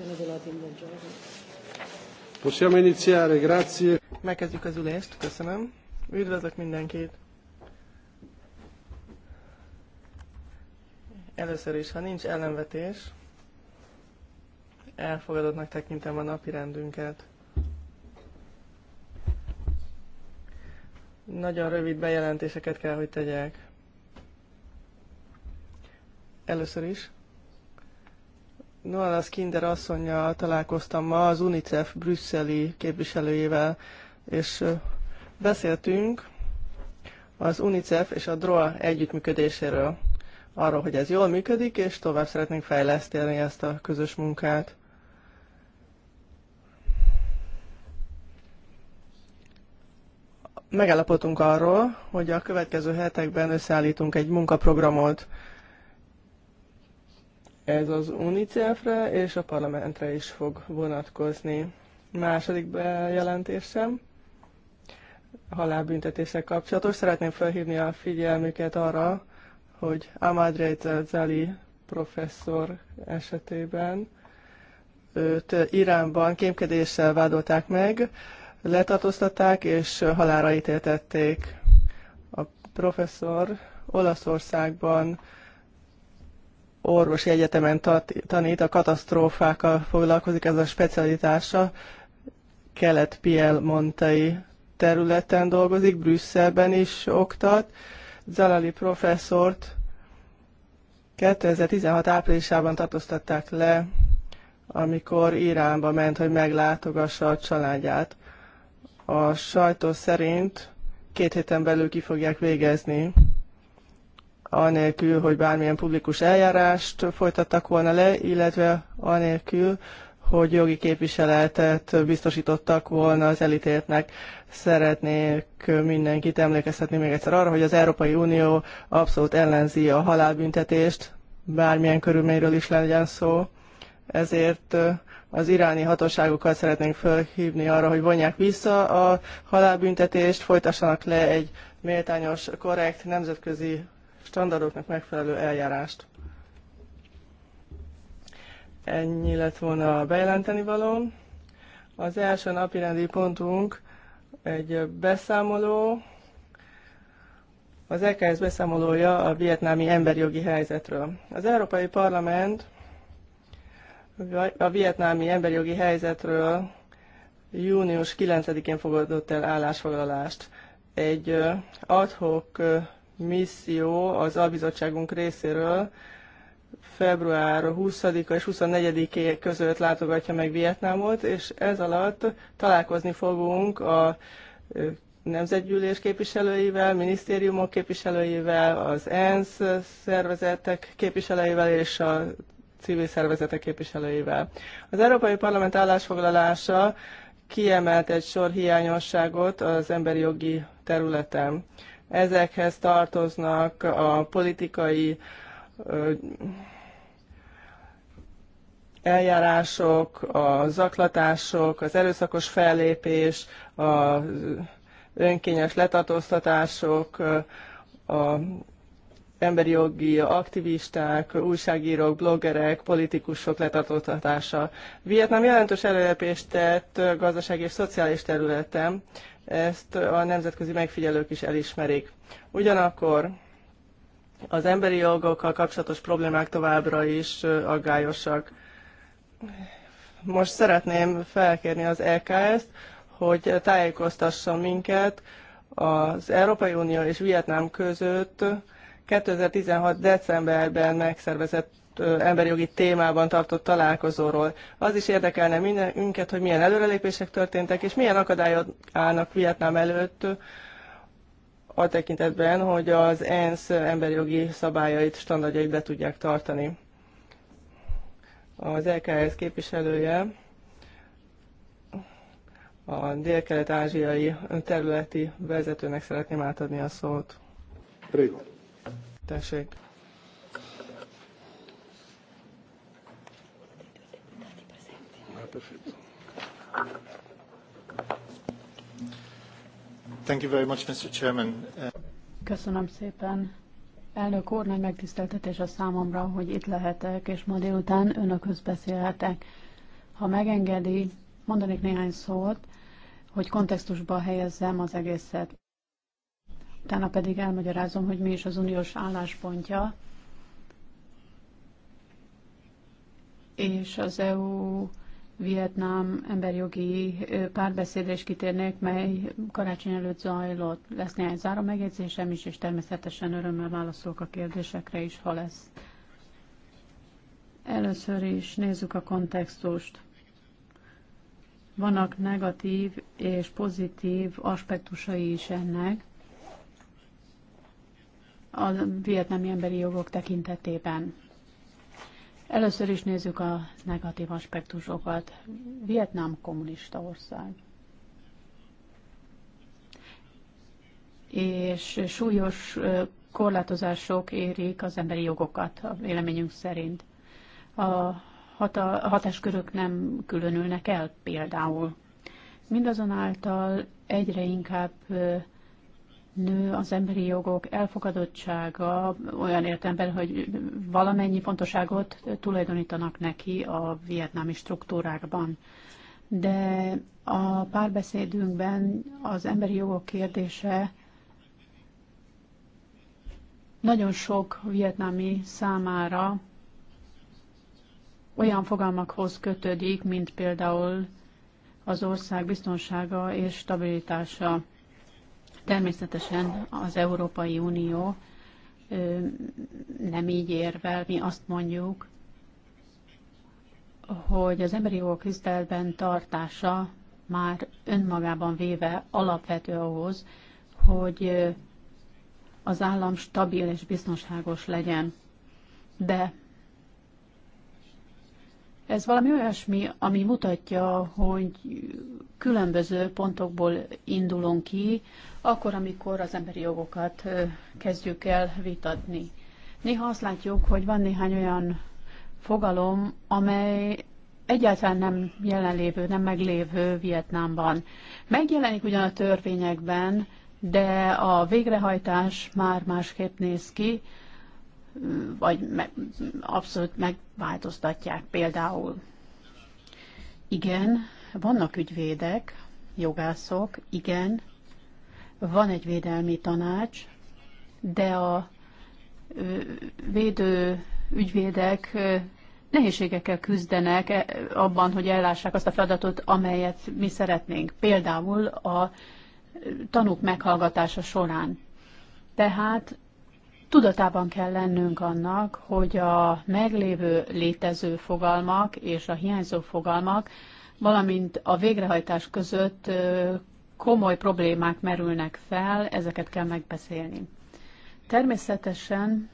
approvazione dell'ordine del giorno. Possiamo iniziare, grazie. Megkezdjük az ülést, köszönöm. Üdvözlök mindenkit. Először is, ha nincs ellenvetés, elfogadottnak tekintem a napi rendünket. Nagyon rövid bejelentéseket kell, hogy tegyek. Először is Noala Skinder asszonynal találkoztam ma, az UNICEF brüsszeli képviselőjével, és beszéltünk az UNICEF és a DROA együttműködéséről, arról, hogy ez jól működik, és tovább szeretnénk fejleszteni ezt a közös munkát. Megállapodtunk arról, hogy a következő hetekben összeállítunk egy munkaprogramot, ez az UNICEF-re és a parlamentre is fog vonatkozni. Második bejelentésem halálbüntetések kapcsolatos. Szeretném felhívni a figyelmüket arra, hogy Ahmad Reza Zali professzor esetében őt Iránban kémkedéssel vádolták meg, letartóztatták és halálra ítéltették. A professzor Olaszországban orvosi egyetemen tanít, a katasztrófákkal foglalkozik, ez a specialitása. kelet piel montai területen dolgozik, Brüsszelben is oktat. Zalali professzort 2016 áprilisában tartóztatták le, amikor Iránba ment, hogy meglátogassa a családját. A sajtó szerint két héten belül ki fogják végezni anélkül, hogy bármilyen publikus eljárást folytattak volna le, illetve anélkül, hogy jogi képviseletet biztosítottak volna az elítéltnek. Szeretnék mindenkit emlékeztetni még egyszer arra, hogy az Európai Unió abszolút ellenzi a halálbüntetést, bármilyen körülményről is legyen szó. Ezért az iráni hatóságokat szeretnénk felhívni arra, hogy vonják vissza a halálbüntetést, folytassanak le egy méltányos, korrekt nemzetközi standardoknak megfelelő eljárást. Ennyi lett volna a bejelenteni való. Az első napirendi pontunk egy beszámoló, az EKS beszámolója a vietnámi emberjogi helyzetről. Az Európai Parlament a vietnámi emberjogi helyzetről június 9-én fogadott el állásfoglalást. Egy adhok misszió az albizottságunk részéről február 20-a és 24-é között látogatja meg Vietnámot, és ez alatt találkozni fogunk a nemzetgyűlés képviselőivel, minisztériumok képviselőivel, az ENSZ szervezetek képviselőivel és a civil szervezetek képviselőivel. Az Európai Parlament állásfoglalása kiemelt egy sor hiányosságot az emberi jogi területen. Ezekhez tartoznak a politikai eljárások, a zaklatások, az erőszakos fellépés, az önkényes letartóztatások, a emberi jogi aktivisták, újságírók, bloggerek, politikusok letartóztatása. Vietnám jelentős előrelépést tett gazdasági és szociális területen, ezt a nemzetközi megfigyelők is elismerik. Ugyanakkor az emberi jogokkal kapcsolatos problémák továbbra is aggályosak. Most szeretném felkérni az EKS-t, hogy tájékoztasson minket az Európai Unió és Vietnám között 2016. decemberben megszervezett emberi jogi témában tartott találkozóról. Az is érdekelne minket, hogy milyen előrelépések történtek, és milyen akadályok állnak Vietnám előtt a tekintetben, hogy az ENSZ emberi jogi szabályait, standardjait be tudják tartani. Az LKS képviselője a dél-kelet-ázsiai területi vezetőnek szeretném átadni a szót. Prego. Tessék. Thank you very much, Mr. Chairman. Köszönöm szépen. Elnök úr, nagy megtiszteltetés a számomra, hogy itt lehetek, és ma délután önökhöz beszélhetek. Ha megengedi, mondanék néhány szót, hogy kontextusba helyezzem az egészet. Utána pedig elmagyarázom, hogy mi is az uniós álláspontja, és az EU Vietnám emberjogi párbeszédre is kitérnék, mely karácsony előtt zajlott. Lesz néhány záró megjegyzésem is, és természetesen örömmel válaszolok a kérdésekre is, ha lesz. Először is nézzük a kontextust. Vannak negatív és pozitív aspektusai is ennek a vietnámi emberi jogok tekintetében. Először is nézzük a negatív aspektusokat. Vietnám kommunista ország. És súlyos korlátozások érik az emberi jogokat, a véleményünk szerint. A hatáskörök nem különülnek el például. Mindazonáltal egyre inkább nő az emberi jogok elfogadottsága olyan értelemben, hogy valamennyi fontosságot tulajdonítanak neki a vietnámi struktúrákban. De a párbeszédünkben az emberi jogok kérdése nagyon sok vietnámi számára olyan fogalmakhoz kötődik, mint például az ország biztonsága és stabilitása. Természetesen az Európai Unió nem így érvel, mi azt mondjuk, hogy az emberi jogok tiszteletben tartása már önmagában véve alapvető ahhoz, hogy az állam stabil és biztonságos legyen. De ez valami olyasmi, ami mutatja, hogy különböző pontokból indulunk ki, akkor, amikor az emberi jogokat kezdjük el vitatni. Néha azt látjuk, hogy van néhány olyan fogalom, amely egyáltalán nem jelenlévő, nem meglévő Vietnámban. Megjelenik ugyan a törvényekben, de a végrehajtás már másképp néz ki, vagy me, abszolút megváltoztatják. Például igen, vannak ügyvédek, jogászok, igen, van egy védelmi tanács, de a védő ügyvédek nehézségekkel küzdenek e, abban, hogy ellássák azt a feladatot, amelyet mi szeretnénk. Például a tanúk meghallgatása során. Tehát Tudatában kell lennünk annak, hogy a meglévő létező fogalmak és a hiányzó fogalmak, valamint a végrehajtás között komoly problémák merülnek fel, ezeket kell megbeszélni. Természetesen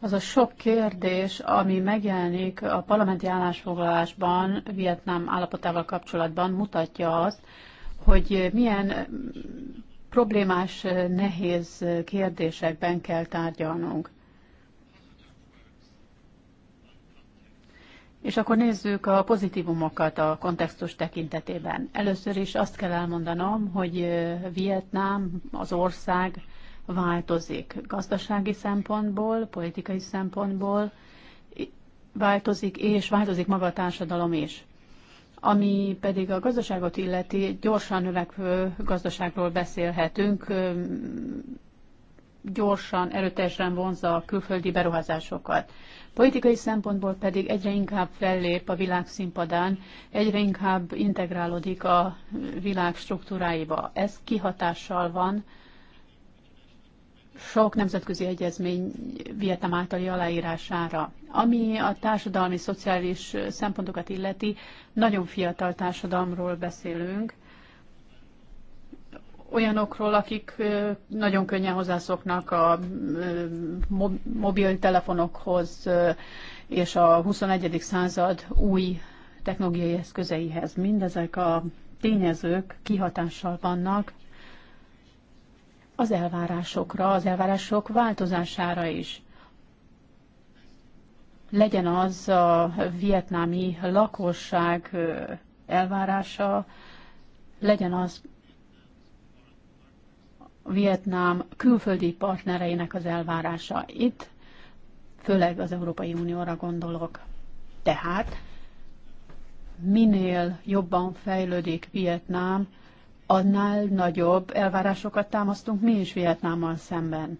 az a sok kérdés, ami megjelenik a parlamenti állásfoglalásban Vietnám állapotával kapcsolatban, mutatja azt, hogy milyen problémás, nehéz kérdésekben kell tárgyalnunk. És akkor nézzük a pozitívumokat a kontextus tekintetében. Először is azt kell elmondanom, hogy Vietnám, az ország változik gazdasági szempontból, politikai szempontból, változik, és változik maga a társadalom is. Ami pedig a gazdaságot illeti, gyorsan növekvő gazdaságról beszélhetünk, gyorsan, erőteljesen vonza a külföldi beruházásokat. Politikai szempontból pedig egyre inkább fellép a világ színpadán, egyre inkább integrálódik a világ struktúráiba. Ez kihatással van sok nemzetközi egyezmény Vietnam általi aláírására. Ami a társadalmi, szociális szempontokat illeti, nagyon fiatal társadalomról beszélünk, olyanokról, akik nagyon könnyen hozzászoknak a mobiltelefonokhoz és a 21. század új technológiai eszközeihez. Mindezek a tényezők kihatással vannak az elvárásokra, az elvárások változására is. Legyen az a vietnámi lakosság elvárása, legyen az Vietnám külföldi partnereinek az elvárása. Itt főleg az Európai Unióra gondolok. Tehát minél jobban fejlődik Vietnám, annál nagyobb elvárásokat támasztunk mi is Vietnámmal szemben.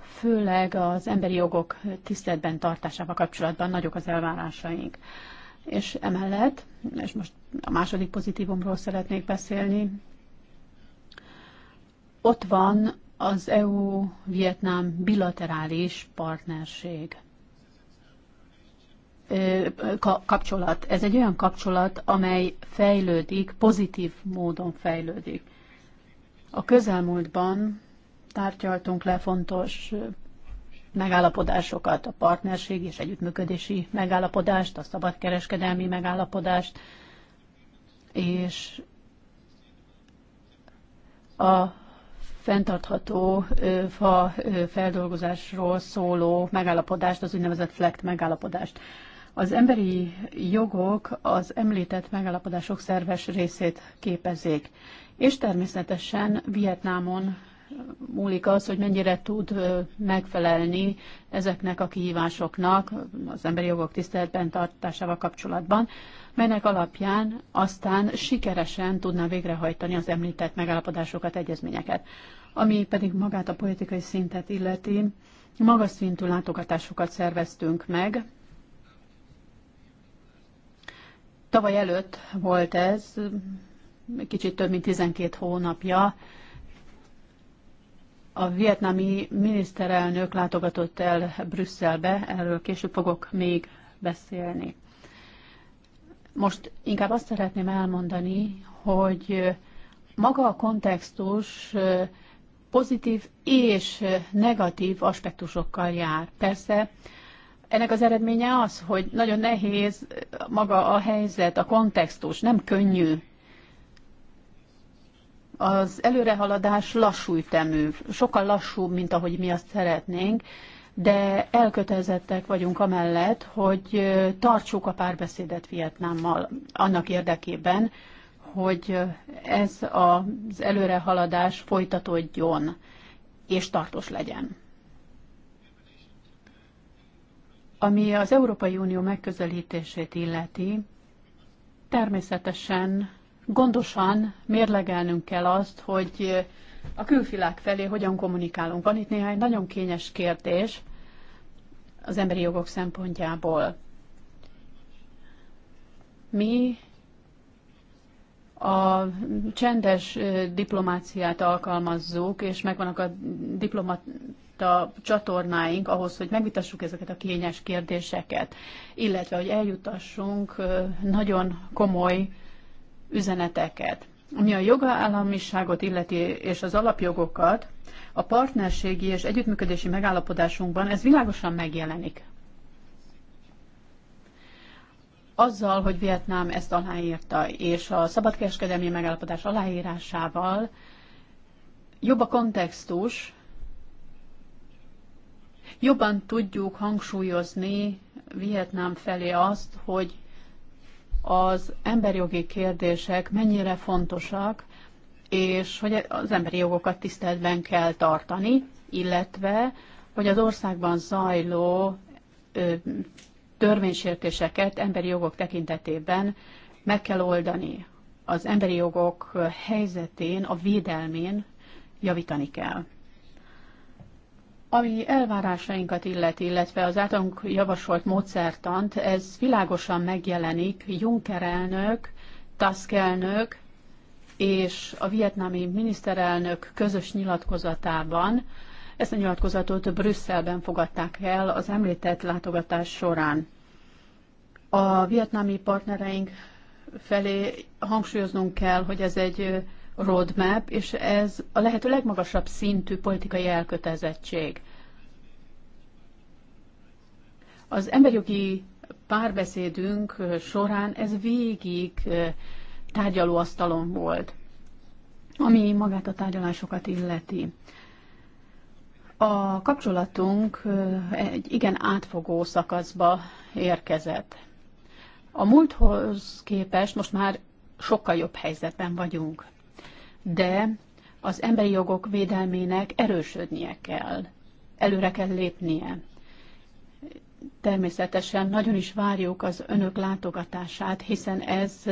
Főleg az emberi jogok tiszteletben tartásával kapcsolatban nagyok az elvárásaink. És emellett, és most a második pozitívumról szeretnék beszélni, ott van az EU-Vietnám bilaterális partnerség kapcsolat. Ez egy olyan kapcsolat, amely fejlődik, pozitív módon fejlődik. A közelmúltban tárgyaltunk le fontos megállapodásokat, a partnerség és együttműködési megállapodást, a szabadkereskedelmi megállapodást, és a fenntartható fa feldolgozásról szóló megállapodást, az úgynevezett FLECT megállapodást. Az emberi jogok az említett megállapodások szerves részét képezik, és természetesen Vietnámon múlik az, hogy mennyire tud megfelelni ezeknek a kihívásoknak az emberi jogok tiszteletben tartásával kapcsolatban, melynek alapján aztán sikeresen tudná végrehajtani az említett megállapodásokat, egyezményeket. Ami pedig magát a politikai szintet illeti, magas szintű látogatásokat szerveztünk meg Tavaly előtt volt ez, kicsit több mint 12 hónapja. A vietnami miniszterelnök látogatott el Brüsszelbe, erről később fogok még beszélni. Most inkább azt szeretném elmondani, hogy maga a kontextus pozitív és negatív aspektusokkal jár. Persze ennek az eredménye az, hogy nagyon nehéz maga a helyzet, a kontextus, nem könnyű. Az előrehaladás lassú ütemű, sokkal lassúbb, mint ahogy mi azt szeretnénk, de elkötelezettek vagyunk amellett, hogy tartsuk a párbeszédet Vietnámmal annak érdekében, hogy ez az előrehaladás folytatódjon és tartós legyen. Ami az Európai Unió megközelítését illeti, természetesen gondosan mérlegelnünk kell azt, hogy a külvilág felé hogyan kommunikálunk. Van itt néhány nagyon kényes kérdés az emberi jogok szempontjából. Mi a csendes diplomáciát alkalmazzuk, és megvannak a diplomat a csatornáink ahhoz, hogy megvitassuk ezeket a kényes kérdéseket, illetve hogy eljutassunk nagyon komoly üzeneteket. Ami a jogállamiságot illeti és az alapjogokat, a partnerségi és együttműködési megállapodásunkban ez világosan megjelenik. Azzal, hogy Vietnám ezt aláírta, és a szabadkereskedelmi megállapodás aláírásával jobb a kontextus, jobban tudjuk hangsúlyozni Vietnám felé azt, hogy az emberjogi kérdések mennyire fontosak, és hogy az emberi jogokat tiszteletben kell tartani, illetve hogy az országban zajló ö, törvénysértéseket emberi jogok tekintetében meg kell oldani. Az emberi jogok helyzetén, a védelmén javítani kell. Ami elvárásainkat illeti, illetve az általunk javasolt módszertant, ez világosan megjelenik Juncker elnök, Tusk elnök és a vietnámi miniszterelnök közös nyilatkozatában. Ezt a nyilatkozatot Brüsszelben fogadták el az említett látogatás során. A vietnámi partnereink felé hangsúlyoznunk kell, hogy ez egy roadmap, és ez a lehető legmagasabb szintű politikai elkötelezettség. Az emberjogi párbeszédünk során ez végig tárgyalóasztalon volt, ami magát a tárgyalásokat illeti. A kapcsolatunk egy igen átfogó szakaszba érkezett. A múlthoz képest most már sokkal jobb helyzetben vagyunk de az emberi jogok védelmének erősödnie kell, előre kell lépnie. Természetesen nagyon is várjuk az önök látogatását, hiszen ez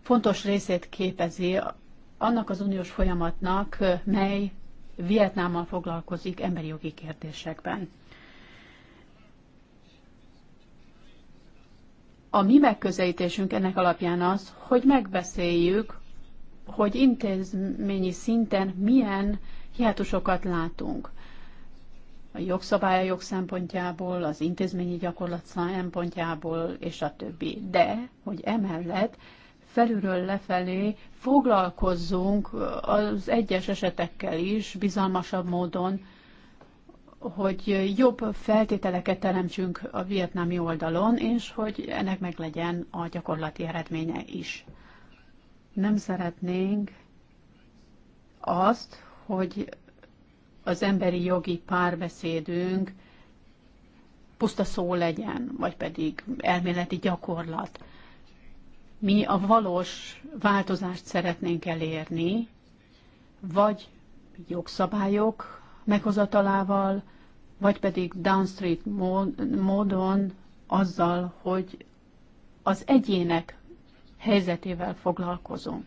fontos részét képezi annak az uniós folyamatnak, mely Vietnámmal foglalkozik emberi jogi kérdésekben. A mi megközelítésünk ennek alapján az, hogy megbeszéljük hogy intézményi szinten milyen hiátusokat látunk. A jogszabályok szempontjából, az intézményi gyakorlat szempontjából, és a többi. De, hogy emellett felülről lefelé foglalkozzunk az egyes esetekkel is bizalmasabb módon, hogy jobb feltételeket teremtsünk a vietnámi oldalon, és hogy ennek meg legyen a gyakorlati eredménye is nem szeretnénk azt, hogy az emberi jogi párbeszédünk puszta szó legyen, vagy pedig elméleti gyakorlat. Mi a valós változást szeretnénk elérni, vagy jogszabályok meghozatalával, vagy pedig downstreet módon azzal, hogy az egyének helyzetével foglalkozunk.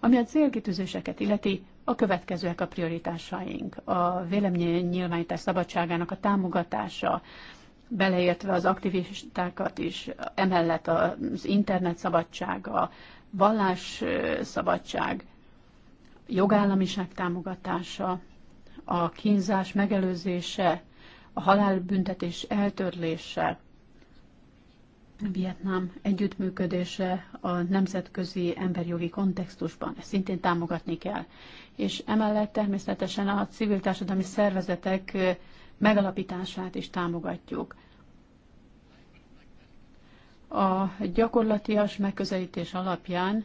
Ami a célkitűzéseket illeti, a következőek a prioritásaink. A véleménynyilvánítás szabadságának a támogatása, beleértve az aktivistákat is, emellett az internet szabadsága, vallás szabadság, jogállamiság támogatása, a kínzás megelőzése, a halálbüntetés eltörlése, Vietnám együttműködése a nemzetközi emberjogi kontextusban. Ezt szintén támogatni kell. És emellett természetesen a civil társadalmi szervezetek megalapítását is támogatjuk. A gyakorlatias megközelítés alapján,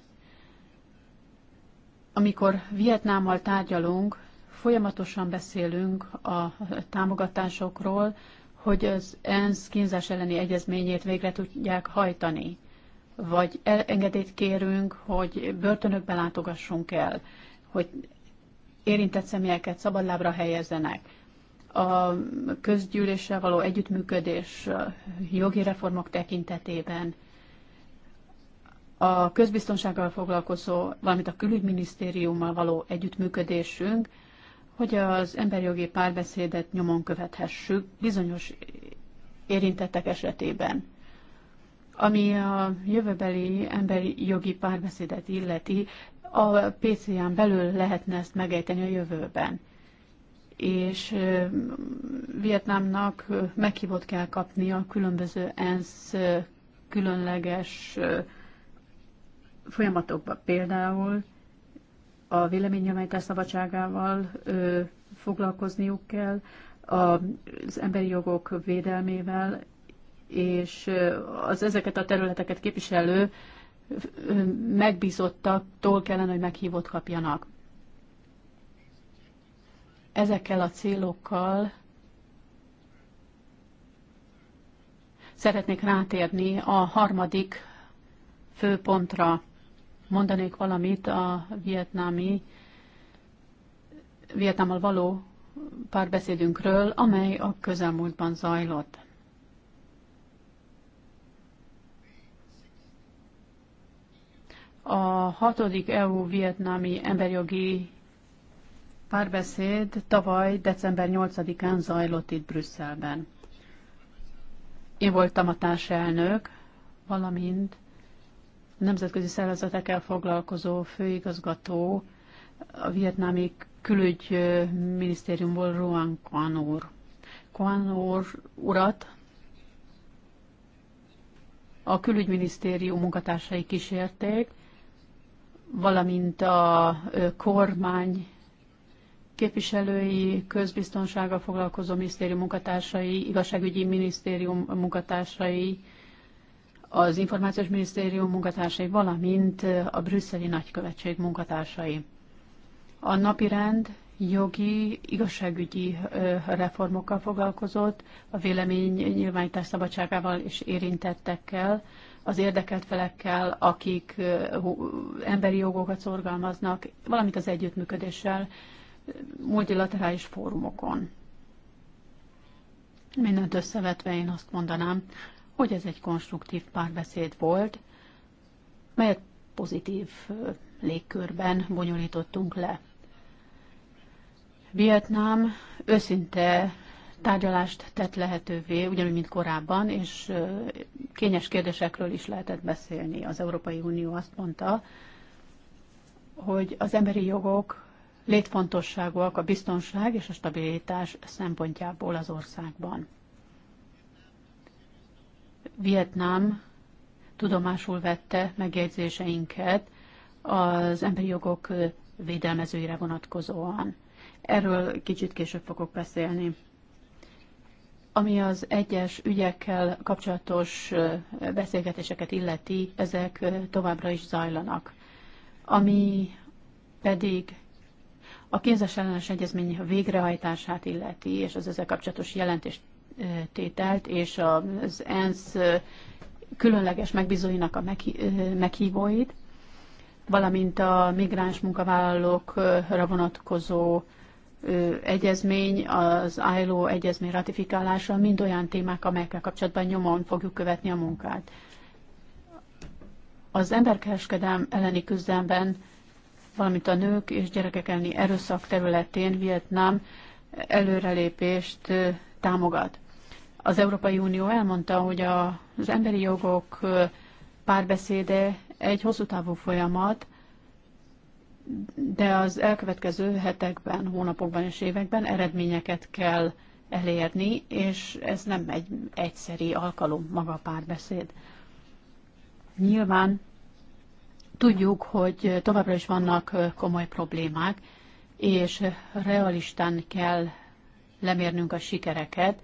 amikor Vietnámmal tárgyalunk, folyamatosan beszélünk a támogatásokról, hogy az ENSZ kínzás elleni egyezményét végre tudják hajtani? Vagy engedélyt kérünk, hogy börtönökbe látogassunk el, hogy érintett személyeket szabadlábra helyezzenek. A közgyűléssel való együttműködés jogi reformok tekintetében, a közbiztonsággal foglalkozó, valamint a külügyminisztériummal való együttműködésünk, hogy az emberjogi párbeszédet nyomon követhessük bizonyos érintettek esetében. Ami a jövőbeli emberi jogi párbeszédet illeti, a PCN belül lehetne ezt megejteni a jövőben. És Vietnámnak meghívott kell kapnia különböző ENSZ különleges folyamatokba, például a véleménynyilvánítás szabadságával ö, foglalkozniuk kell, az emberi jogok védelmével, és az ezeket a területeket képviselő megbízottaktól kellene, hogy meghívót kapjanak. Ezekkel a célokkal szeretnék rátérni a harmadik főpontra mondanék valamit a vietnámi, Vietnámmal való párbeszédünkről, amely a közelmúltban zajlott. A hatodik EU-vietnámi emberjogi párbeszéd tavaly december 8-án zajlott itt Brüsszelben. Én voltam a társelnök, valamint nemzetközi szervezetekkel foglalkozó főigazgató, a vietnámi külügyminisztériumból Ruan Kwan úr. Kwan úr urat a külügyminisztérium munkatársai kísérték, valamint a kormány képviselői, közbiztonsággal foglalkozó minisztérium munkatársai, igazságügyi minisztérium munkatársai, az Információs Minisztérium munkatársai, valamint a brüsszeli nagykövetség munkatársai. A napirend jogi, igazságügyi reformokkal foglalkozott, a vélemény nyilvánítás szabadságával és érintettekkel, az érdekelt felekkel, akik emberi jogokat szorgalmaznak, valamint az együttműködéssel multilaterális fórumokon. Mindent összevetve én azt mondanám, hogy ez egy konstruktív párbeszéd volt, melyet pozitív légkörben bonyolítottunk le. Vietnám őszinte tárgyalást tett lehetővé, ugyanúgy, mint korábban, és kényes kérdésekről is lehetett beszélni. Az Európai Unió azt mondta, hogy az emberi jogok létfontosságúak a biztonság és a stabilitás szempontjából az országban. Vietnám tudomásul vette megjegyzéseinket az emberi jogok védelmezőire vonatkozóan. Erről kicsit később fogok beszélni. Ami az egyes ügyekkel kapcsolatos beszélgetéseket illeti, ezek továbbra is zajlanak. Ami pedig a kézes ellenes egyezmény végrehajtását illeti, és az ezzel kapcsolatos jelentést tételt, és az ENSZ különleges megbízóinak a meghívóit, valamint a migráns munkavállalókra vonatkozó egyezmény, az ILO egyezmény ratifikálása, mind olyan témák, amelyekkel kapcsolatban nyomon fogjuk követni a munkát. Az emberkereskedelm elleni küzdelemben, valamint a nők és gyerekek elleni erőszak területén Vietnám előrelépést támogat. Az Európai Unió elmondta, hogy a, az emberi jogok párbeszéde egy hosszú távú folyamat, de az elkövetkező hetekben, hónapokban és években eredményeket kell elérni, és ez nem egy egyszeri alkalom maga a párbeszéd. Nyilván tudjuk, hogy továbbra is vannak komoly problémák, és realistán kell lemérnünk a sikereket,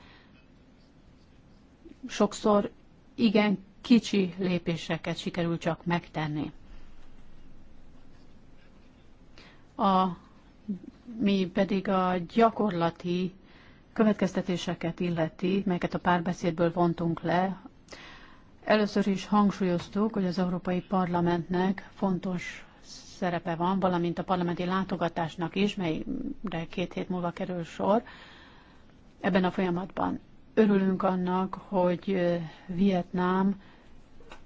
sokszor igen kicsi lépéseket sikerül csak megtenni. A, mi pedig a gyakorlati következtetéseket illeti, melyeket a párbeszédből vontunk le, Először is hangsúlyoztuk, hogy az Európai Parlamentnek fontos szerepe van, valamint a parlamenti látogatásnak is, melyre két hét múlva kerül sor ebben a folyamatban. Örülünk annak, hogy Vietnám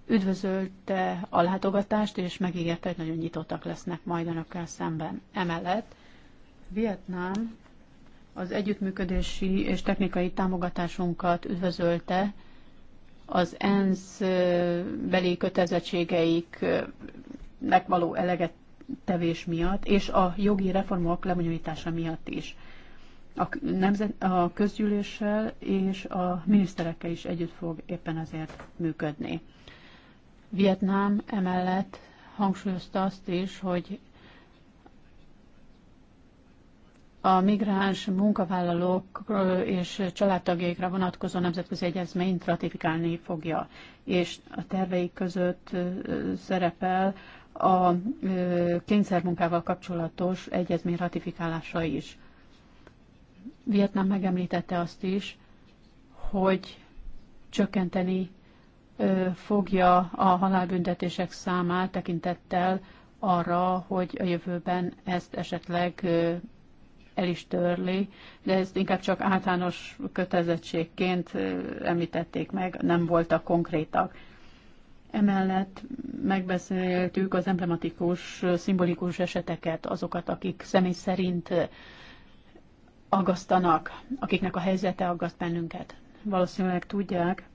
üdvözölte a látogatást, és megígérte, hogy nagyon nyitottak lesznek majd önökkel szemben. Emellett Vietnám az együttműködési és technikai támogatásunkat üdvözölte, az ENSZ beli kötelezettségeiknek való eleget tevés miatt, és a jogi reformok lebonyolítása miatt is a, nemzet, a közgyűléssel és a miniszterekkel is együtt fog éppen ezért működni. Vietnám emellett hangsúlyozta azt is, hogy a migráns munkavállalók és családtagjaikra vonatkozó nemzetközi egyezményt ratifikálni fogja, és a terveik között szerepel a kényszermunkával kapcsolatos egyezmény ratifikálása is. Vietnám megemlítette azt is, hogy csökkenteni fogja a halálbüntetések számát tekintettel arra, hogy a jövőben ezt esetleg el is törli, de ezt inkább csak általános kötelezettségként említették meg, nem voltak konkrétak. Emellett megbeszéltük az emblematikus, szimbolikus eseteket, azokat, akik személy szerint aggasztanak, akiknek a helyzete aggaszt bennünket. Valószínűleg tudják,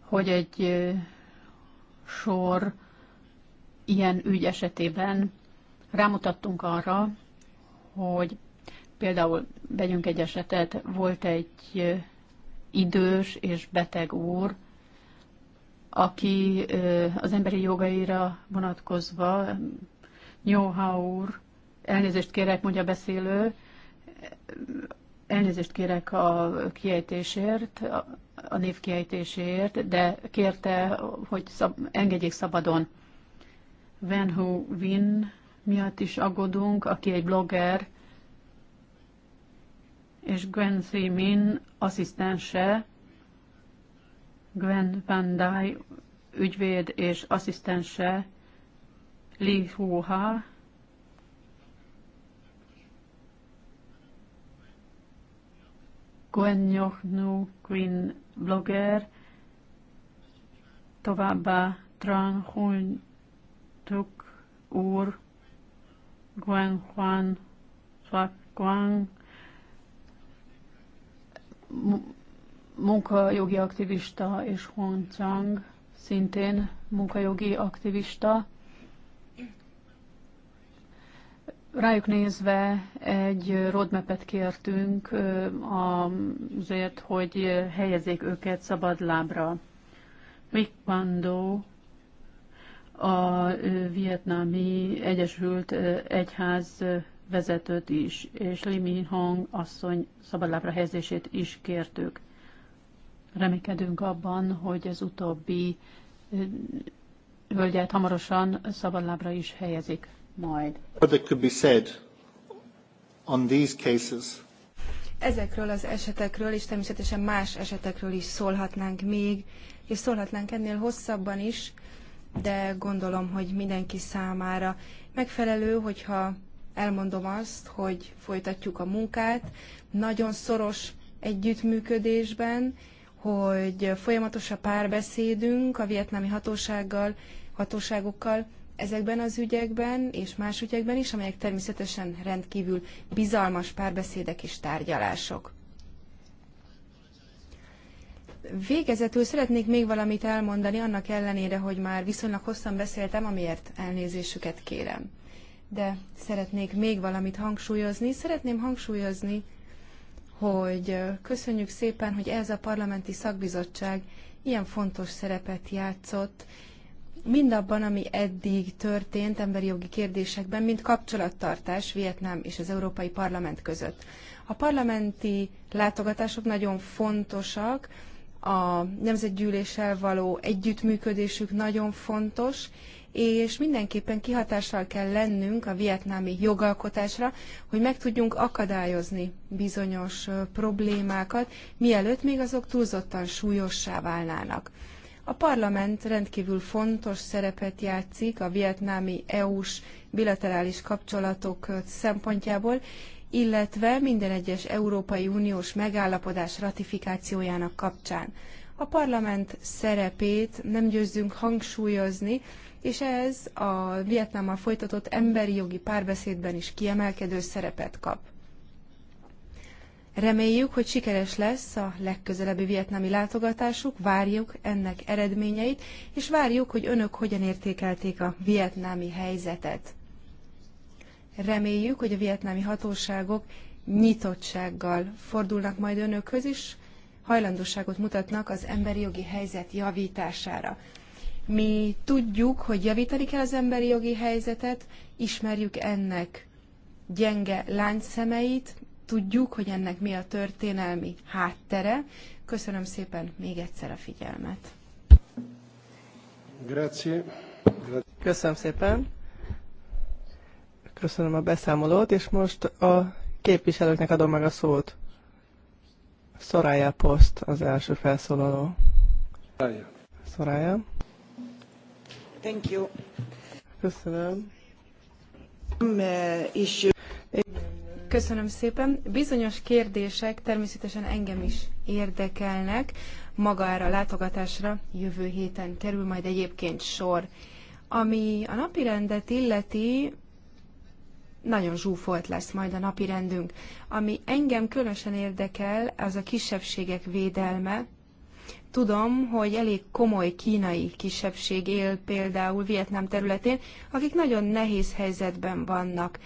hogy egy sor ilyen ügy esetében rámutattunk arra, hogy például vegyünk egy esetet, volt egy idős és beteg úr, aki az emberi jogaira vonatkozva Nyóha úr, elnézést kérek, mondja beszélő, elnézést kérek a kiejtésért, a név kiejtéséért, de kérte, hogy szab, engedjék szabadon. Van Hu Win miatt is aggódunk, aki egy blogger, és Gwen Min asszisztense, Gwen Van Dai ügyvéd és asszisztense Li Huha, Gwenyochnu Green blogger, továbbá Tran Hun Tuk úr, Gwen Juan Guang, munkajogi aktivista és Hong Chang, szintén munkajogi aktivista, Rájuk nézve egy roadmap-et kértünk azért, hogy helyezzék őket szabad lábra. Mik Pando, a vietnámi Egyesült Egyház vezetőt is, és Li Min Hong asszony szabadlábra helyezését is kértük. Remékedünk abban, hogy az utóbbi hölgyet hamarosan szabadlábra is helyezik majd. Ezekről az esetekről, és természetesen más esetekről is szólhatnánk még, és szólhatnánk ennél hosszabban is, de gondolom, hogy mindenki számára megfelelő, hogyha elmondom azt, hogy folytatjuk a munkát, nagyon szoros együttműködésben, hogy folyamatos a párbeszédünk a vietnámi hatósággal, hatóságokkal, ezekben az ügyekben és más ügyekben is, amelyek természetesen rendkívül bizalmas párbeszédek és tárgyalások. Végezetül szeretnék még valamit elmondani, annak ellenére, hogy már viszonylag hosszan beszéltem, amiért elnézésüket kérem. De szeretnék még valamit hangsúlyozni. Szeretném hangsúlyozni, hogy köszönjük szépen, hogy ez a parlamenti szakbizottság ilyen fontos szerepet játszott, mindabban, ami eddig történt emberi jogi kérdésekben, mint kapcsolattartás Vietnám és az Európai Parlament között. A parlamenti látogatások nagyon fontosak, a nemzetgyűléssel való együttműködésük nagyon fontos, és mindenképpen kihatással kell lennünk a vietnámi jogalkotásra, hogy meg tudjunk akadályozni bizonyos problémákat, mielőtt még azok túlzottan súlyossá válnának. A parlament rendkívül fontos szerepet játszik a vietnámi EU-s bilaterális kapcsolatok szempontjából, illetve minden egyes Európai Uniós megállapodás ratifikációjának kapcsán. A parlament szerepét nem győzzünk hangsúlyozni, és ez a Vietnámmal folytatott emberi jogi párbeszédben is kiemelkedő szerepet kap. Reméljük, hogy sikeres lesz a legközelebbi vietnami látogatásuk, várjuk ennek eredményeit, és várjuk, hogy önök hogyan értékelték a vietnámi helyzetet. Reméljük, hogy a vietnámi hatóságok nyitottsággal fordulnak majd önökhöz is, hajlandóságot mutatnak az emberi jogi helyzet javítására. Mi tudjuk, hogy javítani kell az emberi jogi helyzetet, ismerjük ennek gyenge láncszemeit, tudjuk, hogy ennek mi a történelmi háttere. Köszönöm szépen még egyszer a figyelmet. Grazie. Köszönöm szépen. Köszönöm a beszámolót, és most a képviselőknek adom meg a szót. Soraya Post az első felszólaló. Szorája. Soraya. Thank you. Köszönöm. És... Um, uh, Köszönöm szépen. Bizonyos kérdések természetesen engem is érdekelnek. Magára a látogatásra jövő héten kerül majd egyébként sor. Ami a napirendet illeti, nagyon zsúfolt lesz majd a napirendünk. Ami engem különösen érdekel, az a kisebbségek védelme. Tudom, hogy elég komoly kínai kisebbség él például Vietnám területén, akik nagyon nehéz helyzetben vannak.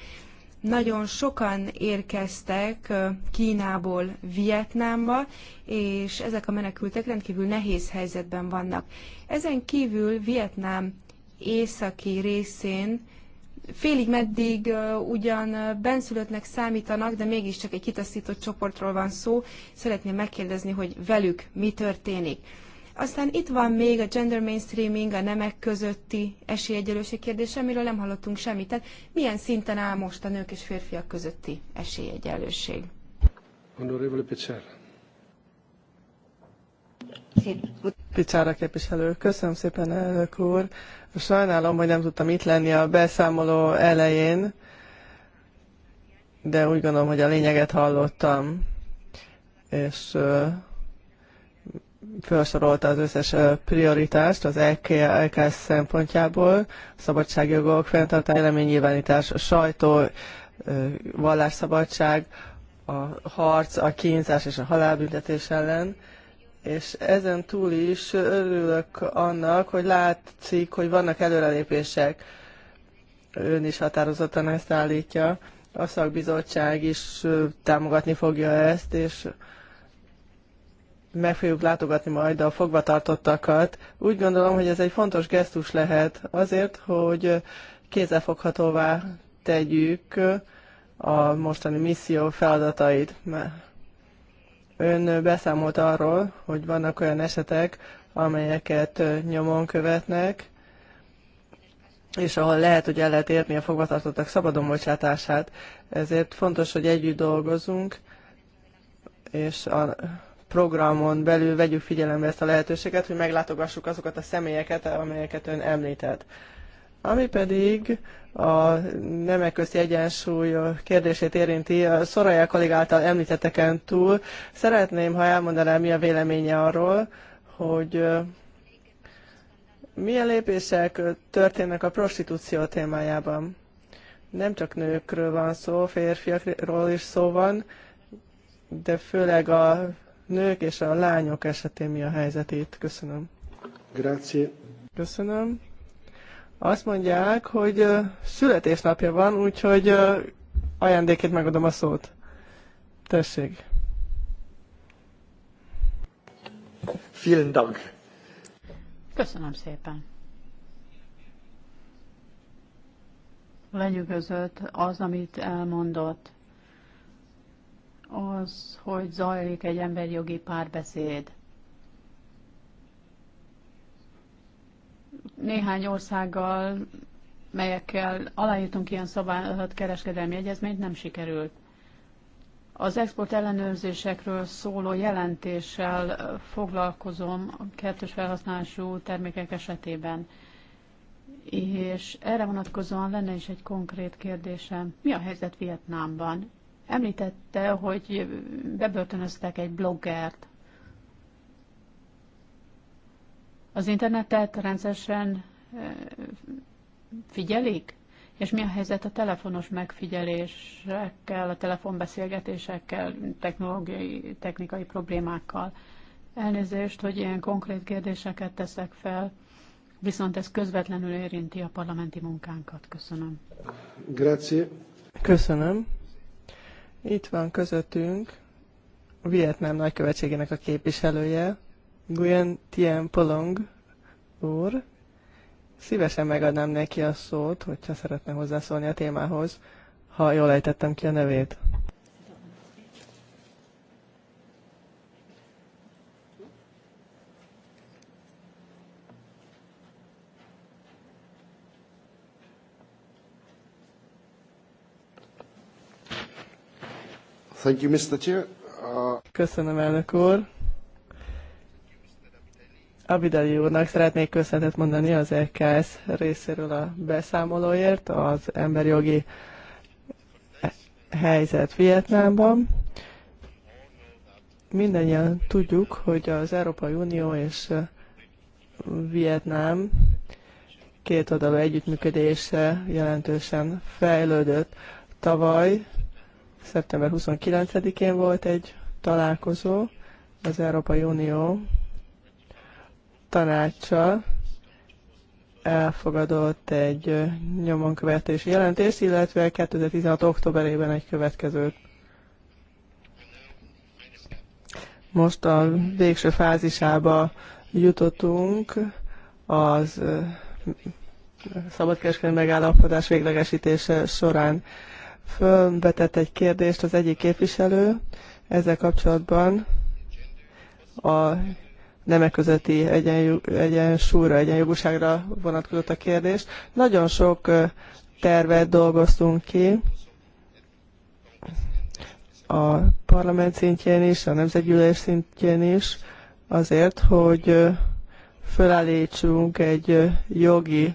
Nagyon sokan érkeztek Kínából Vietnámba, és ezek a menekültek rendkívül nehéz helyzetben vannak. Ezen kívül Vietnám északi részén félig meddig ugyan benszülöttnek számítanak, de mégiscsak egy kitaszított csoportról van szó. Szeretném megkérdezni, hogy velük mi történik. Aztán itt van még a gender mainstreaming, a nemek közötti esélyegyelőség kérdése, amiről nem hallottunk semmit. Tehát milyen szinten áll most a nők és férfiak közötti esélyegyelőség? Honorable Pizzerra. Picsára képviselő, köszönöm szépen, elnök úr. Sajnálom, hogy nem tudtam itt lenni a beszámoló elején, de úgy gondolom, hogy a lényeget hallottam. És felsorolta az összes prioritást az LKS e e szempontjából, szabadságjogok, fenntartás, eleménynyilvánítás, sajtó, vallásszabadság, a harc, a kínzás és a halálbüntetés ellen. És ezen túl is örülök annak, hogy látszik, hogy vannak előrelépések. Ön is határozottan ezt állítja. A szakbizottság is támogatni fogja ezt, és meg fogjuk látogatni majd a fogvatartottakat. Úgy gondolom, hogy ez egy fontos gesztus lehet azért, hogy kézzelfoghatóvá tegyük a mostani misszió feladatait. Ön beszámolt arról, hogy vannak olyan esetek, amelyeket nyomon követnek, és ahol lehet, hogy el lehet érni a fogvatartottak szabadon bocsátását. Ezért fontos, hogy együtt dolgozunk, és a programon belül vegyük figyelembe ezt a lehetőséget, hogy meglátogassuk azokat a személyeket, amelyeket ön említett. Ami pedig a nemek közti egyensúly kérdését érinti, a Szoraja kollég által említetteken túl, szeretném, ha elmondaná, mi a véleménye arról, hogy milyen lépések történnek a prostitúció témájában? Nem csak nőkről van szó, férfiakról is szó van, de főleg a nők és a lányok esetén mi a helyzet itt? Köszönöm. Grazie. Köszönöm. Azt mondják, hogy születésnapja van, úgyhogy ajándékét megadom a szót. Tessék. Vielen Dank. Köszönöm szépen. Lenyűgözött az, amit elmondott az, hogy zajlik egy emberjogi párbeszéd. Néhány országgal, melyekkel aláírtunk ilyen szabályozat kereskedelmi egyezményt, nem sikerült. Az export ellenőrzésekről szóló jelentéssel foglalkozom a kettős felhasználású termékek esetében. És erre vonatkozóan lenne is egy konkrét kérdésem. Mi a helyzet Vietnámban? Említette, hogy bebörtönöztek egy bloggert. Az internetet rendszeresen figyelik? És mi a helyzet a telefonos megfigyelésekkel, a telefonbeszélgetésekkel, technológiai, technikai problémákkal? Elnézést, hogy ilyen konkrét kérdéseket teszek fel, viszont ez közvetlenül érinti a parlamenti munkánkat. Köszönöm. Grazie. Köszönöm. Itt van közöttünk a Vietnám nagykövetségének a képviselője, Nguyen Tien Polong úr. Szívesen megadnám neki a szót, hogyha szeretne hozzászólni a témához, ha jól ejtettem ki a nevét. Thank you, Mr. Chair. Uh, Köszönöm, elnök úr. Abidali úrnak szeretnék köszönetet mondani az EKS részéről a beszámolóért az emberi jogi helyzet Vietnámban. Mindennyian tudjuk, hogy az Európai Unió és Vietnám két oldalú együttműködése jelentősen fejlődött. Tavaly Szeptember 29-én volt egy találkozó az Európai Unió tanácsa elfogadott egy nyomonkövetési jelentést, illetve 2016. októberében egy következőt. Most a végső fázisába jutottunk az szabadkereskedelmi megállapodás véglegesítése során fölvetett egy kérdést az egyik képviselő ezzel kapcsolatban a nemek közötti egyensúlyra, egyenjogúságra vonatkozott a kérdés. Nagyon sok tervet dolgoztunk ki a parlament szintjén is, a nemzetgyűlés szintjén is, azért, hogy fölállítsunk egy jogi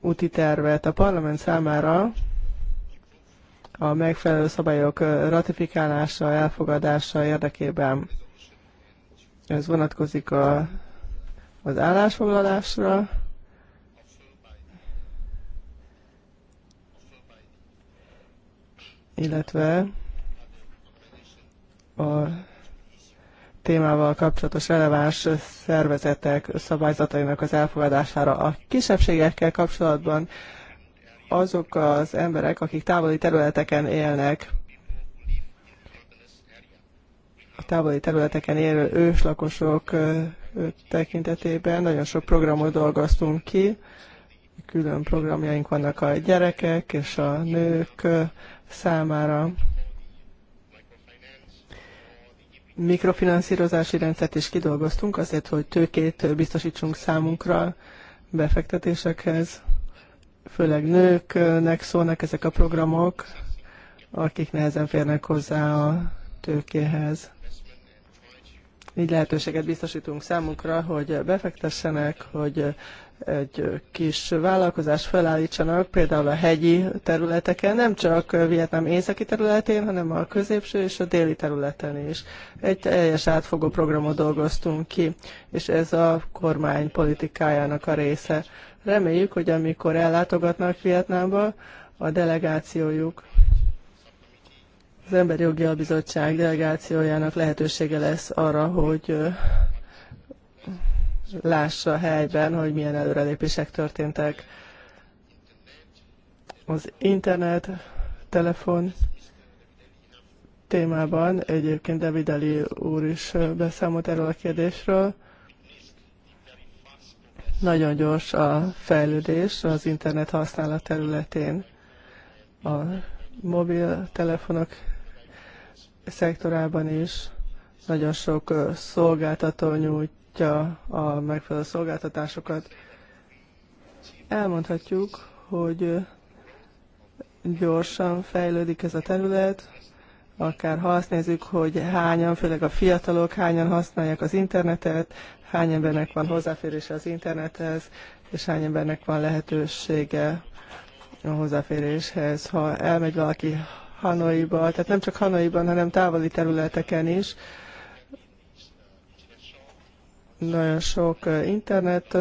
úti tervet a parlament számára, a megfelelő szabályok ratifikálása, elfogadása érdekében. Ez vonatkozik a, az állásfoglalásra, illetve a témával kapcsolatos releváns szervezetek szabályzatainak az elfogadására. A kisebbségekkel kapcsolatban azok az emberek, akik távoli területeken élnek, a távoli területeken élő őslakosok tekintetében nagyon sok programot dolgoztunk ki, külön programjaink vannak a gyerekek és a nők számára. Mikrofinanszírozási rendszert is kidolgoztunk azért, hogy tőkét biztosítsunk számunkra befektetésekhez főleg nőknek szólnak ezek a programok, akik nehezen férnek hozzá a tőkéhez. Így lehetőséget biztosítunk számukra, hogy befektessenek, hogy egy kis vállalkozást felállítsanak, például a hegyi területeken, nem csak Vietnám északi területén, hanem a középső és a déli területen is. Egy teljes átfogó programot dolgoztunk ki, és ez a kormány politikájának a része. Reméljük, hogy amikor ellátogatnak Vietnámba, a delegációjuk az Emberi Jogi Bizottság delegációjának lehetősége lesz arra, hogy lássa helyben, hogy milyen előrelépések történtek. Az internet, telefon témában egyébként David Ali úr is beszámolt erről a kérdésről. Nagyon gyors a fejlődés az internet használat területén. A mobiltelefonok szektorában is nagyon sok szolgáltató nyújtja a megfelelő szolgáltatásokat. Elmondhatjuk, hogy gyorsan fejlődik ez a terület, akár ha azt nézzük, hogy hányan, főleg a fiatalok, hányan használják az internetet, hány embernek van hozzáférése az internethez, és hány embernek van lehetősége a hozzáféréshez. Ha elmegy valaki Hanoiba, tehát nem csak Hanoiban, hanem távoli területeken is, nagyon sok internet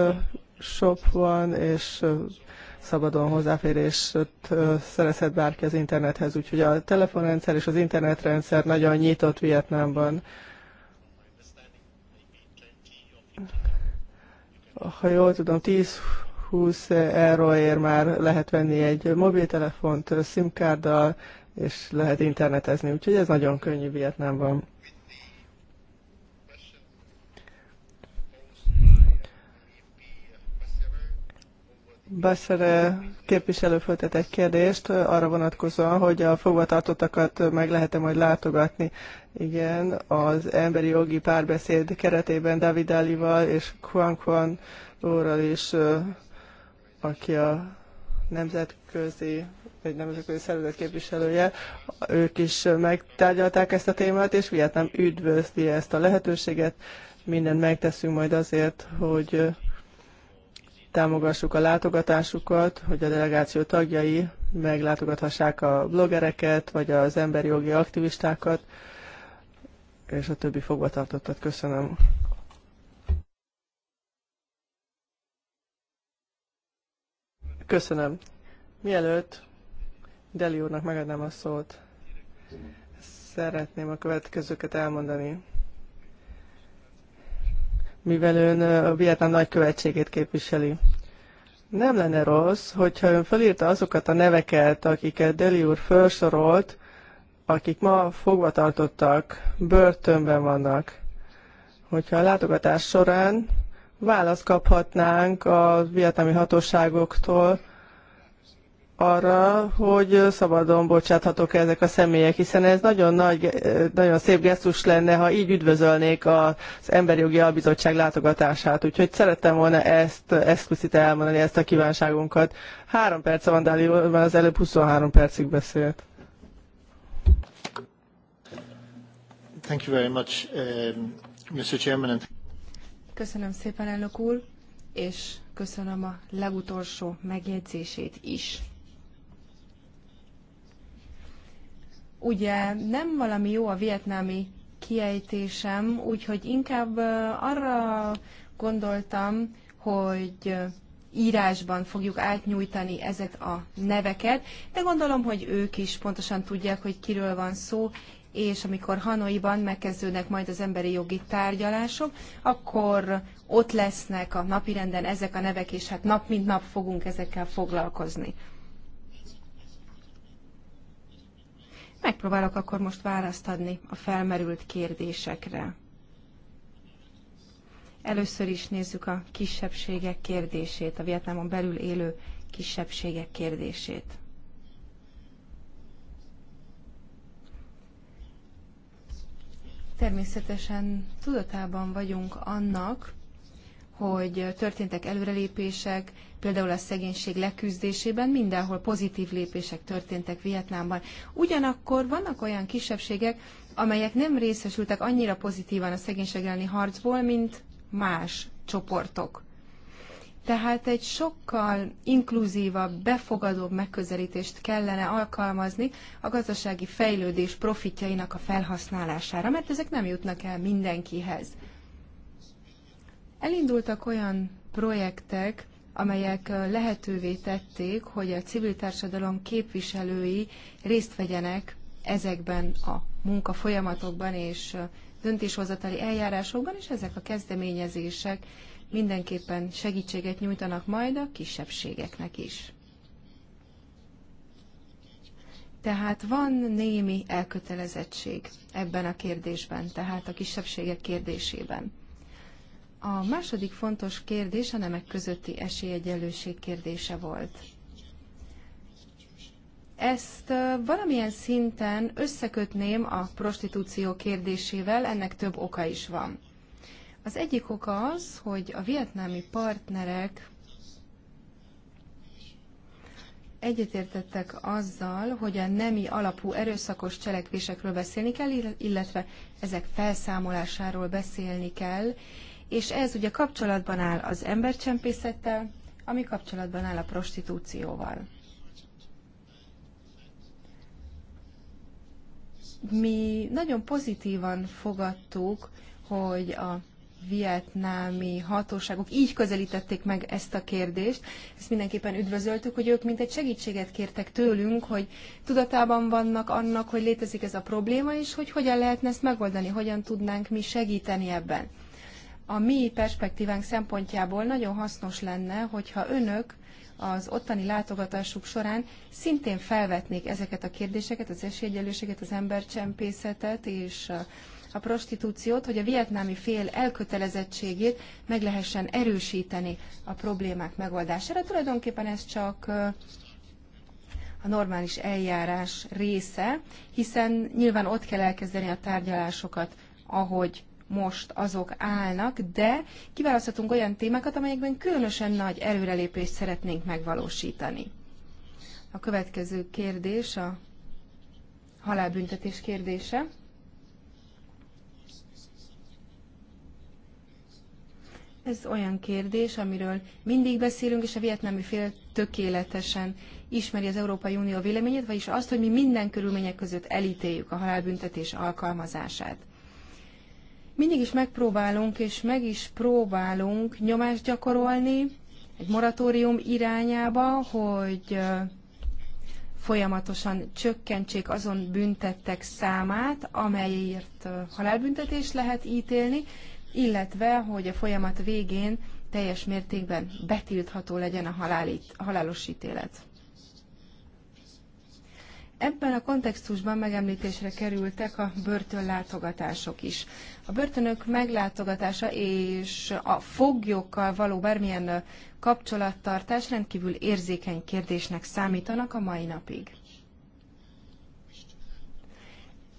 shop van, és szabadon hozzáférést szerezhet bárki az internethez. Úgyhogy a telefonrendszer és az internetrendszer nagyon nyitott Vietnámban. Ha jól tudom, 10-20 euróért már lehet venni egy mobiltelefont, simkárddal, és lehet internetezni. Úgyhogy ez nagyon könnyű Vietnámban. Basszere képviselő föltet egy kérdést arra vonatkozóan, hogy a fogvatartottakat meg lehet-e majd látogatni. Igen, az emberi jogi párbeszéd keretében David Alival és Kuan Kuan úrral is, aki a nemzetközi egy nemzetközi szervezet képviselője, ők is megtárgyalták ezt a témát, és Vietnám üdvözli ezt a lehetőséget. Mindent megteszünk majd azért, hogy támogassuk a látogatásukat, hogy a delegáció tagjai meglátogathassák a bloggereket, vagy az emberi jogi aktivistákat, és a többi fogvatartottat. Köszönöm. Köszönöm. Mielőtt Deli úrnak megadnám a szót, szeretném a következőket elmondani mivel ön a Vietnám nagykövetségét képviseli. Nem lenne rossz, hogyha ön felírta azokat a neveket, akiket Deli úr felsorolt, akik ma fogvatartottak, börtönben vannak. Hogyha a látogatás során választ kaphatnánk a vietnámi hatóságoktól arra, hogy szabadon bocsáthatok -e ezek a személyek, hiszen ez nagyon nagy, nagyon szép gesztus lenne, ha így üdvözölnék az Emberi Jogi Albizottság látogatását. Úgyhogy szerettem volna ezt eszkuszit elmondani, ezt a kívánságunkat. Három perc van, Dáli, mert az előbb 23 percig beszélt. Thank you very much, Mr. Um, Chairman. Köszönöm szépen, elnök úr, és köszönöm a legutolsó megjegyzését is. Ugye nem valami jó a vietnámi kiejtésem, úgyhogy inkább arra gondoltam, hogy írásban fogjuk átnyújtani ezek a neveket, de gondolom, hogy ők is pontosan tudják, hogy kiről van szó, és amikor Hanoiban megkezdődnek majd az emberi jogi tárgyalások, akkor ott lesznek a napirenden ezek a nevek, és hát nap mint nap fogunk ezekkel foglalkozni. Megpróbálok akkor most választ adni a felmerült kérdésekre. Először is nézzük a kisebbségek kérdését, a Vietnámon belül élő kisebbségek kérdését. Természetesen tudatában vagyunk annak, hogy történtek előrelépések, például a szegénység leküzdésében, mindenhol pozitív lépések történtek Vietnámban. Ugyanakkor vannak olyan kisebbségek, amelyek nem részesültek annyira pozitívan a szegénység elleni harcból, mint más csoportok. Tehát egy sokkal inkluzívabb, befogadóbb megközelítést kellene alkalmazni a gazdasági fejlődés profitjainak a felhasználására, mert ezek nem jutnak el mindenkihez. Elindultak olyan projektek, amelyek lehetővé tették, hogy a civil társadalom képviselői részt vegyenek ezekben a munkafolyamatokban és döntéshozatali eljárásokban, és ezek a kezdeményezések mindenképpen segítséget nyújtanak majd a kisebbségeknek is. Tehát van némi elkötelezettség ebben a kérdésben, tehát a kisebbségek kérdésében. A második fontos kérdés a nemek közötti esélyegyenlőség kérdése volt. Ezt valamilyen szinten összekötném a prostitúció kérdésével, ennek több oka is van. Az egyik oka az, hogy a vietnámi partnerek egyetértettek azzal, hogy a nemi alapú erőszakos cselekvésekről beszélni kell, illetve ezek felszámolásáról beszélni kell, és ez ugye kapcsolatban áll az embercsempészettel, ami kapcsolatban áll a prostitúcióval. Mi nagyon pozitívan fogadtuk, hogy a vietnámi hatóságok így közelítették meg ezt a kérdést. Ezt mindenképpen üdvözöltük, hogy ők mint egy segítséget kértek tőlünk, hogy tudatában vannak annak, hogy létezik ez a probléma, és hogy hogyan lehetne ezt megoldani, hogyan tudnánk mi segíteni ebben a mi perspektívánk szempontjából nagyon hasznos lenne, hogyha önök az ottani látogatásuk során szintén felvetnék ezeket a kérdéseket, az esélyegyelőséget, az embercsempészetet és a prostitúciót, hogy a vietnámi fél elkötelezettségét meg lehessen erősíteni a problémák megoldására. Tulajdonképpen ez csak a normális eljárás része, hiszen nyilván ott kell elkezdeni a tárgyalásokat, ahogy most azok állnak, de kiválaszthatunk olyan témákat, amelyekben különösen nagy előrelépést szeretnénk megvalósítani. A következő kérdés a halálbüntetés kérdése. Ez olyan kérdés, amiről mindig beszélünk, és a vietnámi fél tökéletesen ismeri az Európai Unió véleményét, vagyis azt, hogy mi minden körülmények között elítéljük a halálbüntetés alkalmazását mindig is megpróbálunk, és meg is próbálunk nyomást gyakorolni egy moratórium irányába, hogy folyamatosan csökkentsék azon büntettek számát, amelyért halálbüntetés lehet ítélni, illetve hogy a folyamat végén teljes mértékben betiltható legyen a halálos ítélet. Ebben a kontextusban megemlítésre kerültek a börtönlátogatások is. A börtönök meglátogatása és a foglyokkal való bármilyen kapcsolattartás rendkívül érzékeny kérdésnek számítanak a mai napig.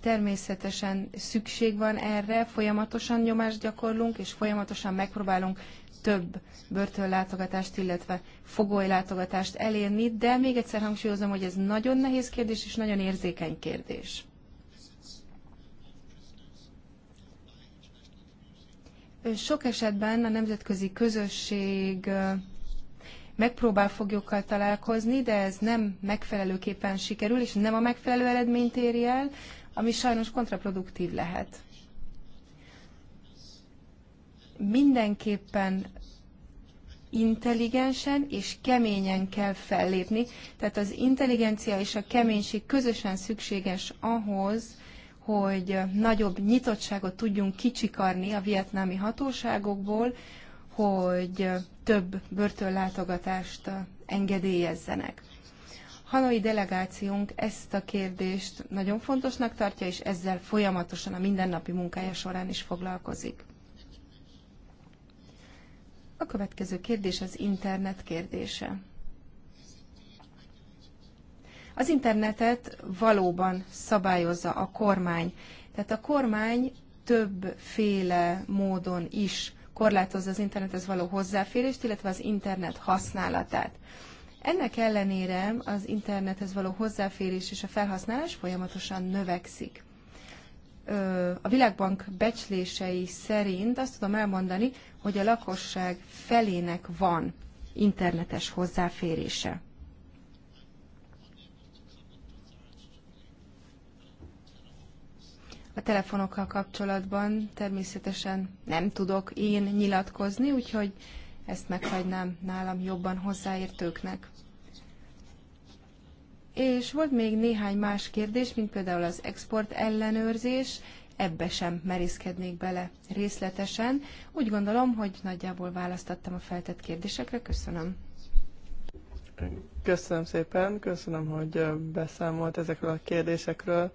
Természetesen szükség van erre, folyamatosan nyomást gyakorlunk, és folyamatosan megpróbálunk több börtönlátogatást, illetve fogolylátogatást elérni, de még egyszer hangsúlyozom, hogy ez nagyon nehéz kérdés, és nagyon érzékeny kérdés. Sok esetben a nemzetközi közösség megpróbál foglyokkal találkozni, de ez nem megfelelőképpen sikerül, és nem a megfelelő eredményt éri el, ami sajnos kontraproduktív lehet. Mindenképpen intelligensen és keményen kell fellépni. Tehát az intelligencia és a keménység közösen szükséges ahhoz, hogy nagyobb nyitottságot tudjunk kicsikarni a vietnámi hatóságokból, hogy több börtönlátogatást engedélyezzenek. Hanoi delegációnk ezt a kérdést nagyon fontosnak tartja, és ezzel folyamatosan a mindennapi munkája során is foglalkozik. A következő kérdés az internet kérdése. Az internetet valóban szabályozza a kormány. Tehát a kormány többféle módon is korlátozza az internethez való hozzáférést, illetve az internet használatát. Ennek ellenére az internethez való hozzáférés és a felhasználás folyamatosan növekszik. A Világbank becslései szerint azt tudom elmondani, hogy a lakosság felének van internetes hozzáférése. A telefonokkal kapcsolatban természetesen nem tudok én nyilatkozni, úgyhogy ezt meghagynám nálam jobban hozzáértőknek. És volt még néhány más kérdés, mint például az export ellenőrzés, ebbe sem merészkednék bele részletesen. Úgy gondolom, hogy nagyjából választattam a feltett kérdésekre. Köszönöm. Köszönöm szépen, köszönöm, hogy beszámolt ezekről a kérdésekről.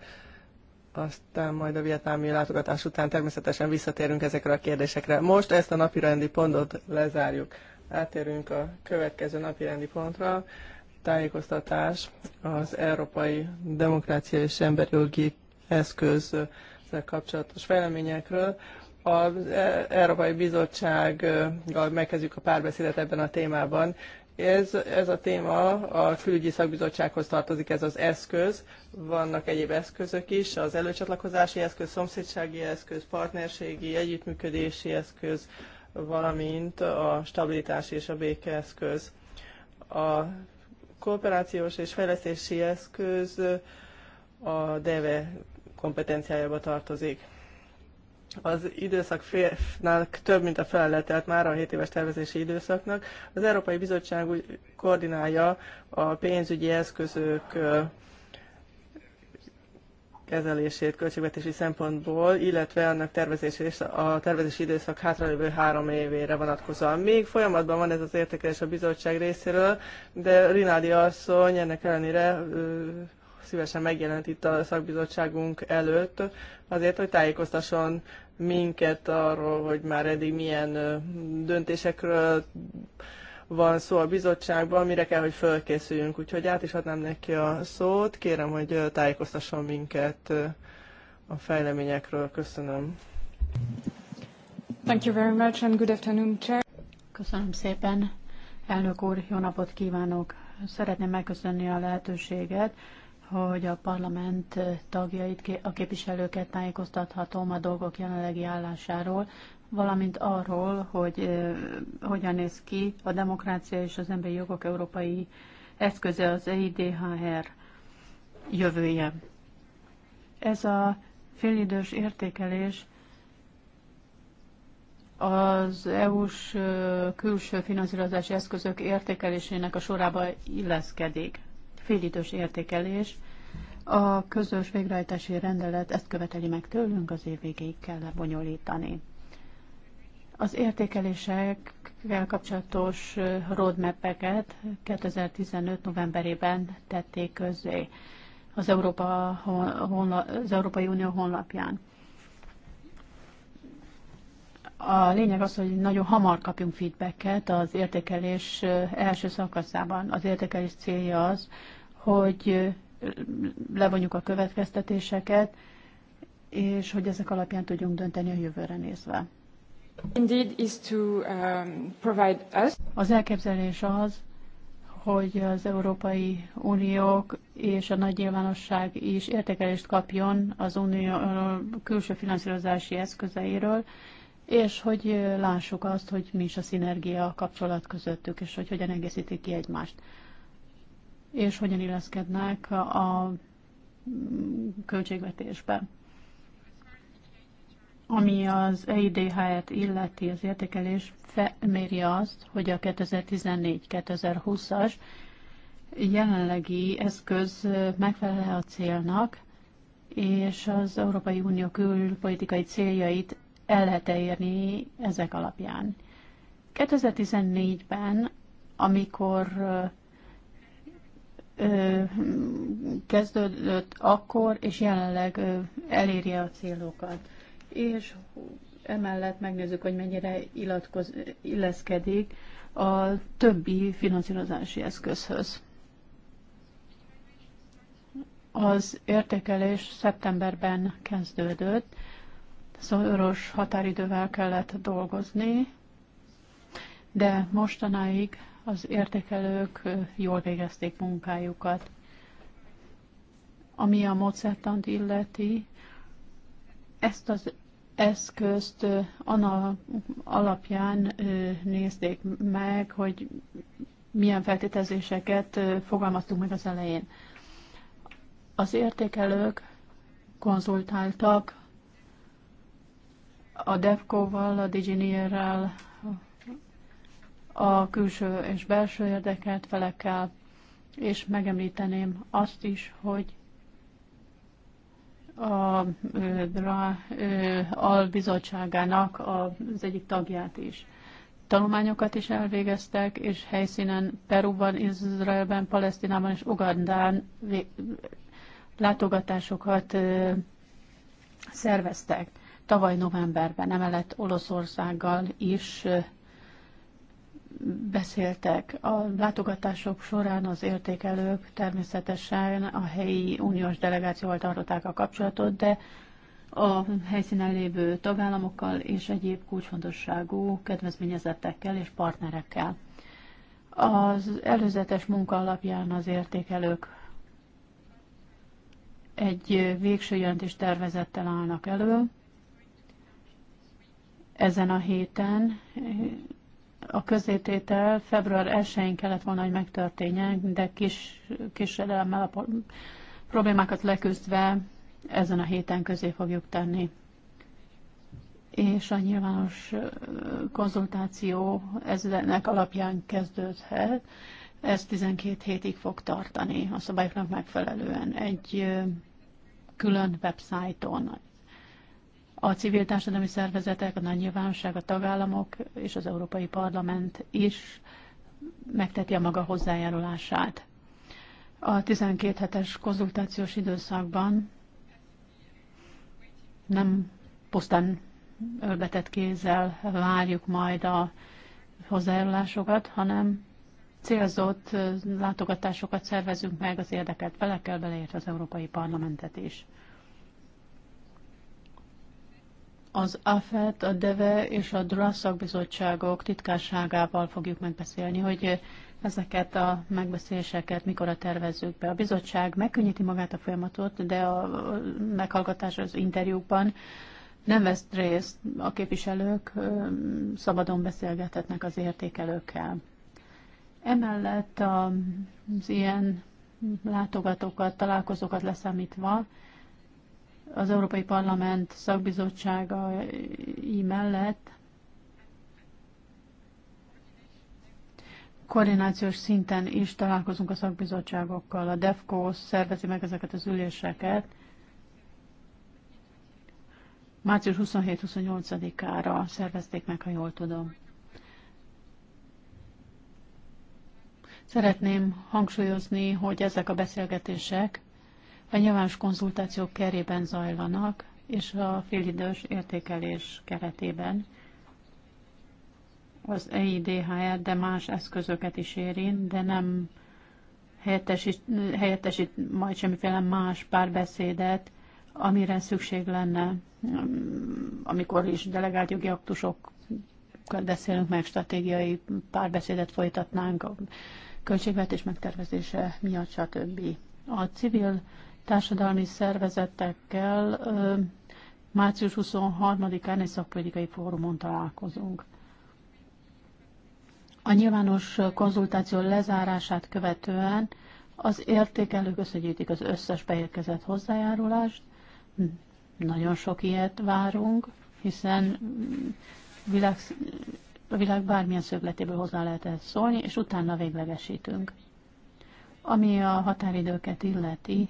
Aztán majd a vietnámi látogatás után természetesen visszatérünk ezekre a kérdésekre. Most ezt a napirendi pontot lezárjuk. Átérünk a következő napirendi pontra. Tájékoztatás az Európai Demokrácia és Emberjogi Eszköz kapcsolatos fejleményekről. Az e- Európai Bizottsággal megkezdjük a párbeszédet ebben a témában, ez, ez a téma a külügyi szakbizottsághoz tartozik, ez az eszköz. Vannak egyéb eszközök is, az előcsatlakozási eszköz, szomszédsági eszköz, partnerségi, együttműködési eszköz, valamint a stabilitás és a béke eszköz. A kooperációs és fejlesztési eszköz a DEVE kompetenciájába tartozik az időszak félnál több, mint a fele már a 7 éves tervezési időszaknak. Az Európai Bizottság úgy koordinálja a pénzügyi eszközök kezelését költségvetési szempontból, illetve annak és a tervezési időszak hátralévő három évére vonatkozóan. Még folyamatban van ez az értékelés a bizottság részéről, de Rinádi asszony ennek ellenére szívesen megjelent itt a szakbizottságunk előtt, azért, hogy tájékoztasson minket arról, hogy már eddig milyen döntésekről van szó a bizottságban, mire kell, hogy fölkészüljünk. Úgyhogy át is adnám neki a szót. Kérem, hogy tájékoztasson minket a fejleményekről. Köszönöm. Thank you very much and good afternoon, Chair. Köszönöm szépen. Elnök úr, jó napot kívánok! Szeretném megköszönni a lehetőséget, hogy a parlament tagjait, a képviselőket tájékoztathatom a dolgok jelenlegi állásáról, valamint arról, hogy hogyan néz ki a demokrácia és az emberi jogok európai eszköze az EIDHR jövője. Ez a félidős értékelés az EU-s külső finanszírozási eszközök értékelésének a sorába illeszkedik félidős értékelés. A közös végrehajtási rendelet ezt követeli meg tőlünk, az év végéig kell lebonyolítani. Az értékelésekkel kapcsolatos roadmap-eket 2015. novemberében tették közzé az, Európa, honla, az Európai Unió honlapján. A lényeg az, hogy nagyon hamar kapjunk feedbacket az értékelés első szakaszában. Az értékelés célja az, hogy levonjuk a következtetéseket, és hogy ezek alapján tudjunk dönteni a jövőre nézve. Um, az elképzelés az, hogy az Európai Uniók és a nagy nyilvánosság is értékelést kapjon az unió külső finanszírozási eszközeiről, és hogy lássuk azt, hogy mi is a szinergia kapcsolat közöttük, és hogy hogyan egészítik ki egymást és hogyan illeszkednek a költségvetésbe. Ami az EIDH-et illeti, az értékelés felméri azt, hogy a 2014-2020-as jelenlegi eszköz megfelel a célnak, és az Európai Unió külpolitikai céljait el lehet érni ezek alapján. 2014-ben, amikor kezdődött akkor, és jelenleg eléri a célokat. És emellett megnézzük, hogy mennyire illatkoz, illeszkedik a többi finanszírozási eszközhöz. Az értékelés szeptemberben kezdődött, szoros szóval határidővel kellett dolgozni, de mostanáig az értékelők jól végezték munkájukat. Ami a módszertant illeti, ezt az eszközt alapján nézték meg, hogy milyen feltételezéseket fogalmaztunk meg az elején. Az értékelők konzultáltak a DEFCO-val, a Diginier-rel, a külső és belső érdekelt felekkel, és megemlíteném azt is, hogy a DRA albizottságának az egyik tagját is. Tanulmányokat is elvégeztek, és helyszínen Peruban, Izraelben, Palesztinában és Ugandán látogatásokat szerveztek. Tavaly novemberben emellett Olaszországgal is beszéltek. A látogatások során az értékelők természetesen a helyi uniós delegációval tartották a kapcsolatot, de a helyszínen lévő tagállamokkal és egyéb kulcsfontosságú kedvezményezettekkel és partnerekkel. Az előzetes munka alapján az értékelők egy végső jelentés tervezettel állnak elő. Ezen a héten a közététel február 1-én kellett volna, hogy megtörténjen, de kis késedelemmel a problémákat leküzdve ezen a héten közé fogjuk tenni. És a nyilvános konzultáció ezenek alapján kezdődhet. Ez 12 hétig fog tartani a szabályoknak megfelelően. Egy külön websájton a civil társadalmi szervezetek, a nagy nyilvánosság, a tagállamok és az Európai Parlament is megteti a maga hozzájárulását. A 12 hetes konzultációs időszakban nem pusztán betett kézzel várjuk majd a hozzájárulásokat, hanem célzott látogatásokat szervezünk meg az érdekelt felekkel, beleért az Európai Parlamentet is. Az AFET, a DEVE és a DRA szakbizottságok titkárságával fogjuk megbeszélni, hogy ezeket a megbeszéléseket mikor tervezzük be. A bizottság megkönnyíti magát a folyamatot, de a meghallgatás az interjúkban nem vesz részt, a képviselők szabadon beszélgethetnek az értékelőkkel. Emellett az ilyen látogatókat, találkozókat leszámítva, az Európai Parlament szakbizottságai mellett koordinációs szinten is találkozunk a szakbizottságokkal. A DEFCO szervezi meg ezeket az üléseket március 27-28-ára szervezték meg, ha jól tudom. Szeretném hangsúlyozni, hogy ezek a beszélgetések a nyilvános konzultációk kerében zajlanak, és a félidős értékelés keretében az EIDHR, de más eszközöket is érint, de nem helyettesít, helyettesít majd semmiféle más párbeszédet, amire szükség lenne, amikor is delegált jogi aktusok beszélünk meg, stratégiai párbeszédet folytatnánk a költségvetés megtervezése miatt, stb. A civil társadalmi szervezetekkel március 23-án egy szakpolitikai fórumon találkozunk. A nyilvános konzultáció lezárását követően az értékelők összegyűjtik az összes beérkezett hozzájárulást. Nagyon sok ilyet várunk, hiszen mm, világ, a világ bármilyen szögletéből hozzá lehet ezt szólni, és utána véglegesítünk. Ami a határidőket illeti,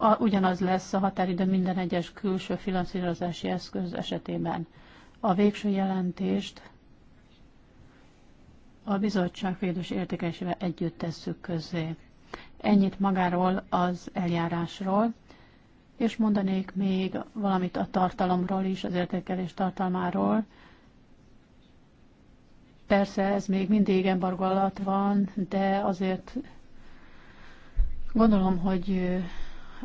a, ugyanaz lesz a határidő minden egyes külső finanszírozási eszköz esetében. A végső jelentést a bizottság félős értékelésével együtt tesszük közzé. Ennyit magáról az eljárásról, és mondanék még valamit a tartalomról is, az értékelés tartalmáról. Persze ez még mindig embargo alatt van, de azért gondolom, hogy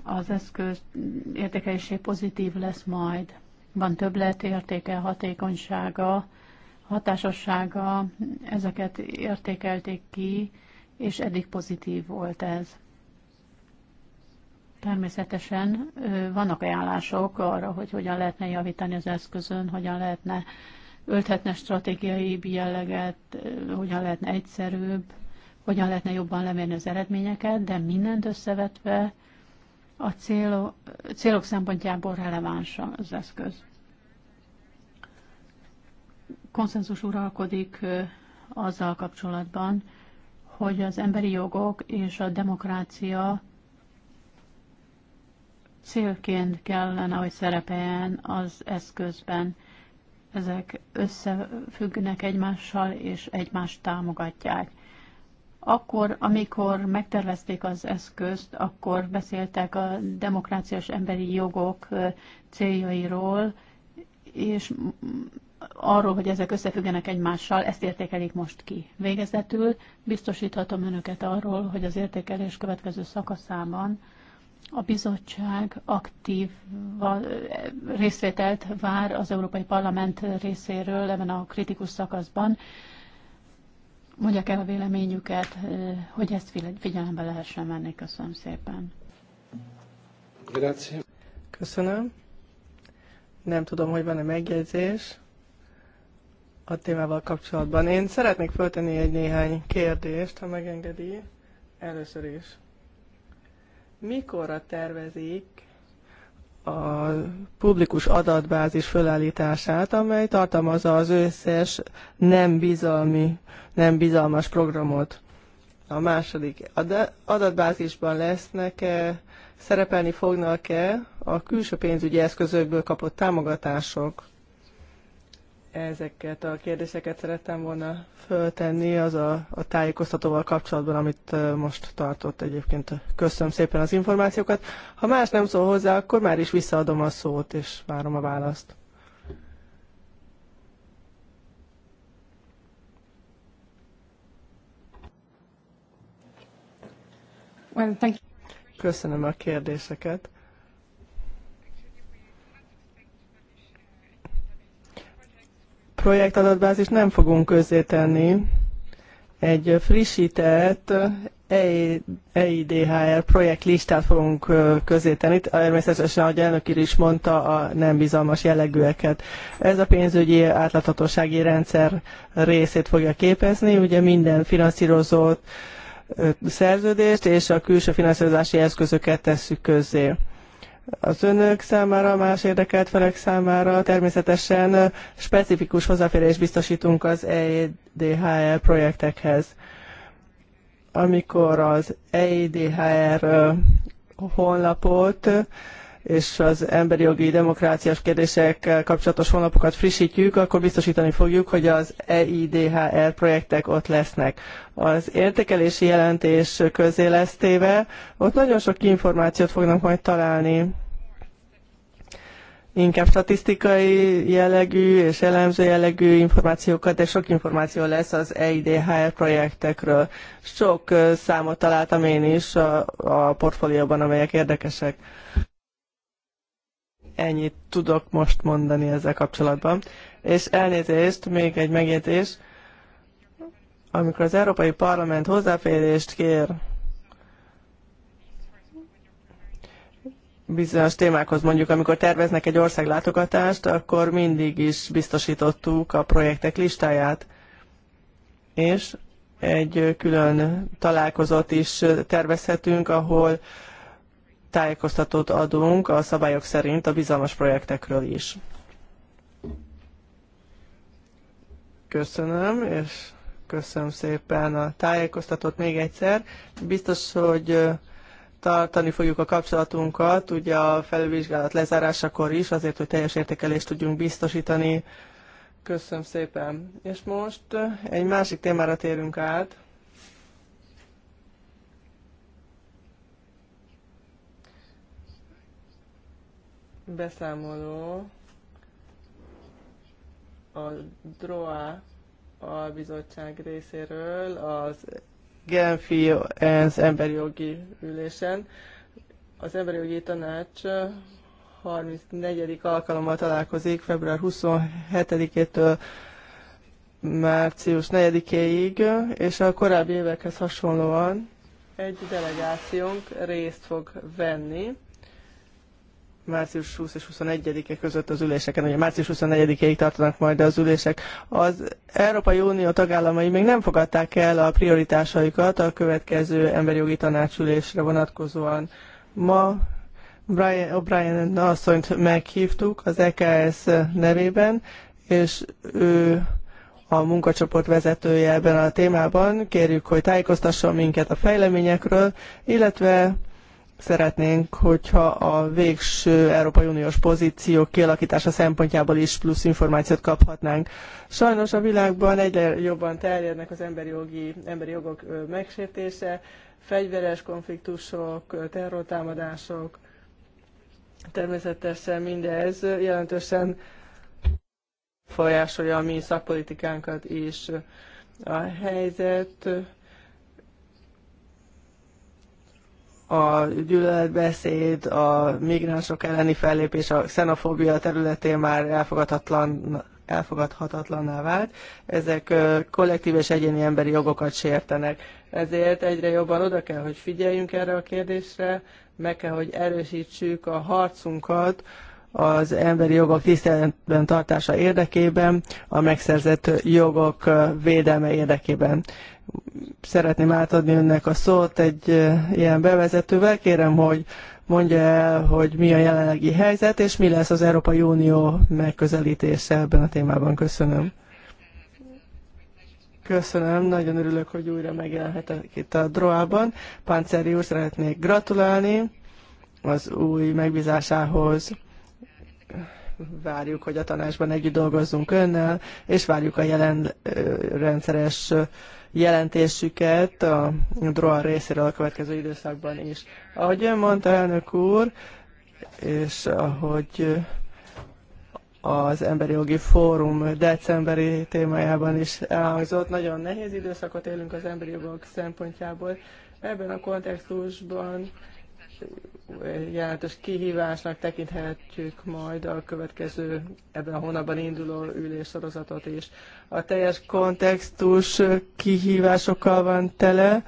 az eszköz értékelése pozitív lesz majd. Van többlet értéke, hatékonysága, hatásossága, ezeket értékelték ki, és eddig pozitív volt ez. Természetesen vannak ajánlások arra, hogy hogyan lehetne javítani az eszközön, hogyan lehetne ölthetne stratégiai jelleget, hogyan lehetne egyszerűbb, hogyan lehetne jobban lemérni az eredményeket, de mindent összevetve a célok, célok szempontjából releváns az eszköz. Konszenzus uralkodik azzal kapcsolatban, hogy az emberi jogok és a demokrácia célként kellene, hogy szerepeljen az eszközben. Ezek összefüggnek egymással, és egymást támogatják. Akkor, amikor megtervezték az eszközt, akkor beszéltek a demokráciás emberi jogok céljairól, és arról, hogy ezek összefüggenek egymással, ezt értékelik most ki. Végezetül biztosíthatom önöket arról, hogy az értékelés következő szakaszában a bizottság aktív részvételt vár az Európai Parlament részéről ebben a kritikus szakaszban, mondják el a véleményüket, hogy ezt figyelembe lehessen venni. Köszönöm szépen. Grazie. Köszönöm. Nem tudom, hogy van-e megjegyzés a témával kapcsolatban. Én szeretnék föltenni egy néhány kérdést, ha megengedi. Először is. Mikorra tervezik a publikus adatbázis fölállítását, amely tartalmazza az összes nem bizalmi, nem bizalmas programot. A második adatbázisban lesznek-e, szerepelni fognak-e a külső pénzügyi eszközökből kapott támogatások? Ezeket a kérdéseket szerettem volna föltenni az a, a tájékoztatóval kapcsolatban, amit most tartott egyébként. Köszönöm szépen az információkat. Ha más nem szól hozzá, akkor már is visszaadom a szót, és várom a választ. Well, thank Köszönöm a kérdéseket. projektadatbázis nem fogunk közzétenni. Egy frissített EIDHR projektlistát fogunk közzétenni. Természetesen, ahogy elnök ír is mondta, a nem bizalmas jellegűeket. Ez a pénzügyi átláthatósági rendszer részét fogja képezni. Ugye minden finanszírozott szerződést és a külső finanszírozási eszközöket tesszük közzé az önök számára, más érdekelt felek számára természetesen specifikus hozzáférés biztosítunk az EIDHR projektekhez. Amikor az EIDHR honlapot és az emberi jogi demokráciás kérdésekkel kapcsolatos honlapokat frissítjük, akkor biztosítani fogjuk, hogy az EIDHR projektek ott lesznek. Az értékelési jelentés közélesztéve ott nagyon sok információt fognak majd találni inkább statisztikai jellegű és elemző jellegű információkat, de sok információ lesz az EIDHR projektekről. Sok számot találtam én is a, a portfólióban, amelyek érdekesek ennyit tudok most mondani ezzel kapcsolatban. És elnézést, még egy megjegyzés. Amikor az Európai Parlament hozzáférést kér bizonyos témákhoz, mondjuk amikor terveznek egy ország látogatást, akkor mindig is biztosítottuk a projektek listáját. És egy külön találkozót is tervezhetünk, ahol tájékoztatót adunk a szabályok szerint a bizalmas projektekről is. Köszönöm, és köszönöm szépen a tájékoztatót még egyszer. Biztos, hogy tartani fogjuk a kapcsolatunkat, ugye a felülvizsgálat lezárásakor is, azért, hogy teljes értékelést tudjunk biztosítani. Köszönöm szépen. És most egy másik témára térünk át. beszámoló a DROA a bizottság részéről az Genfi ENSZ emberi jogi ülésen. Az emberi jogi tanács 34. alkalommal találkozik február 27-től március 4-ig, és a korábbi évekhez hasonlóan egy delegációnk részt fog venni március 20 és 21-e között az üléseken, ugye március 24-ig tartanak majd az ülések. Az Európai Unió tagállamai még nem fogadták el a prioritásaikat a következő emberi jogi tanácsülésre vonatkozóan. Ma Brian O'Brien asszonyt meghívtuk az EKS nevében, és ő a munkacsoport vezetője ebben a témában. Kérjük, hogy tájékoztasson minket a fejleményekről, illetve szeretnénk, hogyha a végső Európai Uniós pozíció kialakítása szempontjából is plusz információt kaphatnánk. Sajnos a világban egyre jobban terjednek az emberi, jogi, emberi jogok megsértése, fegyveres konfliktusok, terrortámadások. Természetesen mindez jelentősen folyásolja a mi szakpolitikánkat is. A helyzet a gyűlöletbeszéd, a migránsok elleni fellépés, a xenofóbia területén már elfogadhatatlan, elfogadhatatlanná vált. Ezek kollektív és egyéni emberi jogokat sértenek. Ezért egyre jobban oda kell, hogy figyeljünk erre a kérdésre, meg kell, hogy erősítsük a harcunkat az emberi jogok tiszteletben tartása érdekében, a megszerzett jogok védelme érdekében. Szeretném átadni önnek a szót egy ilyen bevezetővel. Kérem, hogy mondja el, hogy mi a jelenlegi helyzet, és mi lesz az Európai Unió megközelítése ebben a témában. Köszönöm. Köszönöm, nagyon örülök, hogy újra megjelenhetek itt a Droában. Páncéri úr, szeretnék gratulálni az új megbízásához. Várjuk, hogy a tanácsban együtt dolgozzunk önnel, és várjuk a jelen rendszeres jelentésüket a DROA részéről a következő időszakban is. Ahogy ön mondta, elnök úr, és ahogy az Emberi Jogi Fórum decemberi témájában is elhangzott. Nagyon nehéz időszakot élünk az emberi jogok szempontjából. Ebben a kontextusban jelentős kihívásnak tekinthetjük majd a következő ebben a hónapban induló üléssorozatot is. A teljes kontextus kihívásokkal van tele,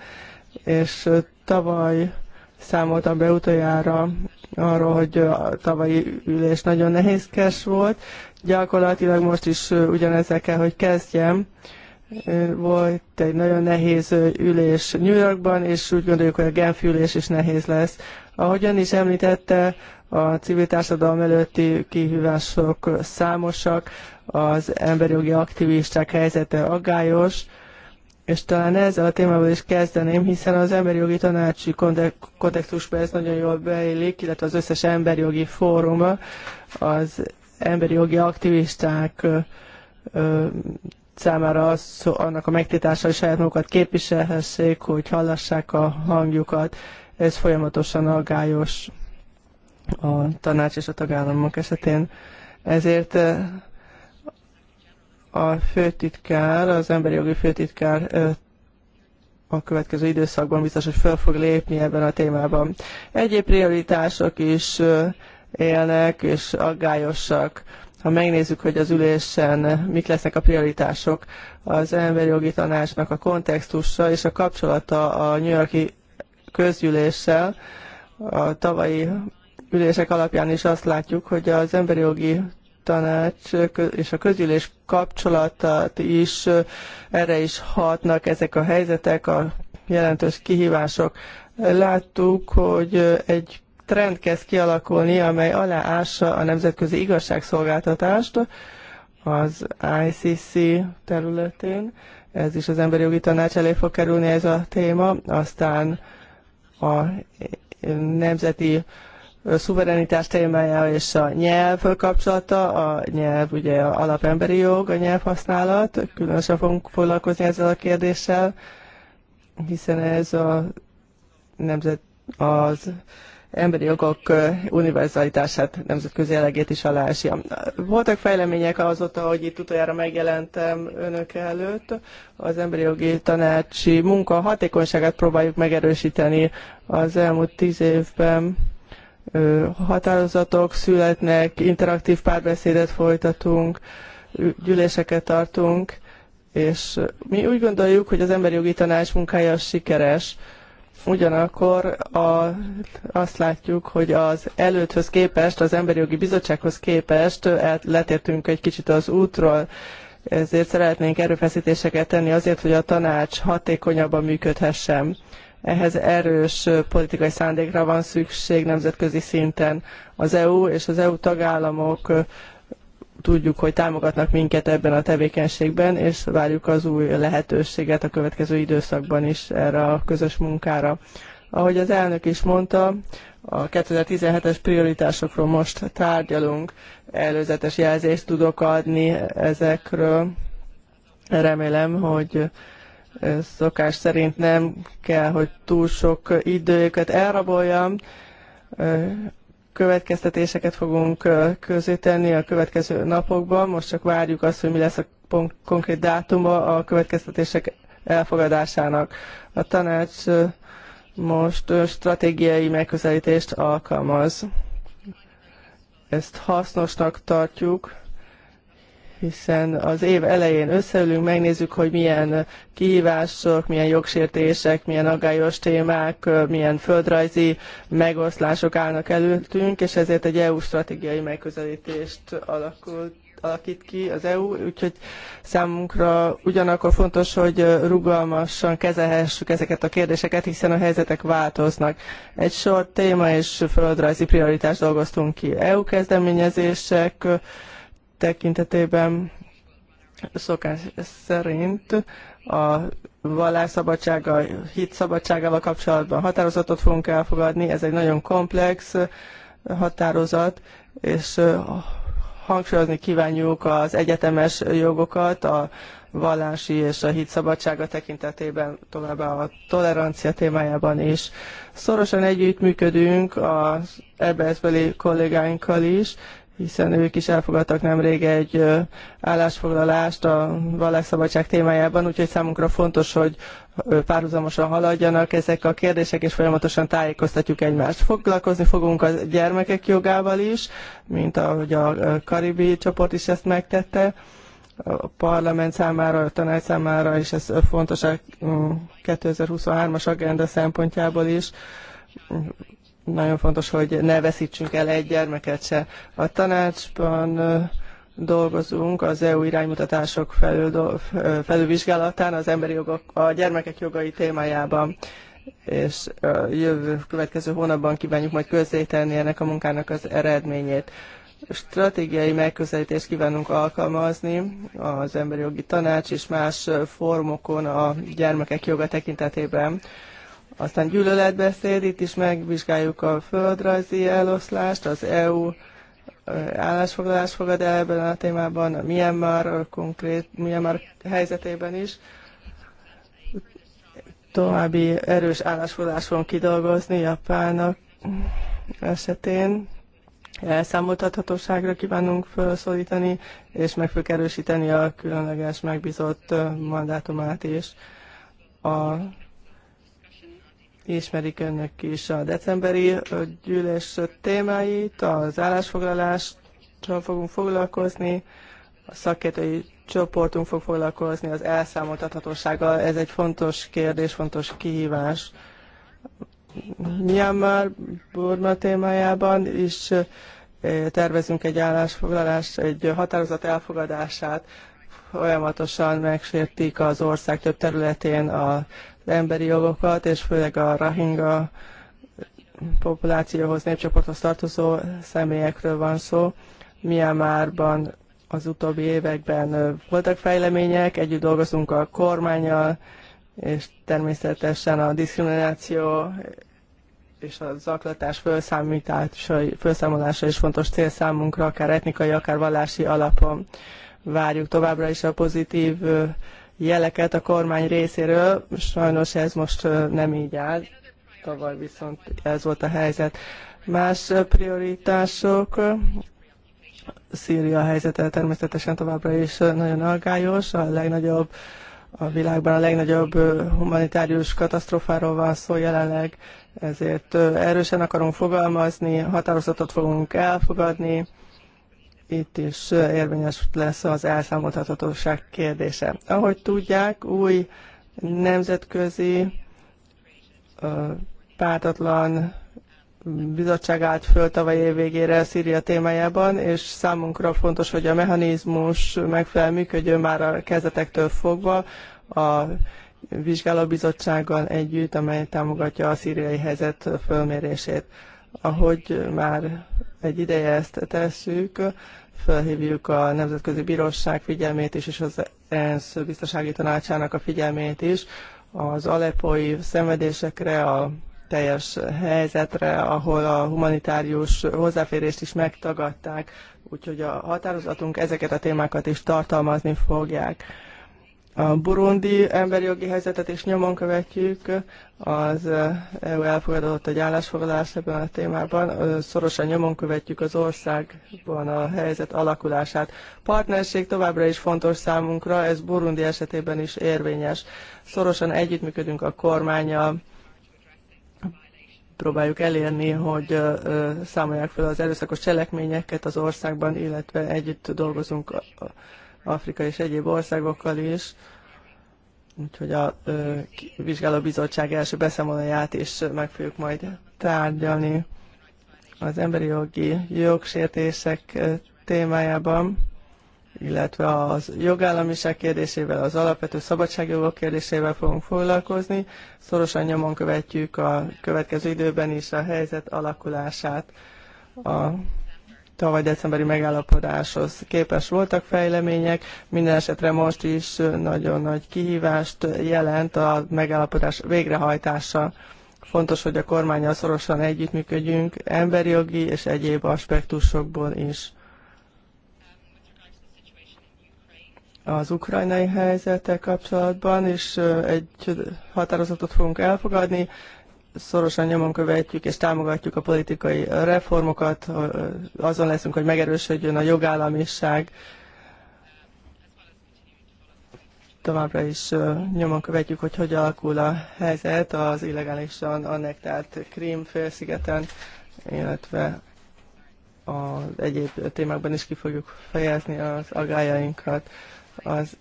és tavaly számoltam be utoljára arról, hogy a tavalyi ülés nagyon nehézkes volt. Gyakorlatilag most is ugyanezzel kell, hogy kezdjem. Volt egy nagyon nehéz ülés New Yorkban, és úgy gondoljuk, hogy a Genfi ülés is nehéz lesz. ön is említette, a civil társadalom előtti kihívások számosak, az emberi jogi aktivisták helyzete aggályos, és talán ezzel a témával is kezdeném, hiszen az emberi jogi tanácsi kontextusban ez nagyon jól beillik, illetve az összes emberi jogi fóruma az emberi jogi aktivisták számára az, annak a megtiltása, hogy saját magukat képviselhessék, hogy hallassák a hangjukat. Ez folyamatosan aggályos a tanács és a tagállamok esetén. Ezért eh, a főtitkár, az emberi jogi főtitkár eh, a következő időszakban biztos, hogy fel fog lépni ebben a témában. Egyéb prioritások is eh, élnek és aggályosak ha megnézzük, hogy az ülésen mik lesznek a prioritások, az emberi jogi tanácsnak a kontextusa és a kapcsolata a New Yorki közgyűléssel, a tavalyi ülések alapján is azt látjuk, hogy az emberi jogi tanács és a közgyűlés kapcsolatát is erre is hatnak ezek a helyzetek, a jelentős kihívások. Láttuk, hogy egy trend kezd kialakulni, amely aláássa a nemzetközi igazságszolgáltatást az ICC területén. Ez is az emberi jogi tanács elé fog kerülni ez a téma. Aztán a nemzeti szuverenitás témája és a nyelv kapcsolata, a nyelv ugye alapemberi jog, a nyelvhasználat, különösen fogunk foglalkozni ezzel a kérdéssel, hiszen ez a nemzet az emberi jogok univerzalitását, nemzetközi elegét is aláásia. Voltak fejlemények azóta, hogy itt utoljára megjelentem önök előtt. Az emberi jogi tanácsi munka hatékonyságát próbáljuk megerősíteni az elmúlt tíz évben határozatok születnek, interaktív párbeszédet folytatunk, gyűléseket tartunk, és mi úgy gondoljuk, hogy az emberi jogi tanács munkája sikeres. Ugyanakkor a, azt látjuk, hogy az előtthöz képest, az Emberi Jogi Bizottsághoz képest el, letértünk egy kicsit az útról, ezért szeretnénk erőfeszítéseket tenni azért, hogy a tanács hatékonyabban működhessen. Ehhez erős politikai szándékra van szükség nemzetközi szinten. Az EU és az EU tagállamok tudjuk, hogy támogatnak minket ebben a tevékenységben, és várjuk az új lehetőséget a következő időszakban is erre a közös munkára. Ahogy az elnök is mondta, a 2017-es prioritásokról most tárgyalunk, előzetes jelzést tudok adni ezekről. Remélem, hogy szokás szerint nem kell, hogy túl sok időket elraboljam következtetéseket fogunk közétenni a következő napokban. Most csak várjuk azt, hogy mi lesz a konkrét dátuma a következtetések elfogadásának. A tanács most stratégiai megközelítést alkalmaz. Ezt hasznosnak tartjuk, hiszen az év elején összeülünk, megnézzük, hogy milyen kihívások, milyen jogsértések, milyen aggályos témák, milyen földrajzi megoszlások állnak előttünk, és ezért egy EU stratégiai megközelítést alakult alakít ki az EU, úgyhogy számunkra ugyanakkor fontos, hogy rugalmasan kezelhessük ezeket a kérdéseket, hiszen a helyzetek változnak. Egy sor téma és földrajzi prioritást dolgoztunk ki. EU kezdeményezések, tekintetében szokás szerint a vallásszabadsága, a hit szabadságával kapcsolatban határozatot fogunk elfogadni. Ez egy nagyon komplex határozat, és hangsúlyozni kívánjuk az egyetemes jogokat, a vallási és a hit szabadsága tekintetében, továbbá a tolerancia témájában is. Szorosan együttműködünk az EBS-beli kollégáinkkal is, hiszen ők is elfogadtak nemrég egy állásfoglalást a vallásszabadság témájában, úgyhogy számunkra fontos, hogy párhuzamosan haladjanak ezek a kérdések, és folyamatosan tájékoztatjuk egymást. Foglalkozni fogunk a gyermekek jogával is, mint ahogy a karibi csoport is ezt megtette. A parlament számára, a tanács számára, és ez fontos a 2023-as mm, agenda szempontjából is nagyon fontos, hogy ne veszítsünk el egy gyermeket se. A tanácsban dolgozunk az EU iránymutatások felül, felülvizsgálatán az emberi jogok, a gyermekek jogai témájában és jövő következő hónapban kívánjuk majd közzétenni ennek a munkának az eredményét. Stratégiai megközelítést kívánunk alkalmazni az Emberi Jogi Tanács és más formokon a gyermekek joga tekintetében. Aztán gyűlöletbeszéd, itt is megvizsgáljuk a földrajzi eloszlást, az EU állásfoglalás fogad el ebben a témában, a Myanmar konkrét, Myanmar helyzetében is. További erős állásfoglalás fogunk kidolgozni Japánnak esetén. Elszámoltathatóságra kívánunk felszólítani, és meg fogjuk erősíteni a különleges megbízott mandátumát is. A Ismerik önök is a decemberi gyűlés témáit, az állásfoglalással fogunk foglalkozni, a szakértői csoportunk fog foglalkozni az elszámoltathatósággal. Ez egy fontos kérdés, fontos kihívás. Myanmar Burma témájában is tervezünk egy állásfoglalást, egy határozat elfogadását. Folyamatosan megsértik az ország több területén a emberi jogokat, és főleg a Rahinga populációhoz, népcsoporthoz tartozó személyekről van szó. Myanmarban az utóbbi években voltak fejlemények, együtt dolgozunk a kormányjal, és természetesen a diszkrimináció és a zaklatás felszámolása is fontos cél számunkra, akár etnikai, akár vallási alapon. Várjuk továbbra is a pozitív jeleket a kormány részéről. Sajnos ez most nem így áll, tavaly viszont ez volt a helyzet. Más prioritások, Szíria helyzete természetesen továbbra is nagyon aggályos, a legnagyobb a világban a legnagyobb humanitárius katasztrófáról van szó jelenleg, ezért erősen akarunk fogalmazni, határozatot fogunk elfogadni, itt is érvényes lesz az elszámoltathatóság kérdése. Ahogy tudják, új nemzetközi pártatlan bizottság állt föl tavaly év végére Szíria témájában, és számunkra fontos, hogy a mechanizmus megfelel működjön már a kezdetektől fogva a vizsgálóbizottsággal együtt, amely támogatja a szíriai helyzet fölmérését. Ahogy már egy ideje ezt tesszük, felhívjuk a Nemzetközi Bíróság figyelmét is, és az ENSZ biztonsági tanácsának a figyelmét is az alepói szenvedésekre, a teljes helyzetre, ahol a humanitárius hozzáférést is megtagadták, úgyhogy a határozatunk ezeket a témákat is tartalmazni fogják a burundi emberi jogi helyzetet is nyomon követjük. Az EU eh, e elfogadott egy állásfoglalás ebben a témában. Szorosan nyomon követjük az országban a helyzet alakulását. Partnerség továbbra is fontos számunkra, ez Burundi esetében is érvényes. Szorosan együttműködünk a kormánya. próbáljuk elérni, hogy számolják fel az erőszakos cselekményeket az országban, illetve együtt dolgozunk Afrika és egyéb országokkal is. Úgyhogy a ö, vizsgálóbizottság első beszámolóját is meg fogjuk majd tárgyalni az emberi jogi jogsértések témájában, illetve az jogállamiság kérdésével, az alapvető szabadságjogok kérdésével fogunk foglalkozni. Szorosan nyomon követjük a következő időben is a helyzet alakulását. A tavaly decemberi megállapodáshoz képes voltak fejlemények, minden esetre most is nagyon nagy kihívást jelent a megállapodás végrehajtása. Fontos, hogy a kormányal szorosan együttműködjünk emberi jogi és egyéb aspektusokból is. az ukrajnai helyzettel kapcsolatban, is egy határozatot fogunk elfogadni szorosan nyomon követjük és támogatjuk a politikai reformokat, azon leszünk, hogy megerősödjön a jogállamiság, továbbra is nyomon követjük, hogy hogy alakul a helyzet az illegálisan annektált Krím félszigeten, illetve az egyéb témákban is ki fogjuk fejezni az agályainkat. Az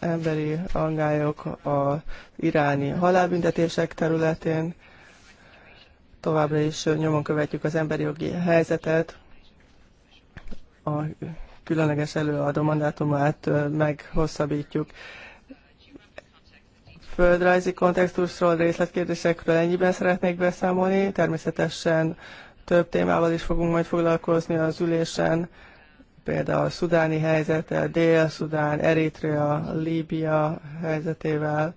emberi angályok az iráni halálbüntetések területén, Továbbra is nyomon követjük az emberi jogi helyzetet. A különleges előadó mandátumát meghosszabbítjuk. Földrajzi kontextusról, részletkérdésekről ennyiben szeretnék beszámolni. Természetesen több témával is fogunk majd foglalkozni az ülésen, például a szudáni helyzettel, Dél-Szudán, Eritrea, Líbia helyzetével,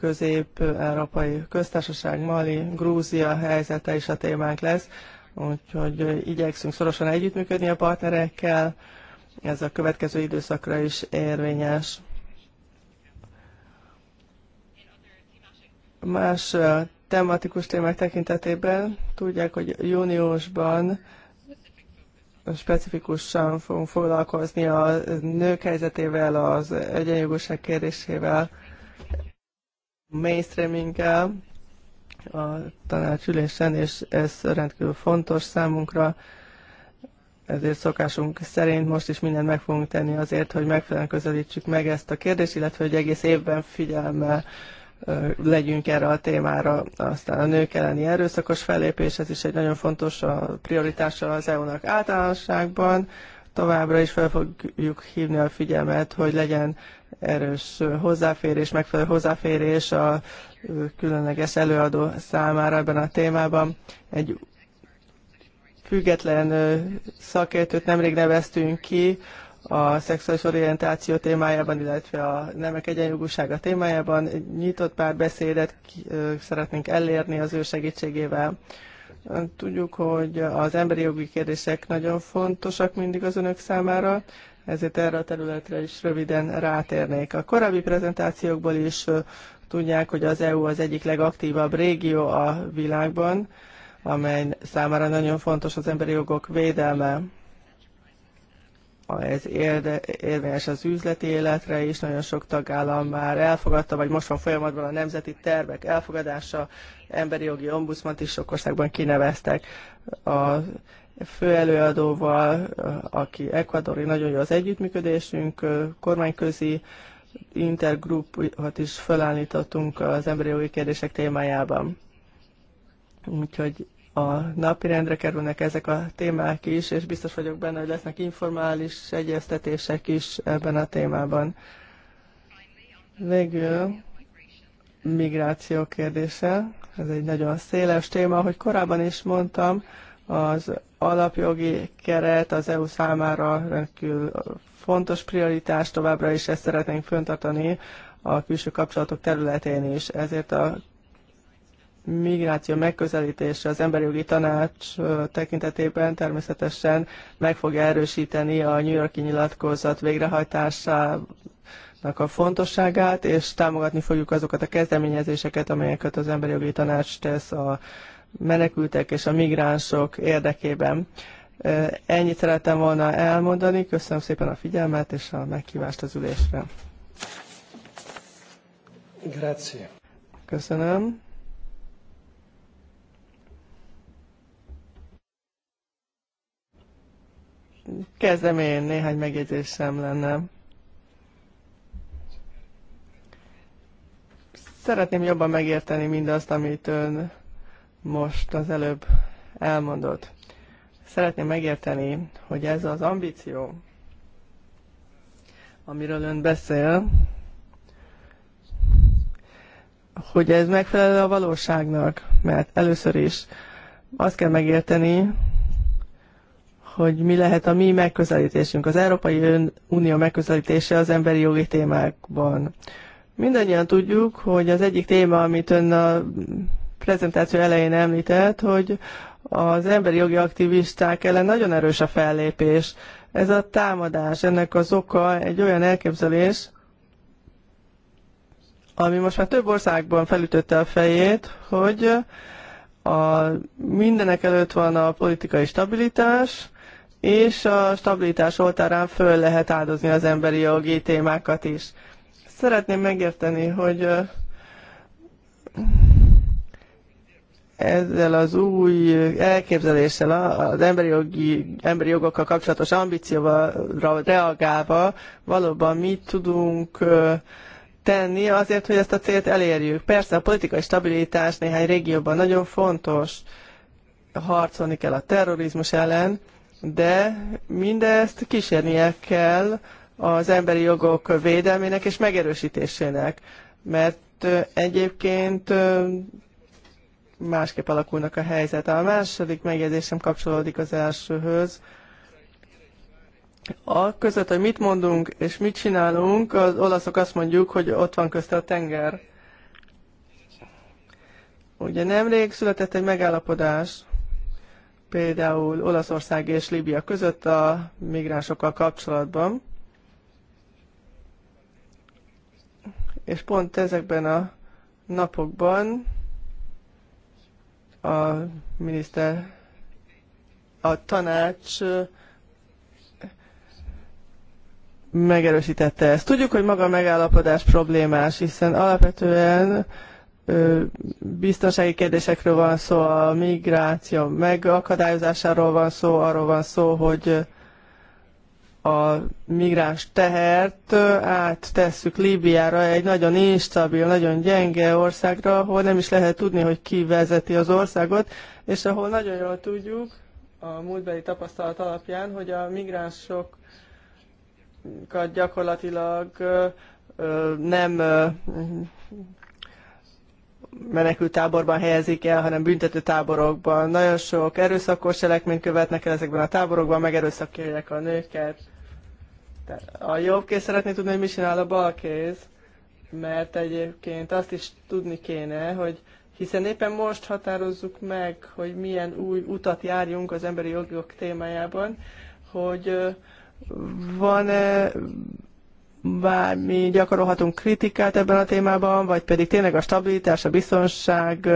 közép-európai köztársaság, Mali, Grúzia helyzete is a témánk lesz, úgyhogy igyekszünk szorosan együttműködni a partnerekkel, ez a következő időszakra is érvényes. Más tematikus témák tekintetében tudják, hogy júniusban specifikusan fogunk foglalkozni a nők helyzetével, az egyenjogúság kérdésével, mainstreaming, a tanácsülésen, és ez rendkívül fontos számunkra, ezért szokásunk szerint most is mindent meg fogunk tenni azért, hogy megfelelően közelítsük meg ezt a kérdést, illetve hogy egész évben figyelme legyünk erre a témára. Aztán a nők elleni erőszakos fellépés, ez is egy nagyon fontos a prioritása az EU-nak általánosságban továbbra is fel fogjuk hívni a figyelmet, hogy legyen erős hozzáférés, megfelelő hozzáférés a különleges előadó számára ebben a témában. Egy független szakértőt nemrég neveztünk ki a szexuális orientáció témájában, illetve a nemek egyenjogúsága témájában. Nyitott párbeszédet szeretnénk elérni az ő segítségével Tudjuk, hogy az emberi jogi kérdések nagyon fontosak mindig az önök számára, ezért erre a területre is röviden rátérnék. A korábbi prezentációkból is tudják, hogy az EU az egyik legaktívabb régió a világban, amely számára nagyon fontos az emberi jogok védelme ez érde, érvényes az üzleti életre is, nagyon sok tagállam már elfogadta, vagy most van folyamatban a nemzeti tervek elfogadása, emberi jogi ombudsmant is sok országban kineveztek. A fő előadóval, aki ekvadori, nagyon jó az együttműködésünk, kormányközi intergrupot is felállítottunk az emberi jogi kérdések témájában. Úgyhogy a napirendre kerülnek ezek a témák is, és biztos vagyok benne, hogy lesznek informális egyeztetések is ebben a témában. Végül migráció kérdése. Ez egy nagyon széles téma, ahogy korábban is mondtam, az alapjogi keret az EU számára rendkívül fontos prioritás, továbbra is ezt szeretnénk föntartani a külső kapcsolatok területén is. Ezért a migráció megközelítése az emberi jogi tanács tekintetében természetesen meg fog erősíteni a New Yorki nyilatkozat végrehajtásának a fontosságát, és támogatni fogjuk azokat a kezdeményezéseket, amelyeket az emberi jogi tanács tesz a menekültek és a migránsok érdekében. Ennyit szerettem volna elmondani. Köszönöm szépen a figyelmet és a meghívást az ülésre. Grazie. Köszönöm. kezdem én, néhány megjegyzésem lenne. Szeretném jobban megérteni mindazt, amit ön most az előbb elmondott. Szeretném megérteni, hogy ez az ambíció, amiről ön beszél, hogy ez megfelel a valóságnak, mert először is azt kell megérteni, hogy mi lehet a mi megközelítésünk, az Európai Unió megközelítése az emberi jogi témákban. Mindannyian tudjuk, hogy az egyik téma, amit ön a prezentáció elején említett, hogy az emberi jogi aktivisták ellen nagyon erős a fellépés. Ez a támadás, ennek az oka egy olyan elképzelés, ami most már több országban felütötte a fejét, hogy a, mindenek előtt van a politikai stabilitás, és a stabilitás oltárán föl lehet áldozni az emberi jogi témákat is. Szeretném megérteni, hogy ezzel az új elképzeléssel, az emberi, jogi, emberi jogokkal kapcsolatos ambícióval reagálva valóban mit tudunk tenni azért, hogy ezt a célt elérjük. Persze a politikai stabilitás néhány régióban nagyon fontos, harcolni kell a terrorizmus ellen, de mindezt kísérnie kell az emberi jogok védelmének és megerősítésének, mert egyébként másképp alakulnak a helyzet. A második megjegyzésem kapcsolódik az elsőhöz. A között, hogy mit mondunk és mit csinálunk, az olaszok azt mondjuk, hogy ott van közte a tenger. Ugye nemrég született egy megállapodás például Olaszország és Líbia között a migránsokkal kapcsolatban. És pont ezekben a napokban a miniszter, a tanács megerősítette ezt. Tudjuk, hogy maga a megállapodás problémás, hiszen alapvetően biztonsági kérdésekről van szó, a migráció megakadályozásáról van szó, arról van szó, hogy a migráns tehert áttesszük Líbiára, egy nagyon instabil, nagyon gyenge országra, ahol nem is lehet tudni, hogy ki vezeti az országot, és ahol nagyon jól tudjuk a múltbeli tapasztalat alapján, hogy a migránsokat gyakorlatilag nem menekült táborban helyezik el, hanem büntető táborokban. Nagyon sok erőszakos cselekményt követnek el ezekben a táborokban, megerőszakolják a nőket. A jobb kéz szeretné tudni, hogy mit csinál a bal kéz, mert egyébként azt is tudni kéne, hogy hiszen éppen most határozzuk meg, hogy milyen új utat járjunk az emberi jogok témájában, hogy van -e bármi gyakorolhatunk kritikát ebben a témában, vagy pedig tényleg a stabilitás, a biztonság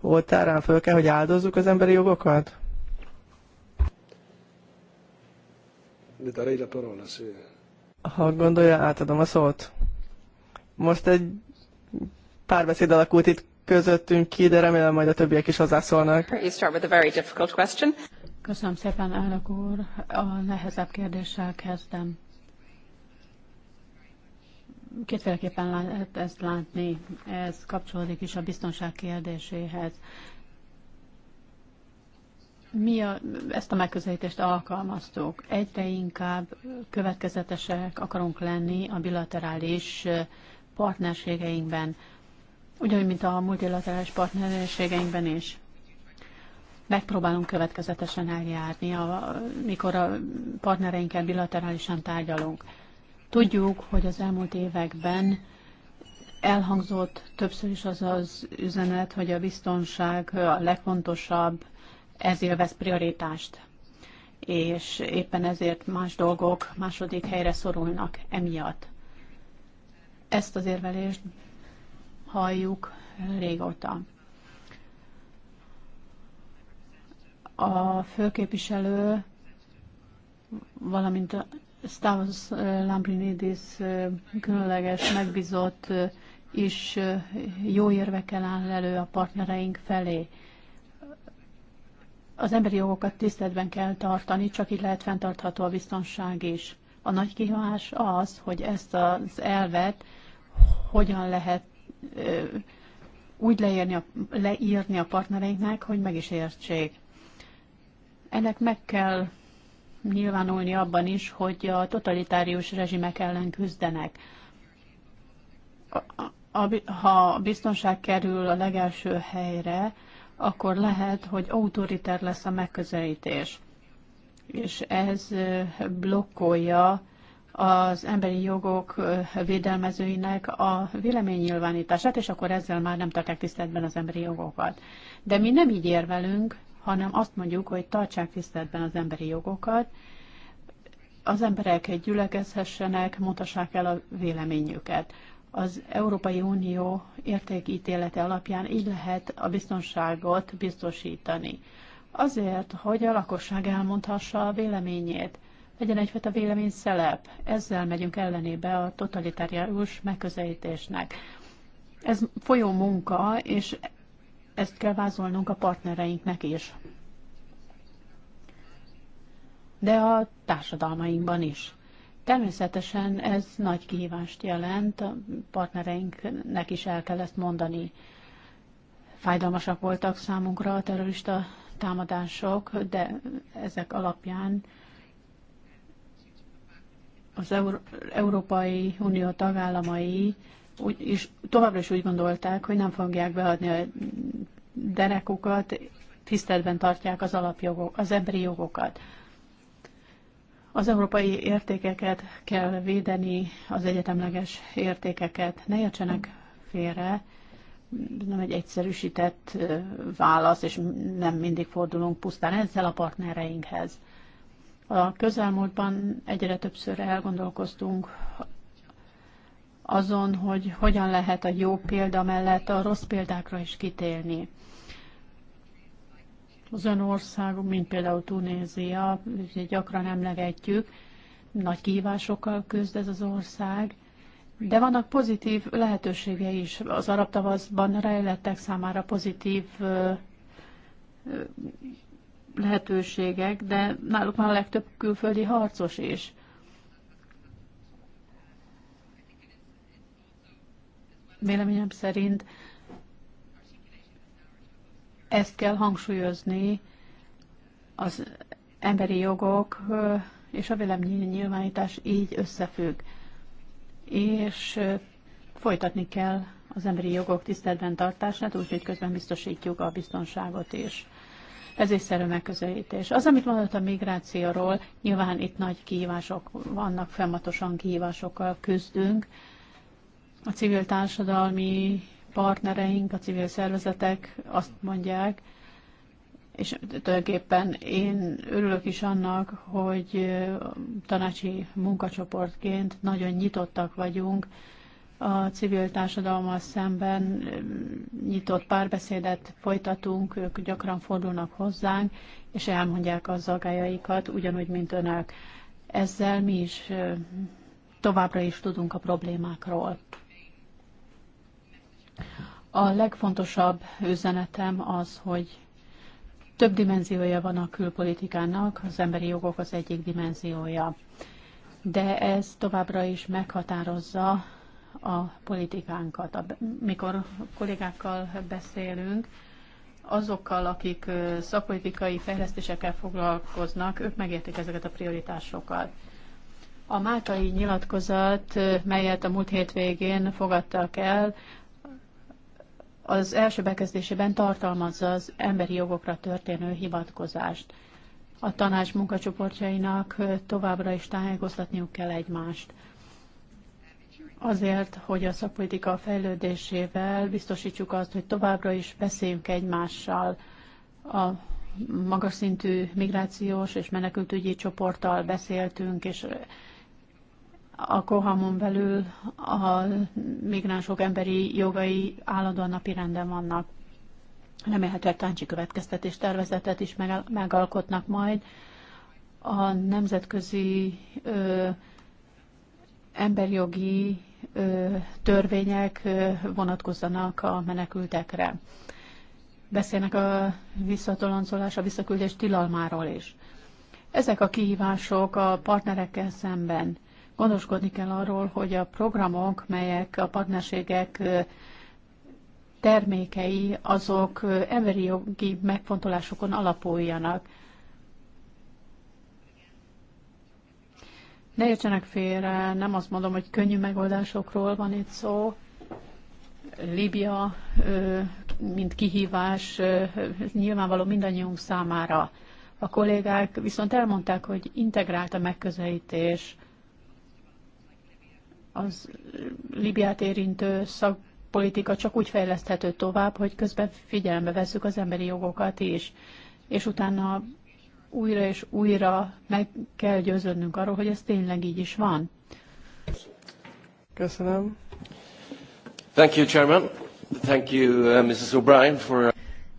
oltárán föl kell, hogy áldozzuk az emberi jogokat? Ha gondolja, átadom a szót. Most egy párbeszéd alakult itt közöttünk ki, de remélem majd a többiek is hozzászólnak. Köszönöm szépen, elnök úr. A nehezebb kérdéssel kezdem kétféleképpen lehet ezt látni. Ez kapcsolódik is a biztonság kérdéséhez. Mi a, ezt a megközelítést alkalmaztuk. Egyre inkább következetesek akarunk lenni a bilaterális partnerségeinkben, ugyanúgy, mint a multilaterális partnerségeinkben is megpróbálunk következetesen eljárni, amikor a partnereinkkel bilaterálisan tárgyalunk. Tudjuk, hogy az elmúlt években elhangzott többször is az az üzenet, hogy a biztonság a legfontosabb, ez élvez prioritást, és éppen ezért más dolgok második helyre szorulnak emiatt. Ezt az érvelést halljuk régóta. A főképviselő, valamint Stavros eh, Lambrinidis eh, különleges megbízott eh, is jó érveken áll elő a partnereink felé. Az emberi jogokat tiszteletben kell tartani, csak így lehet fenntartható a biztonság is. A nagy kihívás az, hogy ezt az elvet hogyan lehet úgy leírni a, leírni a partnereinknek, hogy meg is értsék. Ennek meg kell nyilvánulni abban is, hogy a totalitárius rezsimek ellen küzdenek. Ha a biztonság kerül a legelső helyre, akkor lehet, hogy autoriter lesz a megközelítés. És ez blokkolja az emberi jogok védelmezőinek a véleménynyilvánítását, és akkor ezzel már nem tartják tiszteletben az emberi jogokat. De mi nem így érvelünk, hanem azt mondjuk, hogy tartsák tiszteletben az emberi jogokat, az emberek gyülekezhessenek, mutassák el a véleményüket. Az Európai Unió értékítélete alapján így lehet a biztonságot biztosítani. Azért, hogy a lakosság elmondhassa a véleményét. Legyen egyfajta vélemény szelep. Ezzel megyünk ellenébe a totalitárius megközelítésnek. Ez folyó munka, és ezt kell vázolnunk a partnereinknek is. De a társadalmainkban is. Természetesen ez nagy kihívást jelent, a partnereinknek is el kell ezt mondani. Fájdalmasak voltak számunkra a terrorista támadások, de ezek alapján az Euró- Európai Unió tagállamai úgy, és továbbra is úgy gondolták, hogy nem fogják beadni a derekukat, tiszteletben tartják az alapjogok, az emberi jogokat. Az európai értékeket kell védeni, az egyetemleges értékeket. Ne értsenek félre, nem egy egyszerűsített válasz, és nem mindig fordulunk pusztán ezzel a partnereinkhez. A közelmúltban egyre többször elgondolkoztunk azon, hogy hogyan lehet a jó példa mellett a rossz példákra is kitérni. Az ön országunk, mint például Tunézia, gyakran emlegetjük, nagy kihívásokkal küzd ez az ország, de vannak pozitív lehetőségei is. Az arab tavaszban rejlettek számára pozitív lehetőségek, de náluk van a legtöbb külföldi harcos is. Véleményem szerint ezt kell hangsúlyozni az emberi jogok és a nyilvánítás így összefügg. És folytatni kell az emberi jogok tiszteletben tartását, úgyhogy közben biztosítjuk a biztonságot is. Ez szerű megközelítés. Az, amit mondott a migrációról, nyilván itt nagy kihívások vannak, folyamatosan kihívásokkal küzdünk, a civil társadalmi partnereink, a civil szervezetek azt mondják, és tulajdonképpen én örülök is annak, hogy tanácsi munkacsoportként nagyon nyitottak vagyunk a civil társadalommal szemben, nyitott párbeszédet folytatunk, ők gyakran fordulnak hozzánk, és elmondják az aggájaikat, ugyanúgy, mint önök. Ezzel mi is továbbra is tudunk a problémákról. A legfontosabb üzenetem az, hogy több dimenziója van a külpolitikának, az emberi jogok az egyik dimenziója. De ez továbbra is meghatározza a politikánkat. Mikor kollégákkal beszélünk, azokkal, akik szakpolitikai fejlesztésekkel foglalkoznak, ők megértik ezeket a prioritásokat. A máltai nyilatkozat, melyet a múlt hétvégén fogadtak el, az első bekezdésében tartalmazza az emberi jogokra történő hivatkozást. A tanács munkacsoportjainak továbbra is tájékoztatniuk kell egymást. Azért, hogy a szakpolitika fejlődésével biztosítsuk azt, hogy továbbra is beszéljünk egymással a magas szintű migrációs és menekültügyi csoporttal beszéltünk, és a Kohamon belül a migránsok emberi jogai állandóan renden vannak. Remélhetőleg Táncsi következtetés tervezetet is megalkotnak majd. A nemzetközi ö, emberjogi ö, törvények ö, vonatkozzanak a menekültekre. Beszélnek a visszatoloncolás, a visszaküldés tilalmáról is. Ezek a kihívások a partnerekkel szemben Gondoskodni kell arról, hogy a programok, melyek a partnerségek termékei, azok emberi jogi megfontolásokon alapuljanak. Ne értsenek félre, nem azt mondom, hogy könnyű megoldásokról van itt szó. Libya, mint kihívás, nyilvánvaló mindannyiunk számára. A kollégák viszont elmondták, hogy integrált a megközelítés, az Libiát érintő szakpolitika csak úgy fejleszthető tovább, hogy közben figyelembe vesszük az emberi jogokat is, és utána újra és újra meg kell győződnünk arról, hogy ez tényleg így is van. Köszönöm. Thank you, Chairman. Thank you, uh, Mrs. O'Brien, for... Uh,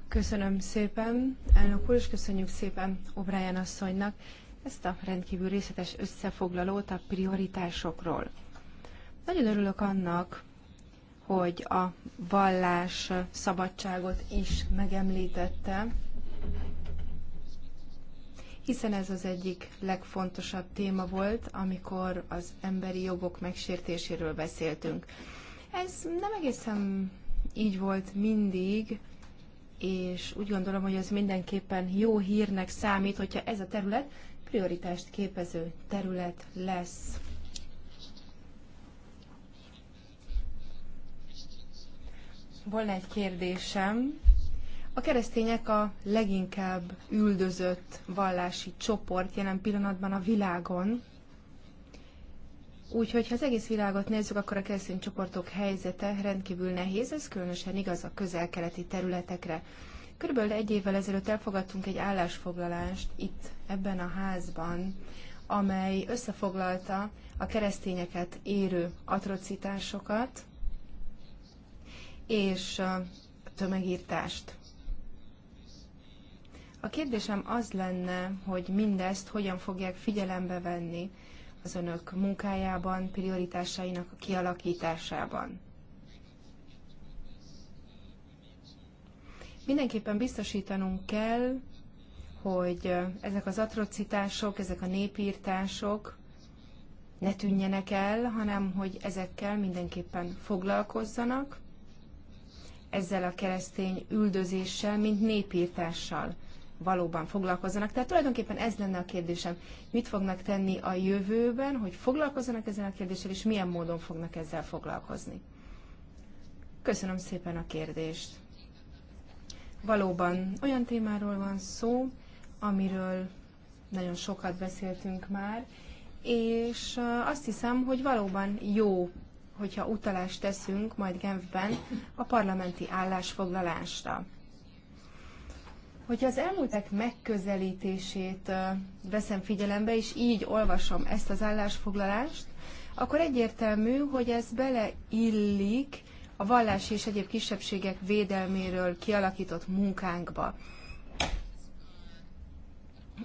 Köszönöm szépen, elnök úr, és köszönjük szépen O'Brien asszonynak ezt a rendkívül részletes összefoglalót a prioritásokról. Nagyon örülök annak, hogy a vallás szabadságot is megemlítette, hiszen ez az egyik legfontosabb téma volt, amikor az emberi jogok megsértéséről beszéltünk. Ez nem egészen így volt mindig, és úgy gondolom, hogy ez mindenképpen jó hírnek számít, hogyha ez a terület prioritást képező terület lesz. Volna egy kérdésem. A keresztények a leginkább üldözött vallási csoport jelen pillanatban a világon. Úgyhogy, ha az egész világot nézzük, akkor a keresztény csoportok helyzete rendkívül nehéz, ez különösen igaz a közel-keleti területekre. Körülbelül egy évvel ezelőtt elfogadtunk egy állásfoglalást itt, ebben a házban, amely összefoglalta a keresztényeket érő atrocitásokat, és tömegírtást. A kérdésem az lenne, hogy mindezt hogyan fogják figyelembe venni az önök munkájában, prioritásainak a kialakításában. Mindenképpen biztosítanunk kell, hogy ezek az atrocitások, ezek a népírtások ne tűnjenek el, hanem hogy ezekkel mindenképpen foglalkozzanak, ezzel a keresztény üldözéssel, mint népírtással valóban foglalkozzanak. Tehát tulajdonképpen ez lenne a kérdésem. Mit fognak tenni a jövőben, hogy foglalkozzanak ezzel a kérdéssel, és milyen módon fognak ezzel foglalkozni? Köszönöm szépen a kérdést. Valóban olyan témáról van szó, amiről nagyon sokat beszéltünk már, és azt hiszem, hogy valóban jó hogyha utalást teszünk majd Genfben a parlamenti állásfoglalásra. Hogyha az elmúltek megközelítését veszem figyelembe, és így olvasom ezt az állásfoglalást, akkor egyértelmű, hogy ez beleillik a vallási és egyéb kisebbségek védelméről kialakított munkánkba.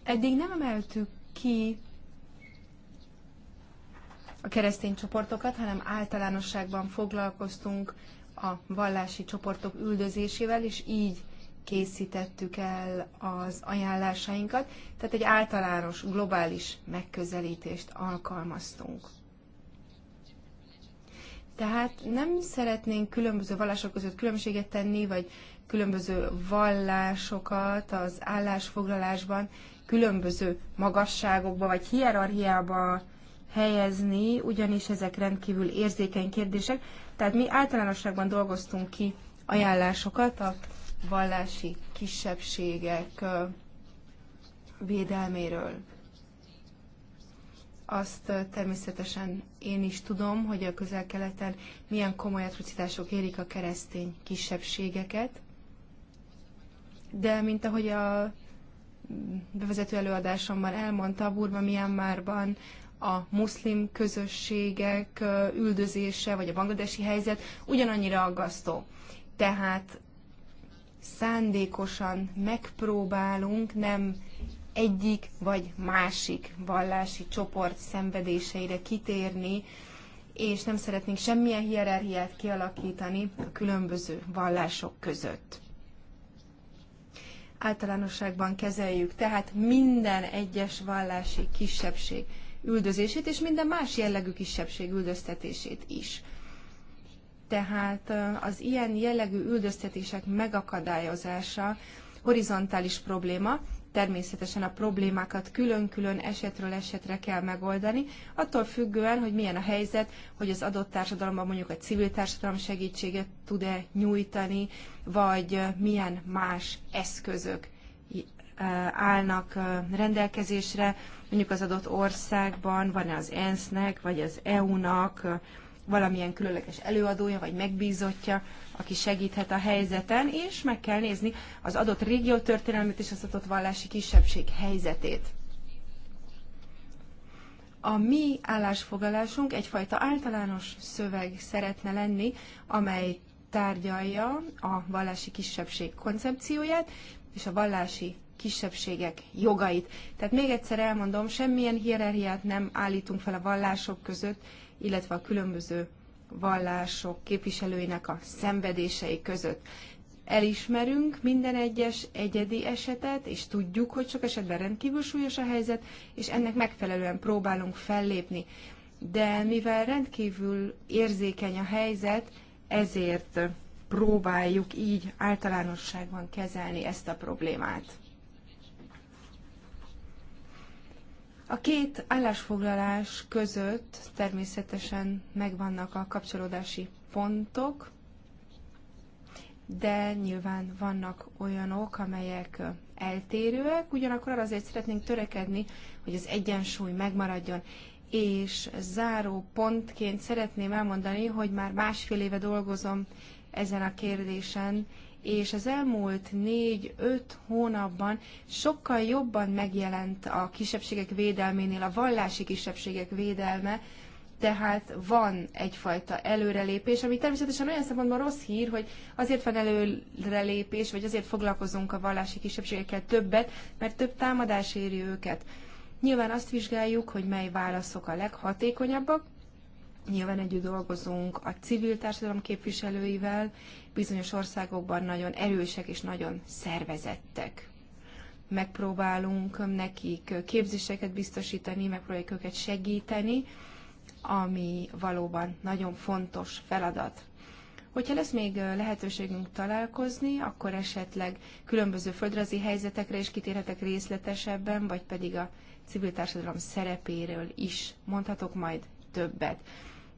Eddig nem emeltük ki a keresztény csoportokat, hanem általánosságban foglalkoztunk a vallási csoportok üldözésével, és így készítettük el az ajánlásainkat, tehát egy általános, globális megközelítést alkalmaztunk. Tehát nem szeretnénk különböző vallások között különbséget tenni, vagy különböző vallásokat az állásfoglalásban különböző magasságokba, vagy hierarchiába helyezni, ugyanis ezek rendkívül érzékeny kérdések. Tehát mi általánosságban dolgoztunk ki ajánlásokat a vallási kisebbségek védelméről. Azt természetesen én is tudom, hogy a közel-keleten milyen komoly atrocitások érik a keresztény kisebbségeket, de mint ahogy a bevezető előadásomban elmondta, Burma Myanmarban a muszlim közösségek üldözése, vagy a bangladesi helyzet ugyanannyira aggasztó. Tehát szándékosan megpróbálunk nem egyik vagy másik vallási csoport szenvedéseire kitérni, és nem szeretnénk semmilyen hierarchiát kialakítani a különböző vallások között. Általánosságban kezeljük tehát minden egyes vallási kisebbség üldözését, és minden más jellegű kisebbség üldöztetését is. Tehát az ilyen jellegű üldöztetések megakadályozása horizontális probléma, természetesen a problémákat külön-külön esetről esetre kell megoldani, attól függően, hogy milyen a helyzet, hogy az adott társadalomban mondjuk egy civil társadalom segítséget tud-e nyújtani, vagy milyen más eszközök állnak rendelkezésre, mondjuk az adott országban, van-e az ENSZ-nek, vagy az EU-nak valamilyen különleges előadója, vagy megbízottja, aki segíthet a helyzeten, és meg kell nézni az adott régió történelmét és az adott vallási kisebbség helyzetét. A mi állásfoglalásunk egyfajta általános szöveg szeretne lenni, amely tárgyalja a vallási kisebbség koncepcióját és a vallási kisebbségek jogait. Tehát még egyszer elmondom, semmilyen hierarchiát nem állítunk fel a vallások között, illetve a különböző vallások képviselőinek a szenvedései között. Elismerünk minden egyes egyedi esetet, és tudjuk, hogy sok esetben rendkívül súlyos a helyzet, és ennek megfelelően próbálunk fellépni. De mivel rendkívül érzékeny a helyzet, ezért próbáljuk így általánosságban kezelni ezt a problémát. A két állásfoglalás között természetesen megvannak a kapcsolódási pontok, de nyilván vannak olyanok, amelyek eltérőek, ugyanakkor arra azért szeretnénk törekedni, hogy az egyensúly megmaradjon. És záró pontként szeretném elmondani, hogy már másfél éve dolgozom ezen a kérdésen, és az elmúlt négy-öt hónapban sokkal jobban megjelent a kisebbségek védelménél a vallási kisebbségek védelme, tehát van egyfajta előrelépés, ami természetesen olyan szempontból rossz hír, hogy azért van előrelépés, vagy azért foglalkozunk a vallási kisebbségekkel többet, mert több támadás éri őket. Nyilván azt vizsgáljuk, hogy mely válaszok a leghatékonyabbak, Nyilván együtt dolgozunk a civil társadalom képviselőivel, bizonyos országokban nagyon erősek és nagyon szervezettek. Megpróbálunk nekik képzéseket biztosítani, megpróbáljuk őket segíteni, ami valóban nagyon fontos feladat. Hogyha lesz még lehetőségünk találkozni, akkor esetleg különböző földrajzi helyzetekre is kitérhetek részletesebben, vagy pedig a civil társadalom szerepéről is mondhatok majd többet.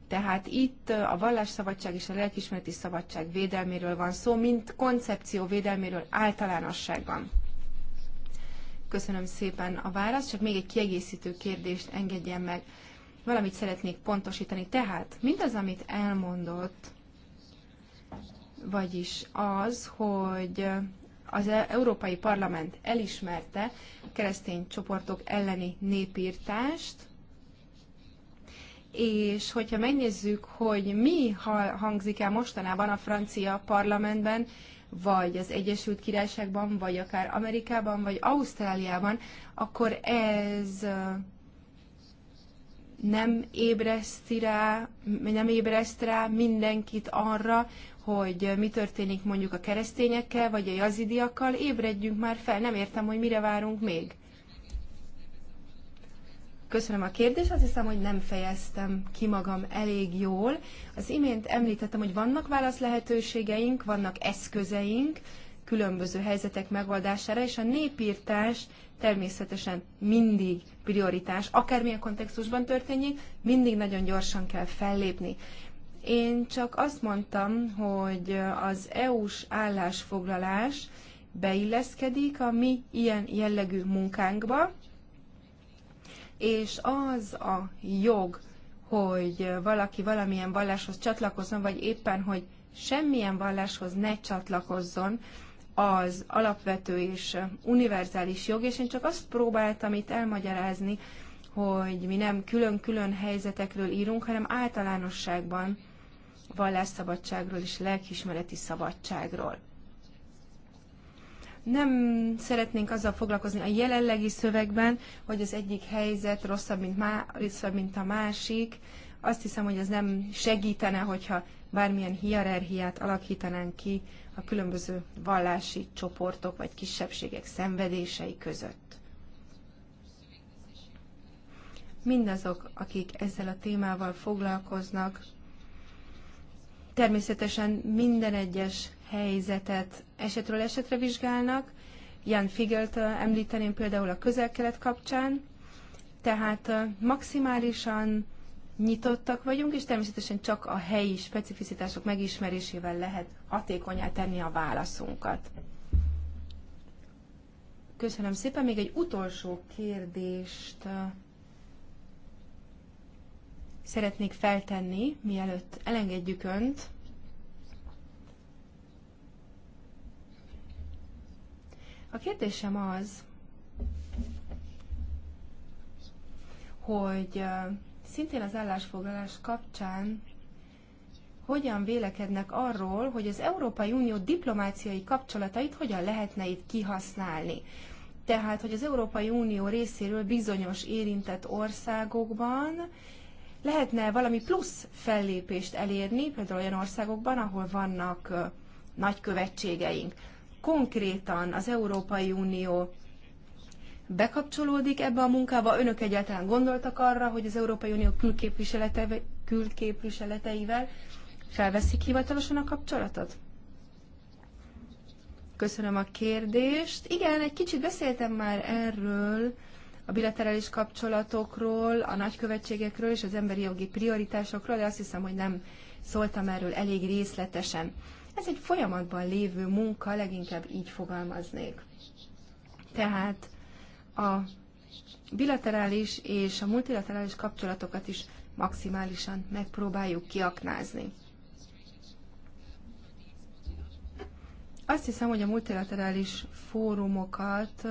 Tehát itt a vallásszabadság és a lelkismereti szabadság védelméről van szó, mint koncepció védelméről általánosságban. Köszönöm szépen a választ, csak még egy kiegészítő kérdést engedjen meg. Valamit szeretnék pontosítani. Tehát mindaz, amit elmondott, vagyis az, hogy az e- Európai Parlament elismerte keresztény csoportok elleni népírtást, és hogyha megnézzük, hogy mi hangzik el mostanában a francia parlamentben, vagy az Egyesült Királyságban, vagy akár Amerikában, vagy Ausztráliában, akkor ez nem ébreszt rá, nem ébreszt rá mindenkit arra, hogy mi történik mondjuk a keresztényekkel, vagy a jazidiakkal, ébredjünk már fel, nem értem, hogy mire várunk még. Köszönöm a kérdést, azt hiszem, hogy nem fejeztem ki magam elég jól. Az imént említettem, hogy vannak válasz lehetőségeink, vannak eszközeink különböző helyzetek megoldására, és a népírtás természetesen mindig prioritás, akármilyen kontextusban történjék, mindig nagyon gyorsan kell fellépni. Én csak azt mondtam, hogy az EU-s állásfoglalás beilleszkedik a mi ilyen jellegű munkánkba, és az a jog, hogy valaki valamilyen valláshoz csatlakozzon, vagy éppen, hogy semmilyen valláshoz ne csatlakozzon, az alapvető és univerzális jog, és én csak azt próbáltam itt elmagyarázni, hogy mi nem külön-külön helyzetekről írunk, hanem általánosságban vallásszabadságról és lelkismereti szabadságról. Nem szeretnénk azzal foglalkozni a jelenlegi szövegben, hogy az egyik helyzet rosszabb, mint, má, rosszabb, mint a másik. Azt hiszem, hogy ez nem segítene, hogyha bármilyen hierarchiát alakítanánk ki a különböző vallási csoportok vagy kisebbségek szenvedései között. Mindazok, akik ezzel a témával foglalkoznak, természetesen minden egyes helyzetet esetről esetre vizsgálnak. Jan Figelt említeném például a közel-kelet kapcsán, tehát maximálisan nyitottak vagyunk, és természetesen csak a helyi specificitások megismerésével lehet hatékonyá tenni a válaszunkat. Köszönöm szépen. Még egy utolsó kérdést szeretnék feltenni, mielőtt elengedjük Önt. A kérdésem az, hogy szintén az állásfoglalás kapcsán hogyan vélekednek arról, hogy az Európai Unió diplomáciai kapcsolatait hogyan lehetne itt kihasználni. Tehát, hogy az Európai Unió részéről bizonyos érintett országokban lehetne valami plusz fellépést elérni, például olyan országokban, ahol vannak nagykövetségeink konkrétan az Európai Unió bekapcsolódik ebbe a munkába? Önök egyáltalán gondoltak arra, hogy az Európai Unió külképviselete, külképviseleteivel felveszik hivatalosan a kapcsolatot? Köszönöm a kérdést. Igen, egy kicsit beszéltem már erről, a bilaterális kapcsolatokról, a nagykövetségekről és az emberi jogi prioritásokról, de azt hiszem, hogy nem szóltam erről elég részletesen. Ez egy folyamatban lévő munka, leginkább így fogalmaznék. Tehát a bilaterális és a multilaterális kapcsolatokat is maximálisan megpróbáljuk kiaknázni. Azt hiszem, hogy a multilaterális fórumokat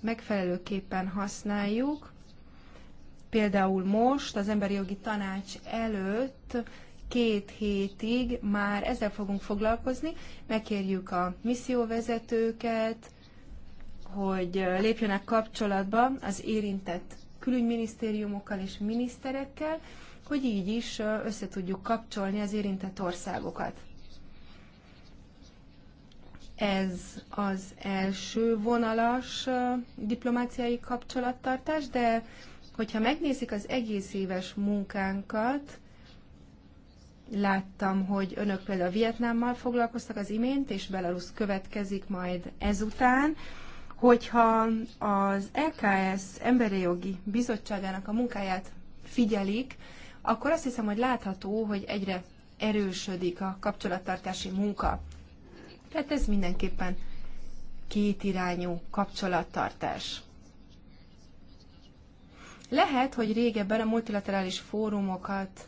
megfelelőképpen használjuk. Például most az Emberi Jogi Tanács előtt két hétig már ezzel fogunk foglalkozni, megkérjük a misszióvezetőket, hogy lépjenek kapcsolatba az érintett külügyminisztériumokkal és miniszterekkel, hogy így is össze tudjuk kapcsolni az érintett országokat. Ez az első vonalas diplomáciai kapcsolattartás, de hogyha megnézik az egész éves munkánkat, Láttam, hogy önök például Vietnámmal foglalkoztak az imént, és Belarus következik majd ezután. Hogyha az EKS Emberi Jogi Bizottságának a munkáját figyelik, akkor azt hiszem, hogy látható, hogy egyre erősödik a kapcsolattartási munka. Tehát ez mindenképpen kétirányú kapcsolattartás. Lehet, hogy régebben a multilaterális fórumokat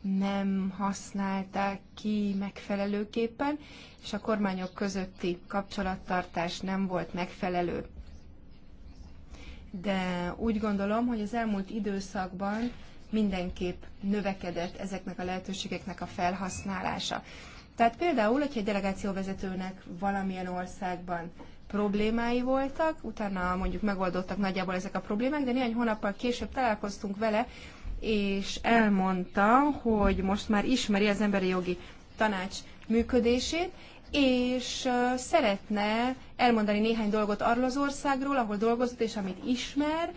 nem használták ki megfelelőképpen, és a kormányok közötti kapcsolattartás nem volt megfelelő. De úgy gondolom, hogy az elmúlt időszakban mindenképp növekedett ezeknek a lehetőségeknek a felhasználása. Tehát például, hogyha egy delegációvezetőnek valamilyen országban problémái voltak, utána mondjuk megoldottak nagyjából ezek a problémák, de néhány hónappal később találkoztunk vele, és elmondta, hogy most már ismeri az emberi jogi tanács működését, és szeretne elmondani néhány dolgot arról az országról, ahol dolgozott, és amit ismer,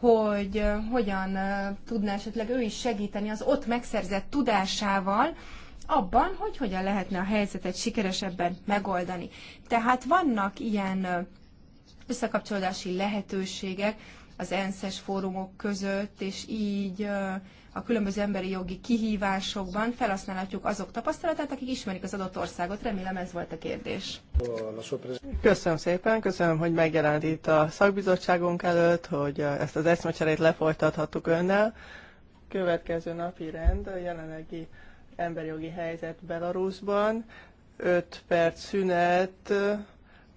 hogy hogyan tudná esetleg ő is segíteni az ott megszerzett tudásával, abban, hogy hogyan lehetne a helyzetet sikeresebben megoldani. Tehát vannak ilyen összekapcsolódási lehetőségek az ENSZ-es e fórumok között, és így a különböző emberi jogi kihívásokban felhasználhatjuk azok tapasztalatát, akik ismerik az adott országot. Remélem ez volt a kérdés. Köszönöm szépen, köszönöm, hogy megjelent itt a szakbizottságunk előtt, hogy ezt az eszmecserét lefolytathattuk önnel. Következő napi rend a jelenlegi emberi jogi helyzet Belarusban. 5 perc szünet,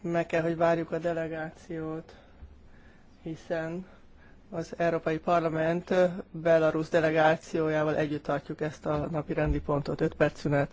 meg kell, hogy várjuk a delegációt hiszen az Európai Parlament Belarus delegációjával együtt tartjuk ezt a napi rendi pontot. 5 perc szünet.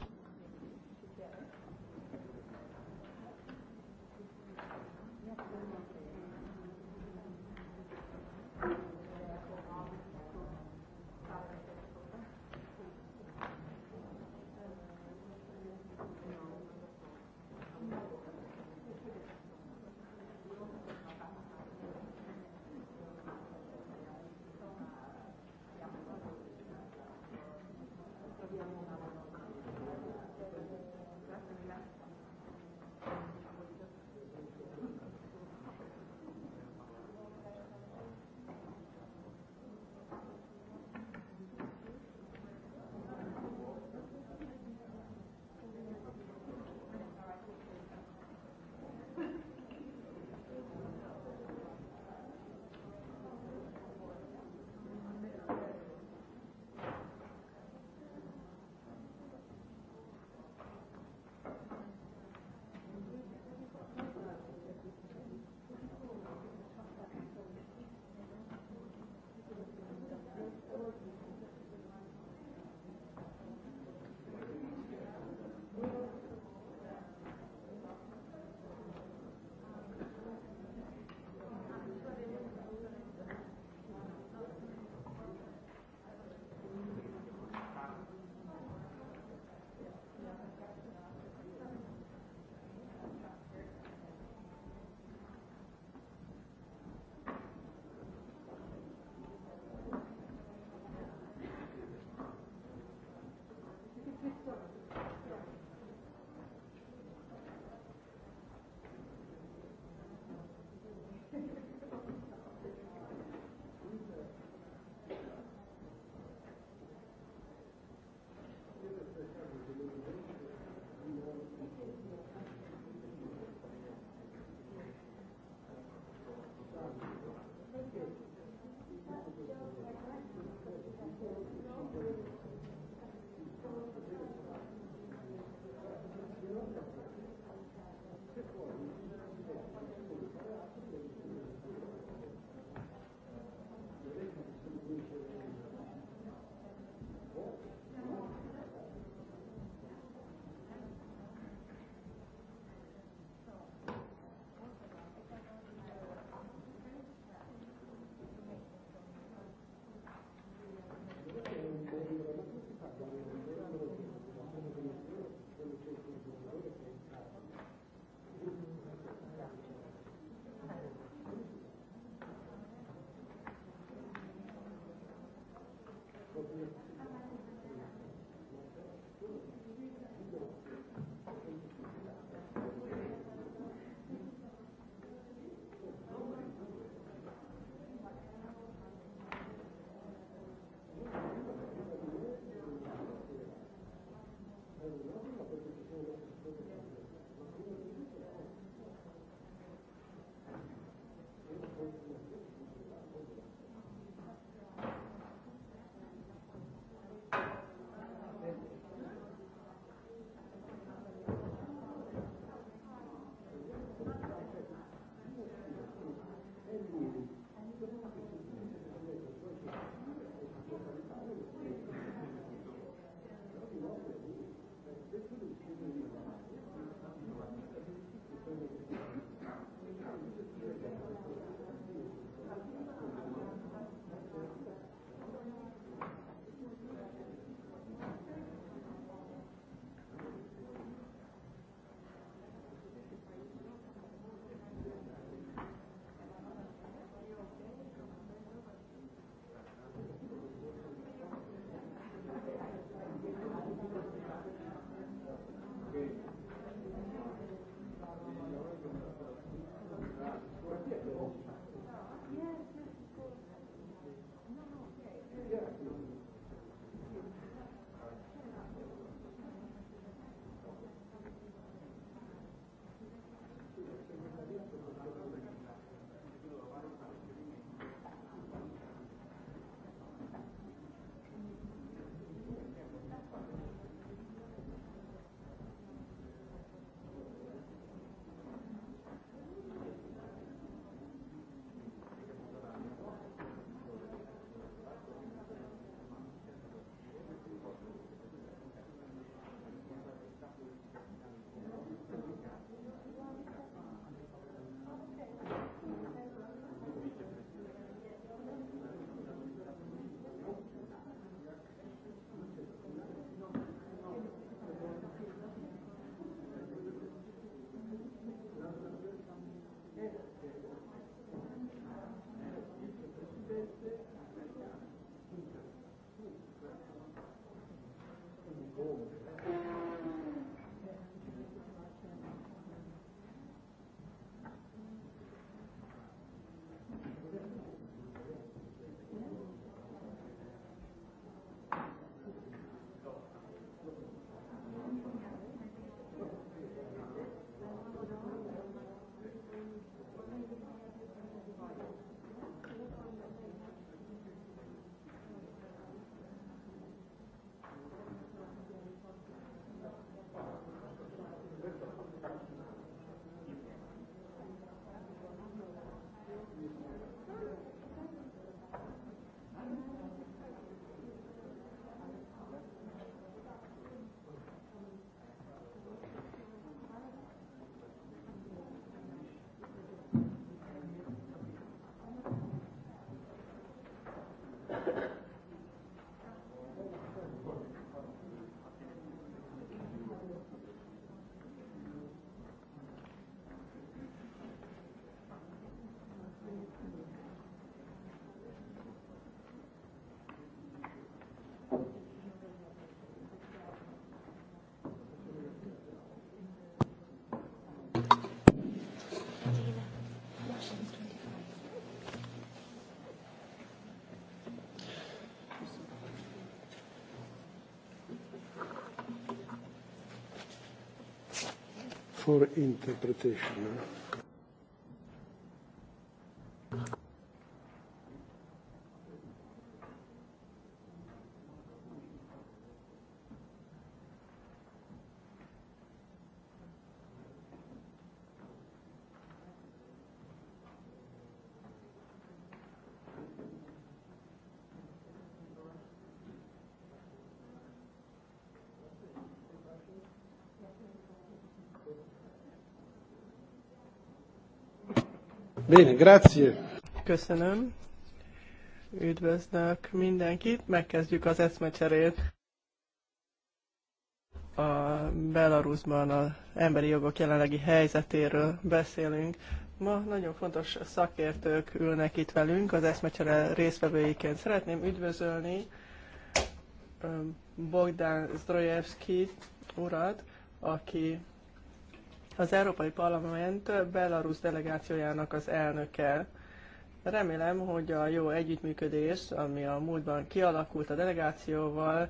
Yeah. for interpretation. Bene, grazie. Köszönöm. Üdvözlök mindenkit. Megkezdjük az eszmecserét. A Belarusban az emberi jogok jelenlegi helyzetéről beszélünk. Ma nagyon fontos szakértők ülnek itt velünk az eszmecsere részvevőiként. Szeretném üdvözölni um, Bogdan Zdrojevski urat, aki az Európai Parlament Belarus delegációjának az elnöke. Remélem, hogy a jó együttműködés, ami a múltban kialakult a delegációval,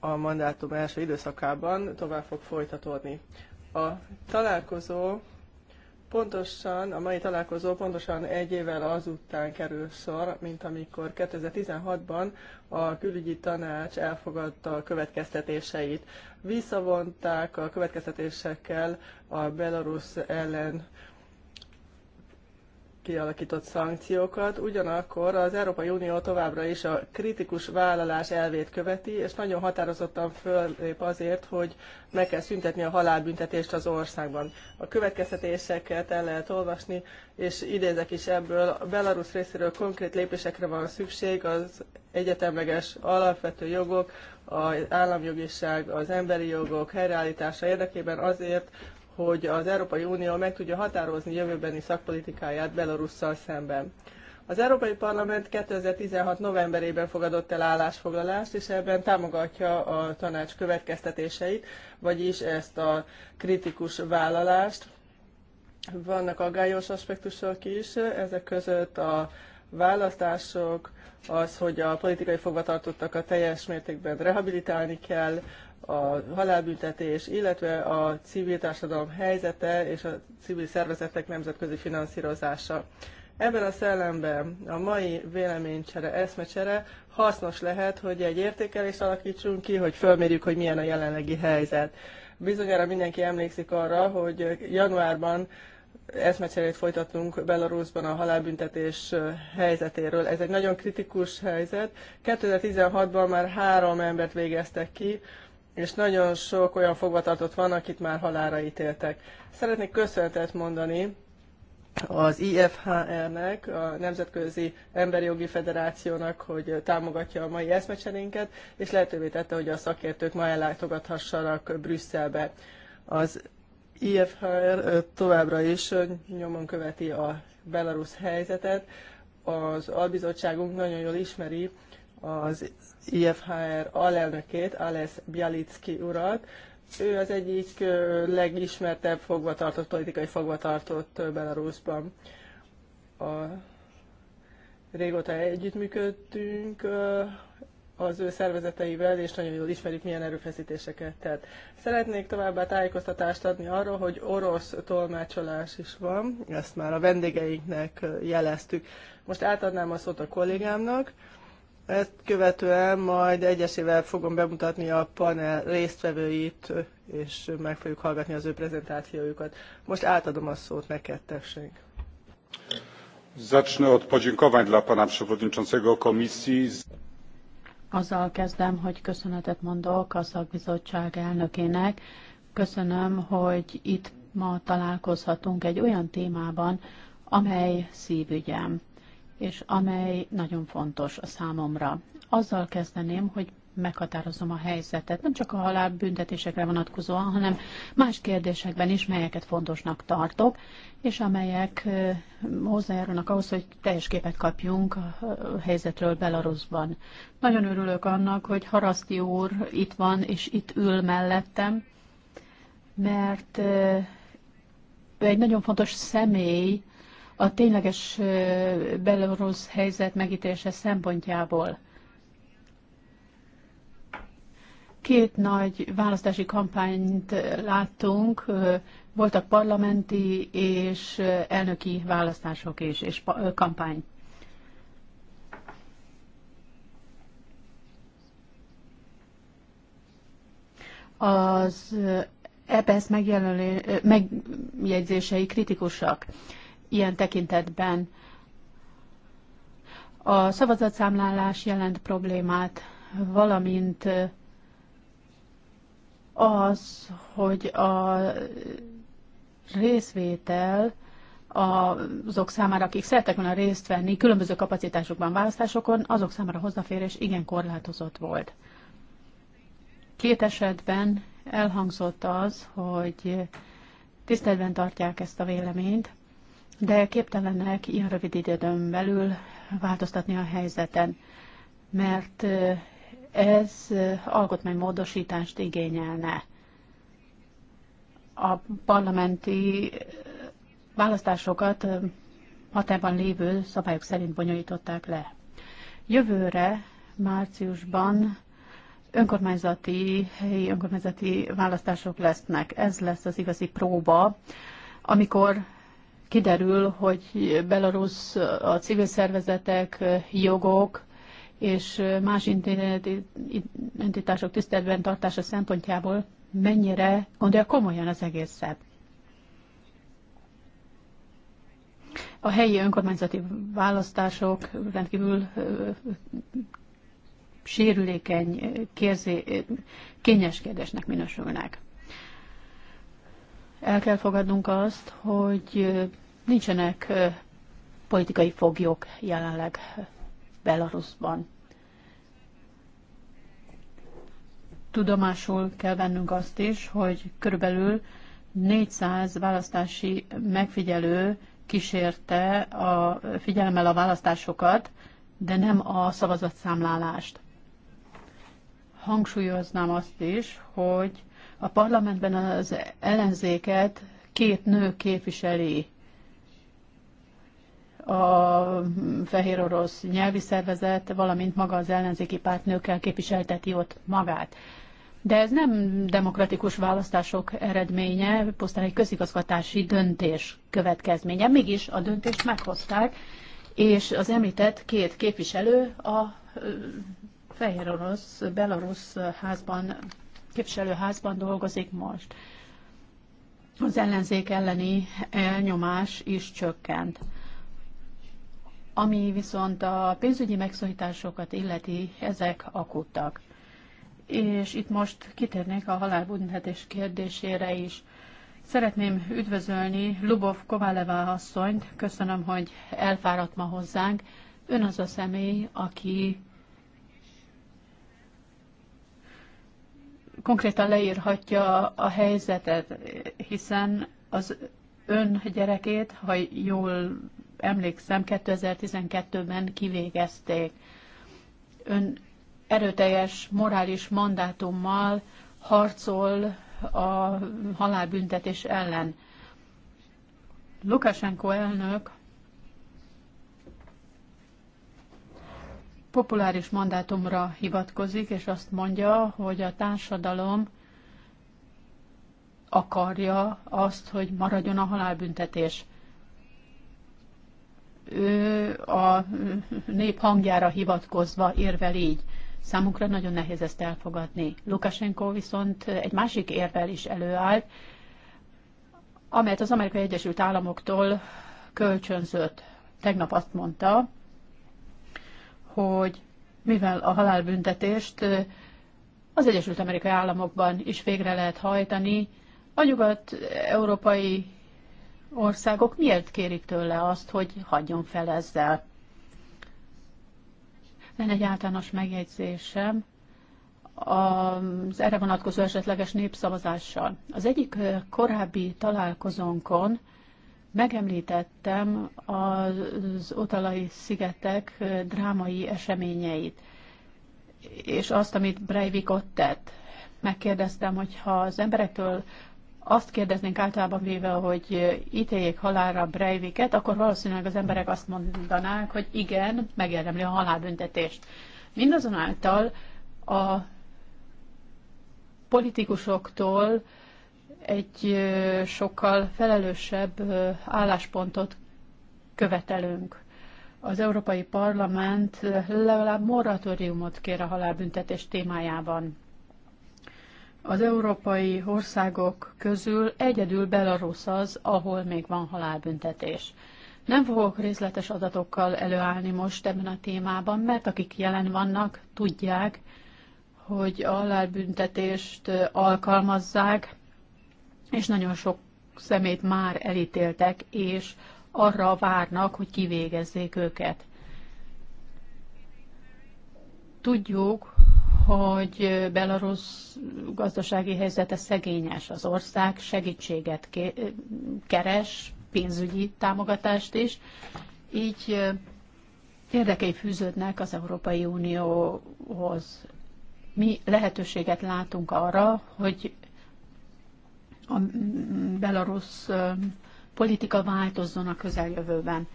a mandátum első időszakában tovább fog folytatódni. A találkozó Pontosan, a mai találkozó pontosan egy évvel azután kerül sor, mint amikor 2016-ban a külügyi tanács elfogadta a következtetéseit. Visszavonták a következtetésekkel a Belarus ellen kialakított szankciókat, ugyanakkor az Európai Unió továbbra is a kritikus vállalás elvét követi, és nagyon határozottan föllép azért, hogy meg kell szüntetni a halálbüntetést az országban. A következtetéseket el lehet olvasni, és idézek is ebből, a Belarus részéről konkrét lépésekre van szükség, az egyetemleges alapvető jogok, az államjogiság, az emberi jogok helyreállítása érdekében azért, hogy az Európai Unió meg tudja határozni jövőbeni szakpolitikáját Belarusszal szemben. Az Európai Parlament 2016. novemberében fogadott el állásfoglalást, és ebben támogatja a tanács következtetéseit, vagyis ezt a kritikus vállalást. Vannak aggályos aspektusok is, ezek között a választások, az, hogy a politikai fogvatartottakat teljes mértékben rehabilitálni kell, a halálbüntetés, illetve a civil társadalom helyzete és a civil szervezetek nemzetközi finanszírozása. Ebben a szellemben a mai véleménycsere, eszmecsere hasznos lehet, hogy egy értékelést alakítsunk ki, hogy fölmérjük, hogy milyen a jelenlegi helyzet. Bizonyára mindenki emlékszik arra, hogy januárban eszmecserét folytatunk Belarusban a halálbüntetés helyzetéről. Ez egy nagyon kritikus helyzet. 2016-ban már három embert végeztek ki és nagyon sok olyan fogvatartott van, akit már halára ítéltek. Szeretnék köszönetet mondani az IFHR-nek, a Nemzetközi Emberi Jogi Federációnak, hogy támogatja a mai eszmecserénket, és lehetővé tette, hogy a szakértők ma ellátogathassanak Brüsszelbe. Az IFHR továbbra is nyomon követi a belarusz helyzetet. Az albizottságunk nagyon jól ismeri az IFHR alelnökét, Alesz Bialicki urat. Ő az egyik legismertebb fogvatartott, politikai fogvatartott Belarusban. A régóta együttműködtünk az ő szervezeteivel, és nagyon jól ismerjük, milyen erőfeszítéseket tett. Szeretnék továbbá tájékoztatást adni arról, hogy orosz tolmácsolás is van, ezt már a vendégeinknek jeleztük. Most átadnám a szót a kollégámnak, ezt követően majd egyesével fogom bemutatni a panel résztvevőit, és meg fogjuk hallgatni az ő prezentációjukat. Most átadom a szót neked, tessék. Zacznę od podziękowań dla pana przewodniczącego komisji. Azzal kezdem, hogy köszönetet mondok a szakbizottság elnökének. Köszönöm, hogy itt ma találkozhatunk egy olyan témában, amely szívügyem és amely nagyon fontos a számomra. Azzal kezdeném, hogy meghatározom a helyzetet, nem csak a halálbüntetésekre vonatkozóan, hanem más kérdésekben is, melyeket fontosnak tartok, és amelyek hozzájárulnak ahhoz, hogy teljes képet kapjunk a helyzetről Belarusban. Nagyon örülök annak, hogy Haraszti úr itt van, és itt ül mellettem, mert egy nagyon fontos személy a tényleges belorusz helyzet megítélése szempontjából. Két nagy választási kampányt láttunk, voltak parlamenti és elnöki választások is, és kampány. Az EPS e megjegyzései kritikusak ilyen tekintetben. A szavazatszámlálás jelent problémát, valamint az, hogy a részvétel azok számára, akik szerettek volna részt venni különböző kapacitásokban, választásokon, azok számára hozzáférés igen korlátozott volt. Két esetben elhangzott az, hogy tiszteletben tartják ezt a véleményt, de képtelenek ilyen rövid időn belül változtatni a helyzeten, mert ez alkotmánymódosítást igényelne. A parlamenti választásokat hatában lévő szabályok szerint bonyolították le. Jövőre, márciusban önkormányzati, helyi önkormányzati választások lesznek. Ez lesz az igazi próba, amikor kiderül, hogy Belarus a civil szervezetek, jogok és más entitások tiszteletben tartása szempontjából mennyire gondolja komolyan az egészet. A helyi önkormányzati választások rendkívül sérülékeny, kérzé, kényes kérdésnek minősülnek. El kell fogadnunk azt, hogy Nincsenek politikai foglyok jelenleg Belarusban. Tudomásul kell vennünk azt is, hogy körülbelül 400 választási megfigyelő kísérte a figyelemmel a választásokat, de nem a szavazatszámlálást. Hangsúlyoznám azt is, hogy a parlamentben az ellenzéket két nő képviseli, a fehér orosz nyelvi szervezet, valamint maga az ellenzéki párt nőkkel képviselteti ott magát. De ez nem demokratikus választások eredménye, pusztán egy közigazgatási döntés következménye. Mégis a döntést meghozták, és az említett két képviselő a fehér orosz, belarusz házban, képviselőházban dolgozik most. Az ellenzék elleni elnyomás is csökkent. Ami viszont a pénzügyi megszorításokat illeti, ezek akuttak. És itt most kitérnék a halálbüntetés kérdésére is. Szeretném üdvözölni Lubov Koválevá asszonyt, köszönöm, hogy elfáradt ma hozzánk. Ön az a személy, aki konkrétan leírhatja a helyzetet, hiszen az ön gyerekét, ha jól emlékszem, 2012-ben kivégezték. Ön erőteljes morális mandátummal harcol a halálbüntetés ellen. Lukasenko elnök populáris mandátumra hivatkozik, és azt mondja, hogy a társadalom akarja azt, hogy maradjon a halálbüntetés a nép hangjára hivatkozva érvel így. Számunkra nagyon nehéz ezt elfogadni. Lukashenko viszont egy másik érvel is előállt, amelyet az Amerikai Egyesült Államoktól kölcsönzött. Tegnap azt mondta, hogy mivel a halálbüntetést az Egyesült Amerikai Államokban is végre lehet hajtani, a nyugat-európai országok miért kérik tőle azt, hogy hagyjon fel ezzel? Lenne egy általános megjegyzésem az erre vonatkozó esetleges népszavazással. Az egyik korábbi találkozónkon megemlítettem az Otalai szigetek drámai eseményeit, és azt, amit Breivik ott tett. Megkérdeztem, hogy ha az emberektől azt kérdeznénk általában véve, hogy ítéljék halálra Breiviket, akkor valószínűleg az emberek azt mondanák, hogy igen, megérdemli a halálbüntetést. Mindazonáltal a politikusoktól egy sokkal felelősebb álláspontot követelünk. Az Európai Parlament legalább moratóriumot kér a halálbüntetés témájában. Az európai országok közül egyedül Belarus az, ahol még van halálbüntetés. Nem fogok részletes adatokkal előállni most ebben a témában, mert akik jelen vannak, tudják, hogy a halálbüntetést alkalmazzák, és nagyon sok szemét már elítéltek, és arra várnak, hogy kivégezzék őket. Tudjuk, hogy Belarus gazdasági helyzete szegényes az ország, segítséget keres, pénzügyi támogatást is, így érdekei fűződnek az Európai Unióhoz. Mi lehetőséget látunk arra, hogy a belarusz politika változzon a közeljövőben.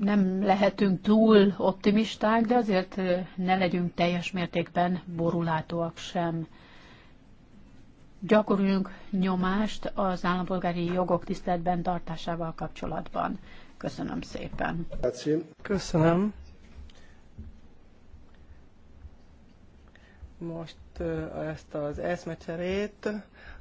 nem lehetünk túl optimisták, de azért ne legyünk teljes mértékben borulátóak sem. Gyakoroljunk nyomást az állampolgári jogok tiszteletben tartásával kapcsolatban. Köszönöm szépen. Köszönöm. Most ezt az eszmecserét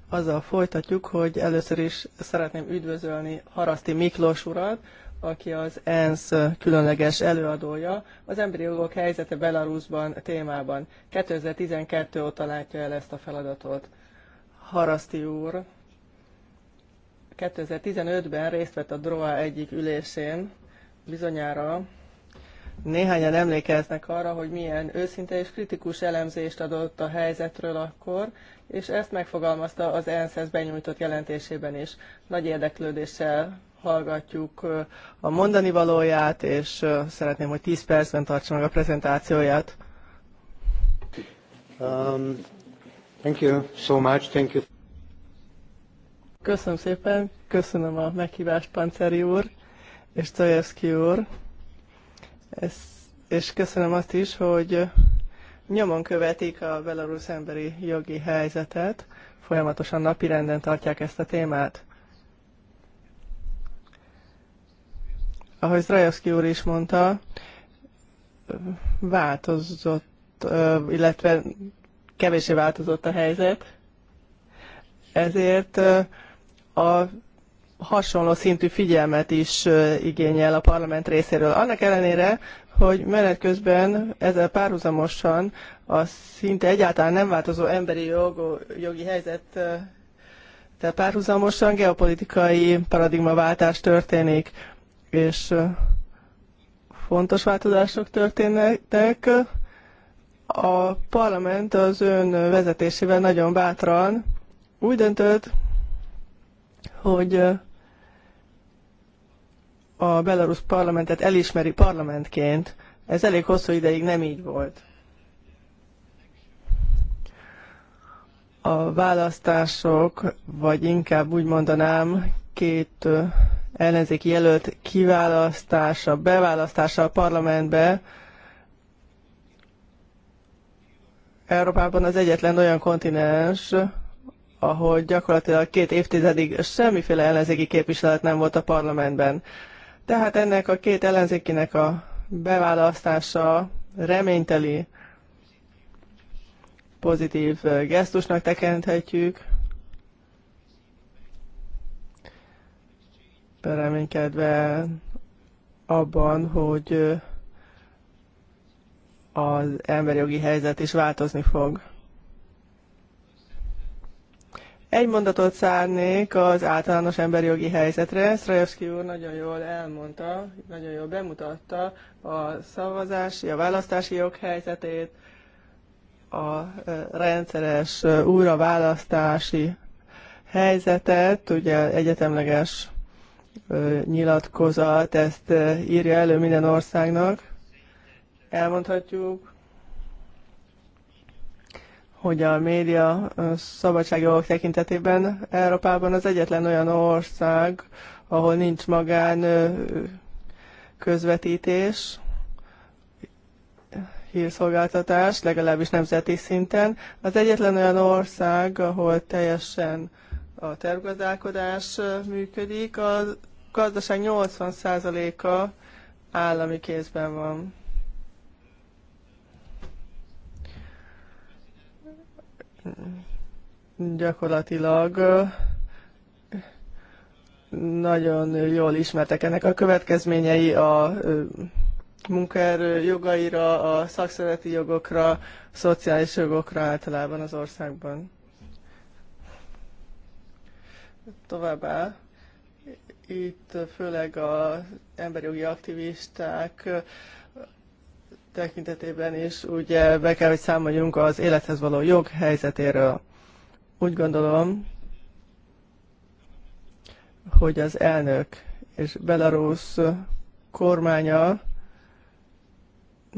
azzal folytatjuk, hogy először is szeretném üdvözölni Haraszti Miklós urat, aki az ENSZ különleges előadója, az emberi jogok helyzete Belarusban témában. 2012 óta látja el ezt a feladatot. Haraszti úr 2015-ben részt vett a DROA egyik ülésén, bizonyára néhányan emlékeznek arra, hogy milyen őszinte és kritikus elemzést adott a helyzetről akkor, és ezt megfogalmazta az ENSZ-hez benyújtott jelentésében is. Nagy érdeklődéssel hallgatjuk a mondani valóját, és szeretném, hogy 10 percben tartsa meg a prezentációját. Um, thank you so much. Thank you. Köszönöm szépen, köszönöm a meghívást, Panceri úr és Czajewski úr, Ez, és köszönöm azt is, hogy nyomon követik a belarusz emberi jogi helyzetet, folyamatosan napirenden tartják ezt a témát. ahogy Zrajewski úr is mondta, változott, illetve kevésé változott a helyzet, ezért a hasonló szintű figyelmet is igényel a parlament részéről. Annak ellenére, hogy menet közben ezzel párhuzamosan a szinte egyáltalán nem változó emberi jog, jogi helyzet tehát párhuzamosan geopolitikai paradigmaváltás történik és fontos változások történtek. A parlament az ön vezetésével nagyon bátran úgy döntött, hogy a belarusz parlamentet elismeri parlamentként. Ez elég hosszú ideig nem így volt. A választások, vagy inkább úgy mondanám, két ellenzéki jelölt kiválasztása, beválasztása a parlamentbe Európában az egyetlen olyan kontinens, ahol gyakorlatilag két évtizedig semmiféle ellenzéki képviselet nem volt a parlamentben. Tehát ennek a két ellenzékinek a beválasztása reményteli pozitív gesztusnak tekinthetjük, reménykedve abban, hogy az emberjogi helyzet is változni fog. Egy mondatot szárnék az általános emberi jogi helyzetre. Szrajewski úr nagyon jól elmondta, nagyon jól bemutatta a szavazási, a választási jog helyzetét, a rendszeres újraválasztási helyzetet, ugye egyetemleges nyilatkozat ezt írja elő minden országnak. Elmondhatjuk, hogy a média szabadságjogok tekintetében Európában az egyetlen olyan ország, ahol nincs magán közvetítés, hírszolgáltatás, legalábbis nemzeti szinten. Az egyetlen olyan ország, ahol teljesen a tervgazdálkodás működik. A gazdaság 80%-a állami kézben van. Gyakorlatilag nagyon jól ismertek ennek a következményei a munkaerő jogaira, a szakszereti jogokra, a szociális jogokra általában az országban. Továbbá itt főleg az emberjogi aktivisták tekintetében is ugye be kell, hogy számoljunk az élethez való jog helyzetéről. Úgy gondolom, hogy az elnök és Belarus kormánya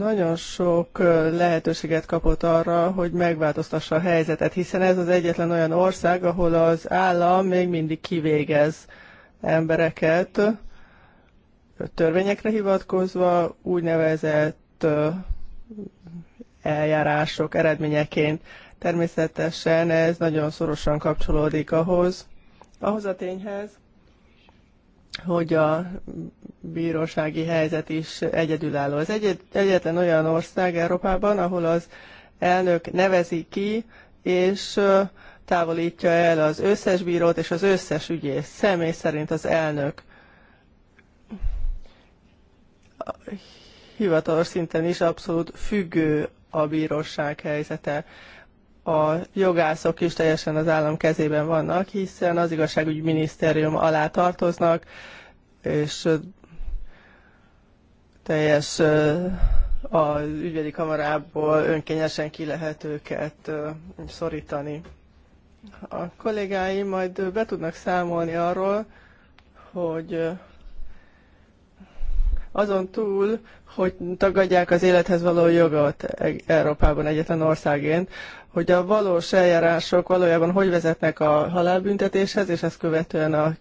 nagyon sok lehetőséget kapott arra, hogy megváltoztassa a helyzetet, hiszen ez az egyetlen olyan ország, ahol az állam még mindig kivégez embereket, törvényekre hivatkozva úgynevezett eljárások eredményeként. Természetesen ez nagyon szorosan kapcsolódik ahhoz, ahhoz a tényhez, hogy a bírósági helyzet is egyedülálló. Az egy, egyetlen olyan ország Európában, ahol az elnök nevezi ki, és távolítja el az összes bírót és az összes ügyész, személy szerint az elnök. Hivatalos szinten is abszolút függő a bíróság helyzete a jogászok is teljesen az állam kezében vannak, hiszen az igazságügyi minisztérium alá tartoznak, és teljes az ügyvédi kamarából önkényesen ki lehet őket szorítani. A kollégáim majd be tudnak számolni arról, hogy azon túl, hogy tagadják az élethez való jogot e-, Európában egyetlen országén, hogy a valós eljárások valójában hogy vezetnek a halálbüntetéshez, és ezt követően a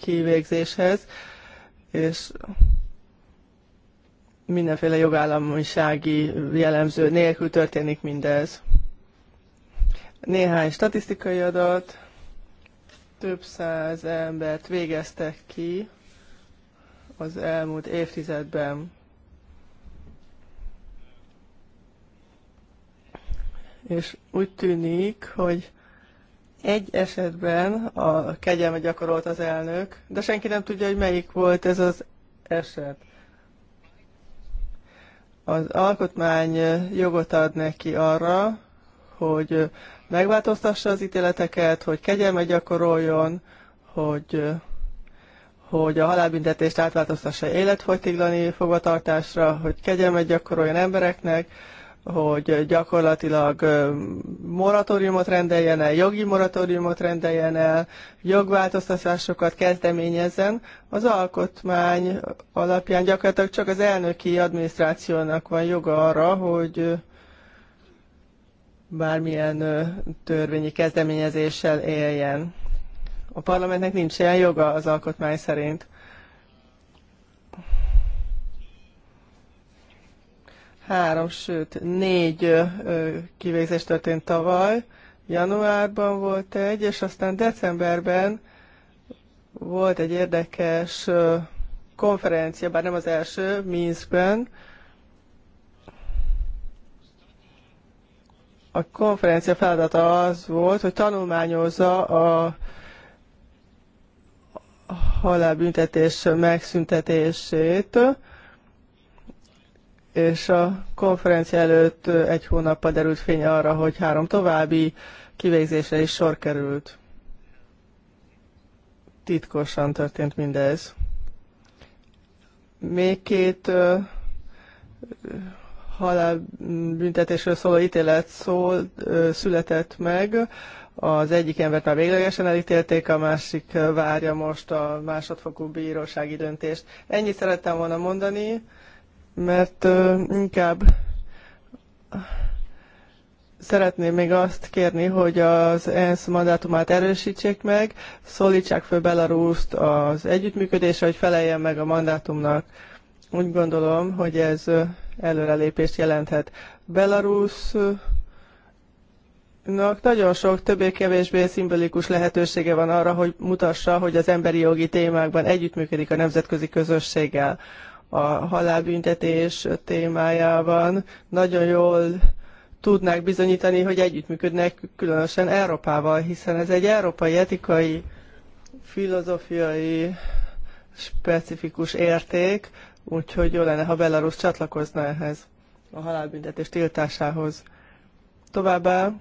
kivégzéshez, és mindenféle jogállamisági jellemző nélkül történik mindez. Néhány statisztikai adat, több száz embert végeztek ki az elmúlt évtizedben. És úgy tűnik, hogy egy esetben a kegyelmet gyakorolt az elnök, de senki nem tudja, hogy melyik volt ez az eset. Az alkotmány jogot ad neki arra, hogy megváltoztassa az ítéleteket, hogy kegyelmet gyakoroljon, hogy hogy a halálbüntetést átváltoztassa életfogytiglani fogvatartásra, hogy kegyelmet gyakoroljon embereknek, hogy gyakorlatilag moratóriumot rendeljen el, jogi moratóriumot rendeljen el, jogváltoztatásokat kezdeményezzen. Az alkotmány alapján gyakorlatilag csak az elnöki adminisztrációnak van joga arra, hogy bármilyen törvényi kezdeményezéssel éljen. A parlamentnek nincs ilyen joga az alkotmány szerint. Három, sőt, négy kivégzés történt tavaly. Januárban volt egy, és aztán decemberben volt egy érdekes konferencia, bár nem az első, Minskben. A konferencia feladata az volt, hogy tanulmányozza a halálbüntetés megszüntetését, és a konferencia előtt egy hónappal derült fény arra, hogy három további kivégzésre is sor került. Titkosan történt mindez. Még két halálbüntetésről szóló ítélet szól, született meg. Az egyik embert már véglegesen elítélték, a másik várja most a másodfokú bírósági döntést. Ennyit szerettem volna mondani, mert inkább szeretném még azt kérni, hogy az ENSZ mandátumát erősítsék meg, szólítsák föl Belarust az együttműködésre, hogy feleljen meg a mandátumnak. Úgy gondolom, hogy ez előrelépést jelenthet. Belarus nagyon sok többé-kevésbé szimbolikus lehetősége van arra, hogy mutassa, hogy az emberi jogi témákban együttműködik a nemzetközi közösséggel. A halálbüntetés témájában nagyon jól tudnák bizonyítani, hogy együttműködnek különösen Európával, hiszen ez egy európai etikai, filozófiai specifikus érték, úgyhogy jó lenne, ha Belarus csatlakozna ehhez a halálbüntetés tiltásához. Továbbá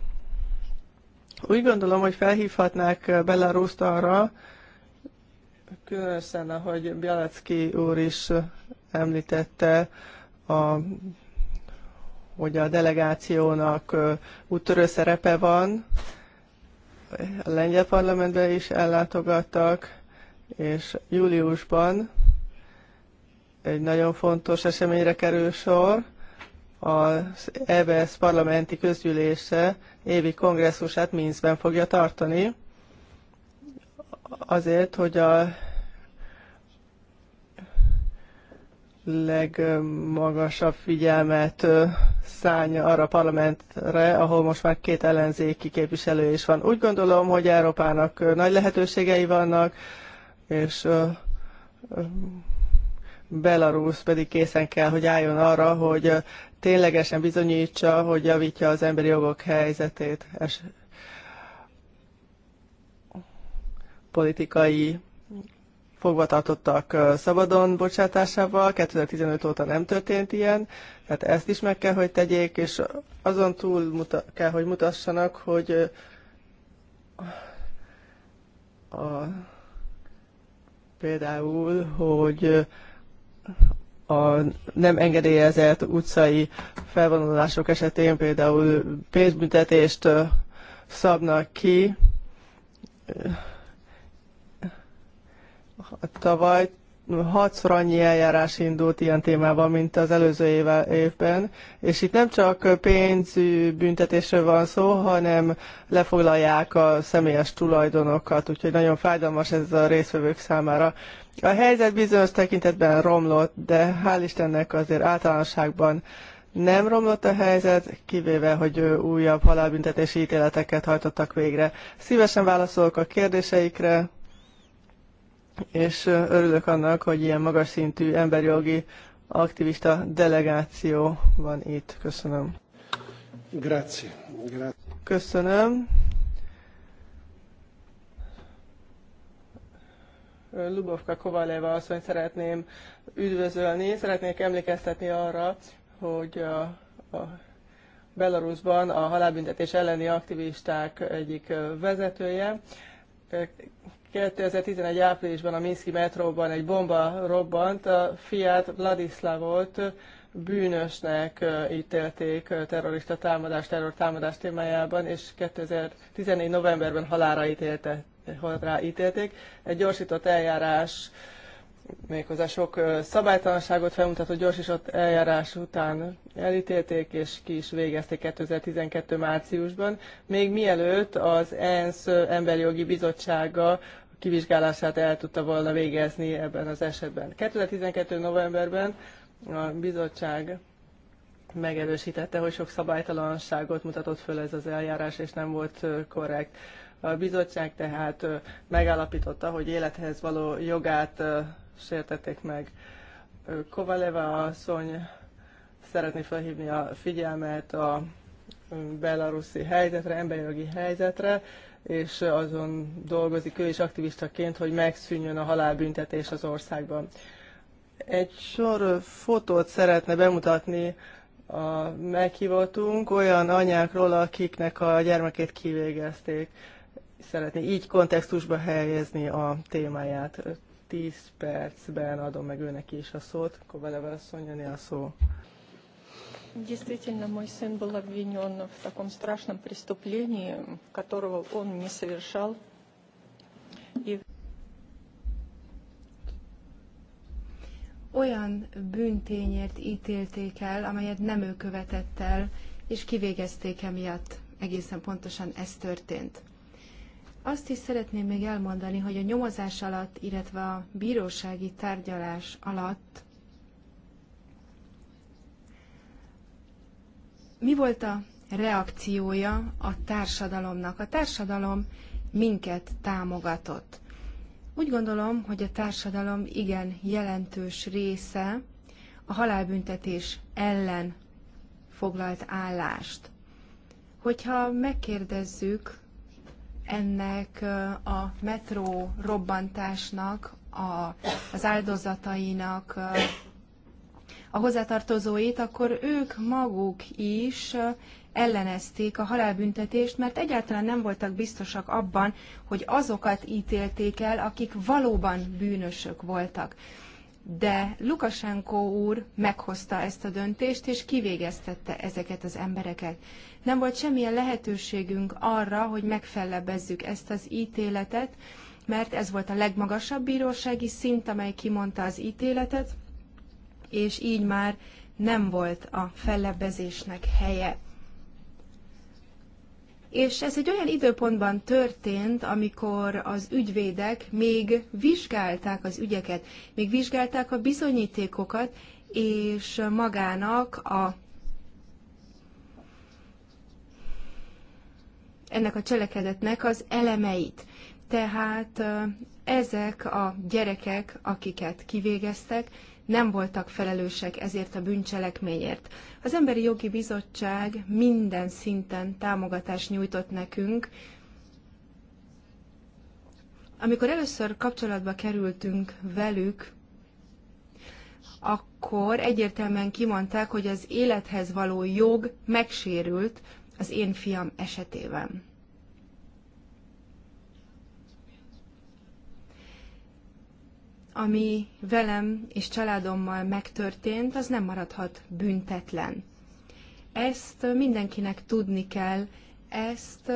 úgy gondolom, hogy felhívhatnák eh, Belaruszt arra, különösen, ahogy Bialacki úr is eh, említette, a, hogy a delegációnak eh, úttörő szerepe van, a lengyel parlamentbe is ellátogattak, és júliusban egy nagyon fontos eseményre kerül sor, az EBS parlamenti közgyűlése évi kongresszusát Minszben fogja tartani, azért, hogy a legmagasabb figyelmet szánja arra a parlamentre, ahol most már két ellenzéki képviselő is van. Úgy gondolom, hogy Európának nagy lehetőségei vannak, és Belarus pedig készen kell, hogy álljon arra, hogy ténylegesen bizonyítsa, hogy javítja az emberi jogok helyzetét. És politikai fogvatartottak szabadon bocsátásával, 2015 óta nem történt ilyen, tehát ezt is meg kell, hogy tegyék, és azon túl muta- kell, hogy mutassanak, hogy a, például, hogy a nem engedélyezett utcai felvonulások esetén például pénzbüntetést szabnak ki. Tavaly hatszor annyi eljárás indult ilyen témában, mint az előző évben, és itt nem csak pénzbüntetésről van szó, hanem lefoglalják a személyes tulajdonokat, úgyhogy nagyon fájdalmas ez a részvevők számára. A helyzet bizonyos tekintetben romlott, de hál' Istennek azért általánosságban nem romlott a helyzet, kivéve, hogy újabb halálbüntetési ítéleteket hajtottak végre. Szívesen válaszolok a kérdéseikre, és örülök annak, hogy ilyen magas szintű emberjogi aktivista delegáció van itt. Köszönöm. Grazie. Grazie. Köszönöm. Lubovka Kovaleva asszonyt szeretném üdvözölni. Szeretnék emlékeztetni arra, hogy a, a Belarusban a halálbüntetés elleni aktivisták egyik vezetője. 2011. áprilisban a Minszki metróban egy bomba robbant, a fiát Vladislavot bűnösnek ítélték terrorista támadás, terror támadás témájában, és 2014. novemberben halára ítéltek holnapra ítélték. Egy gyorsított eljárás, méghozzá sok szabálytalanságot felmutató gyorsított eljárás után elítélték, és ki is végezték 2012. márciusban, még mielőtt az ENSZ Emberi Jogi Bizottsága kivizsgálását el tudta volna végezni ebben az esetben. 2012. novemberben a bizottság megerősítette, hogy sok szabálytalanságot mutatott föl ez az eljárás, és nem volt korrekt. A bizottság tehát megállapította, hogy élethez való jogát sértették meg. Kovaleva asszony szeretné felhívni a figyelmet a belaruszi helyzetre, emberjogi helyzetre, és azon dolgozik ő is aktivistaként, hogy megszűnjön a halálbüntetés az országban. Egy sor fotót szeretne bemutatni a meghívottunk olyan anyákról, akiknek a gyermekét kivégezték szeretné így kontextusba helyezni a témáját. 10 percben adom meg őnek is a szót. Kovaleva asszony, a szó. Действительно, мой сын был обвинен в таком страшном преступлении, которого он не совершал. И... Olyan bűntényért ítélték el, amelyet nem ő követett el, és kivégezték emiatt. Egészen pontosan ez történt. Azt is szeretném még elmondani, hogy a nyomozás alatt, illetve a bírósági tárgyalás alatt mi volt a reakciója a társadalomnak? A társadalom minket támogatott. Úgy gondolom, hogy a társadalom igen jelentős része a halálbüntetés ellen foglalt állást. Hogyha megkérdezzük ennek a metró robbantásnak, a, az áldozatainak a hozzátartozóit, akkor ők maguk is ellenezték a halálbüntetést, mert egyáltalán nem voltak biztosak abban, hogy azokat ítélték el, akik valóban bűnösök voltak. De Lukasenko úr meghozta ezt a döntést, és kivégeztette ezeket az embereket nem volt semmilyen lehetőségünk arra, hogy megfelebezzük ezt az ítéletet, mert ez volt a legmagasabb bírósági szint, amely kimondta az ítéletet, és így már nem volt a fellebbezésnek helye. És ez egy olyan időpontban történt, amikor az ügyvédek még vizsgálták az ügyeket, még vizsgálták a bizonyítékokat, és magának a ennek a cselekedetnek az elemeit. Tehát ezek a gyerekek, akiket kivégeztek, nem voltak felelősek ezért a bűncselekményért. Az Emberi Jogi Bizottság minden szinten támogatást nyújtott nekünk. Amikor először kapcsolatba kerültünk velük, akkor egyértelműen kimondták, hogy az élethez való jog megsérült az én fiam esetében. Ami velem és családommal megtörtént, az nem maradhat büntetlen. Ezt mindenkinek tudni kell, ezt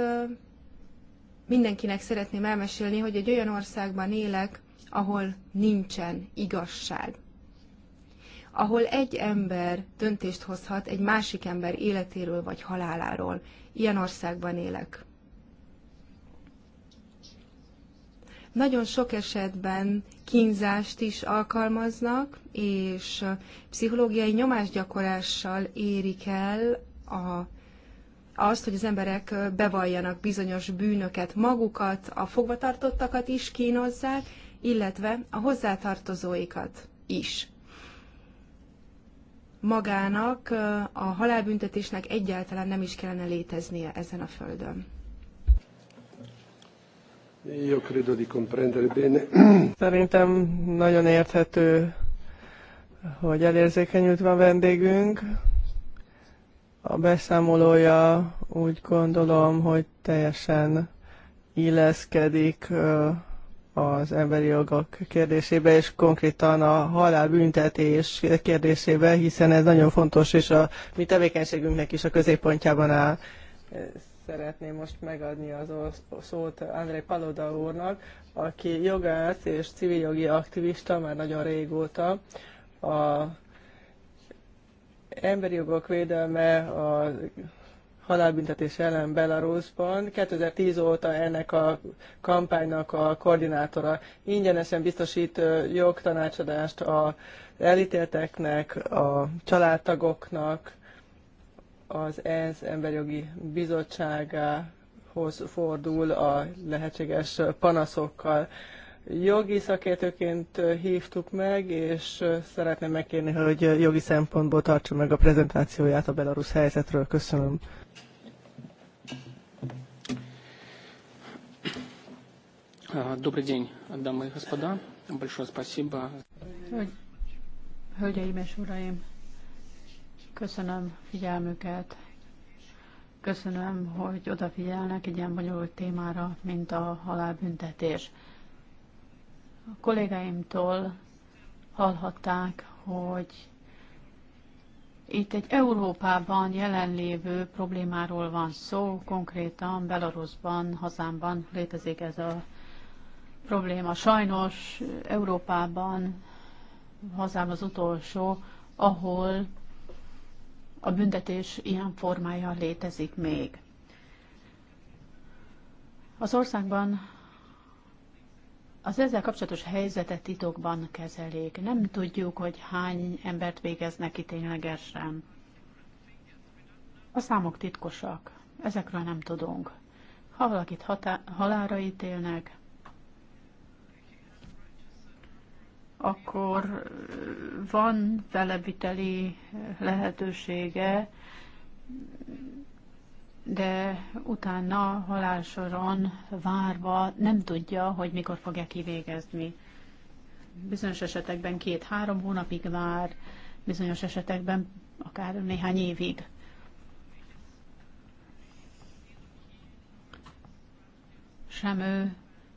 mindenkinek szeretném elmesélni, hogy egy olyan országban élek, ahol nincsen igazság ahol egy ember döntést hozhat egy másik ember életéről vagy haláláról. Ilyen országban élek. Nagyon sok esetben kínzást is alkalmaznak, és pszichológiai nyomásgyakorlással érik el a, azt, hogy az emberek bevalljanak bizonyos bűnöket magukat, a fogvatartottakat is kínozzák, illetve a hozzátartozóikat is magának, a halálbüntetésnek egyáltalán nem is kellene léteznie ezen a földön. Io credo di comprendere bene. Szerintem nagyon érthető, hogy elérzékenyült van vendégünk. A beszámolója úgy gondolom, hogy teljesen illeszkedik az emberi jogok kérdésébe, és konkrétan a halálbüntetés kérdésébe, hiszen ez nagyon fontos, és a mi tevékenységünknek is a középpontjában áll. Szeretném most megadni az szót André Paloda úrnak, aki jogász és civil jogi aktivista már nagyon régóta. A emberi jogok védelme, a halálbüntetés ellen Belarusban. 2010 óta ennek a kampánynak a koordinátora ingyenesen biztosít jogtanácsadást a elítélteknek, a családtagoknak, az ENSZ emberjogi bizottságához fordul a lehetséges panaszokkal. Jogi szakértőként hívtuk meg, és szeretném megkérni, hogy jogi szempontból tartsa meg a prezentációját a belarusz helyzetről. Köszönöm. Добрый день, дамы и господа. Большое спасибо. Hölgyeim és uraim, köszönöm figyelmüket. Köszönöm, hogy odafigyelnek egy ilyen bonyolult témára, mint a halálbüntetés. A kollégáimtól hallhatták, hogy itt egy Európában jelenlévő problémáról van szó, konkrétan Belarusban, hazámban létezik ez a probléma. Sajnos Európában hazám az utolsó, ahol a büntetés ilyen formája létezik még. Az országban az ezzel kapcsolatos helyzetet titokban kezelik. Nem tudjuk, hogy hány embert végeznek ki ténylegesen. A számok titkosak. Ezekről nem tudunk. Ha valakit halára ítélnek, akkor van feleviteli lehetősége, de utána halálsoron várva nem tudja, hogy mikor fogja kivégezni. Bizonyos esetekben két-három hónapig vár, bizonyos esetekben akár néhány évig. Sem ő,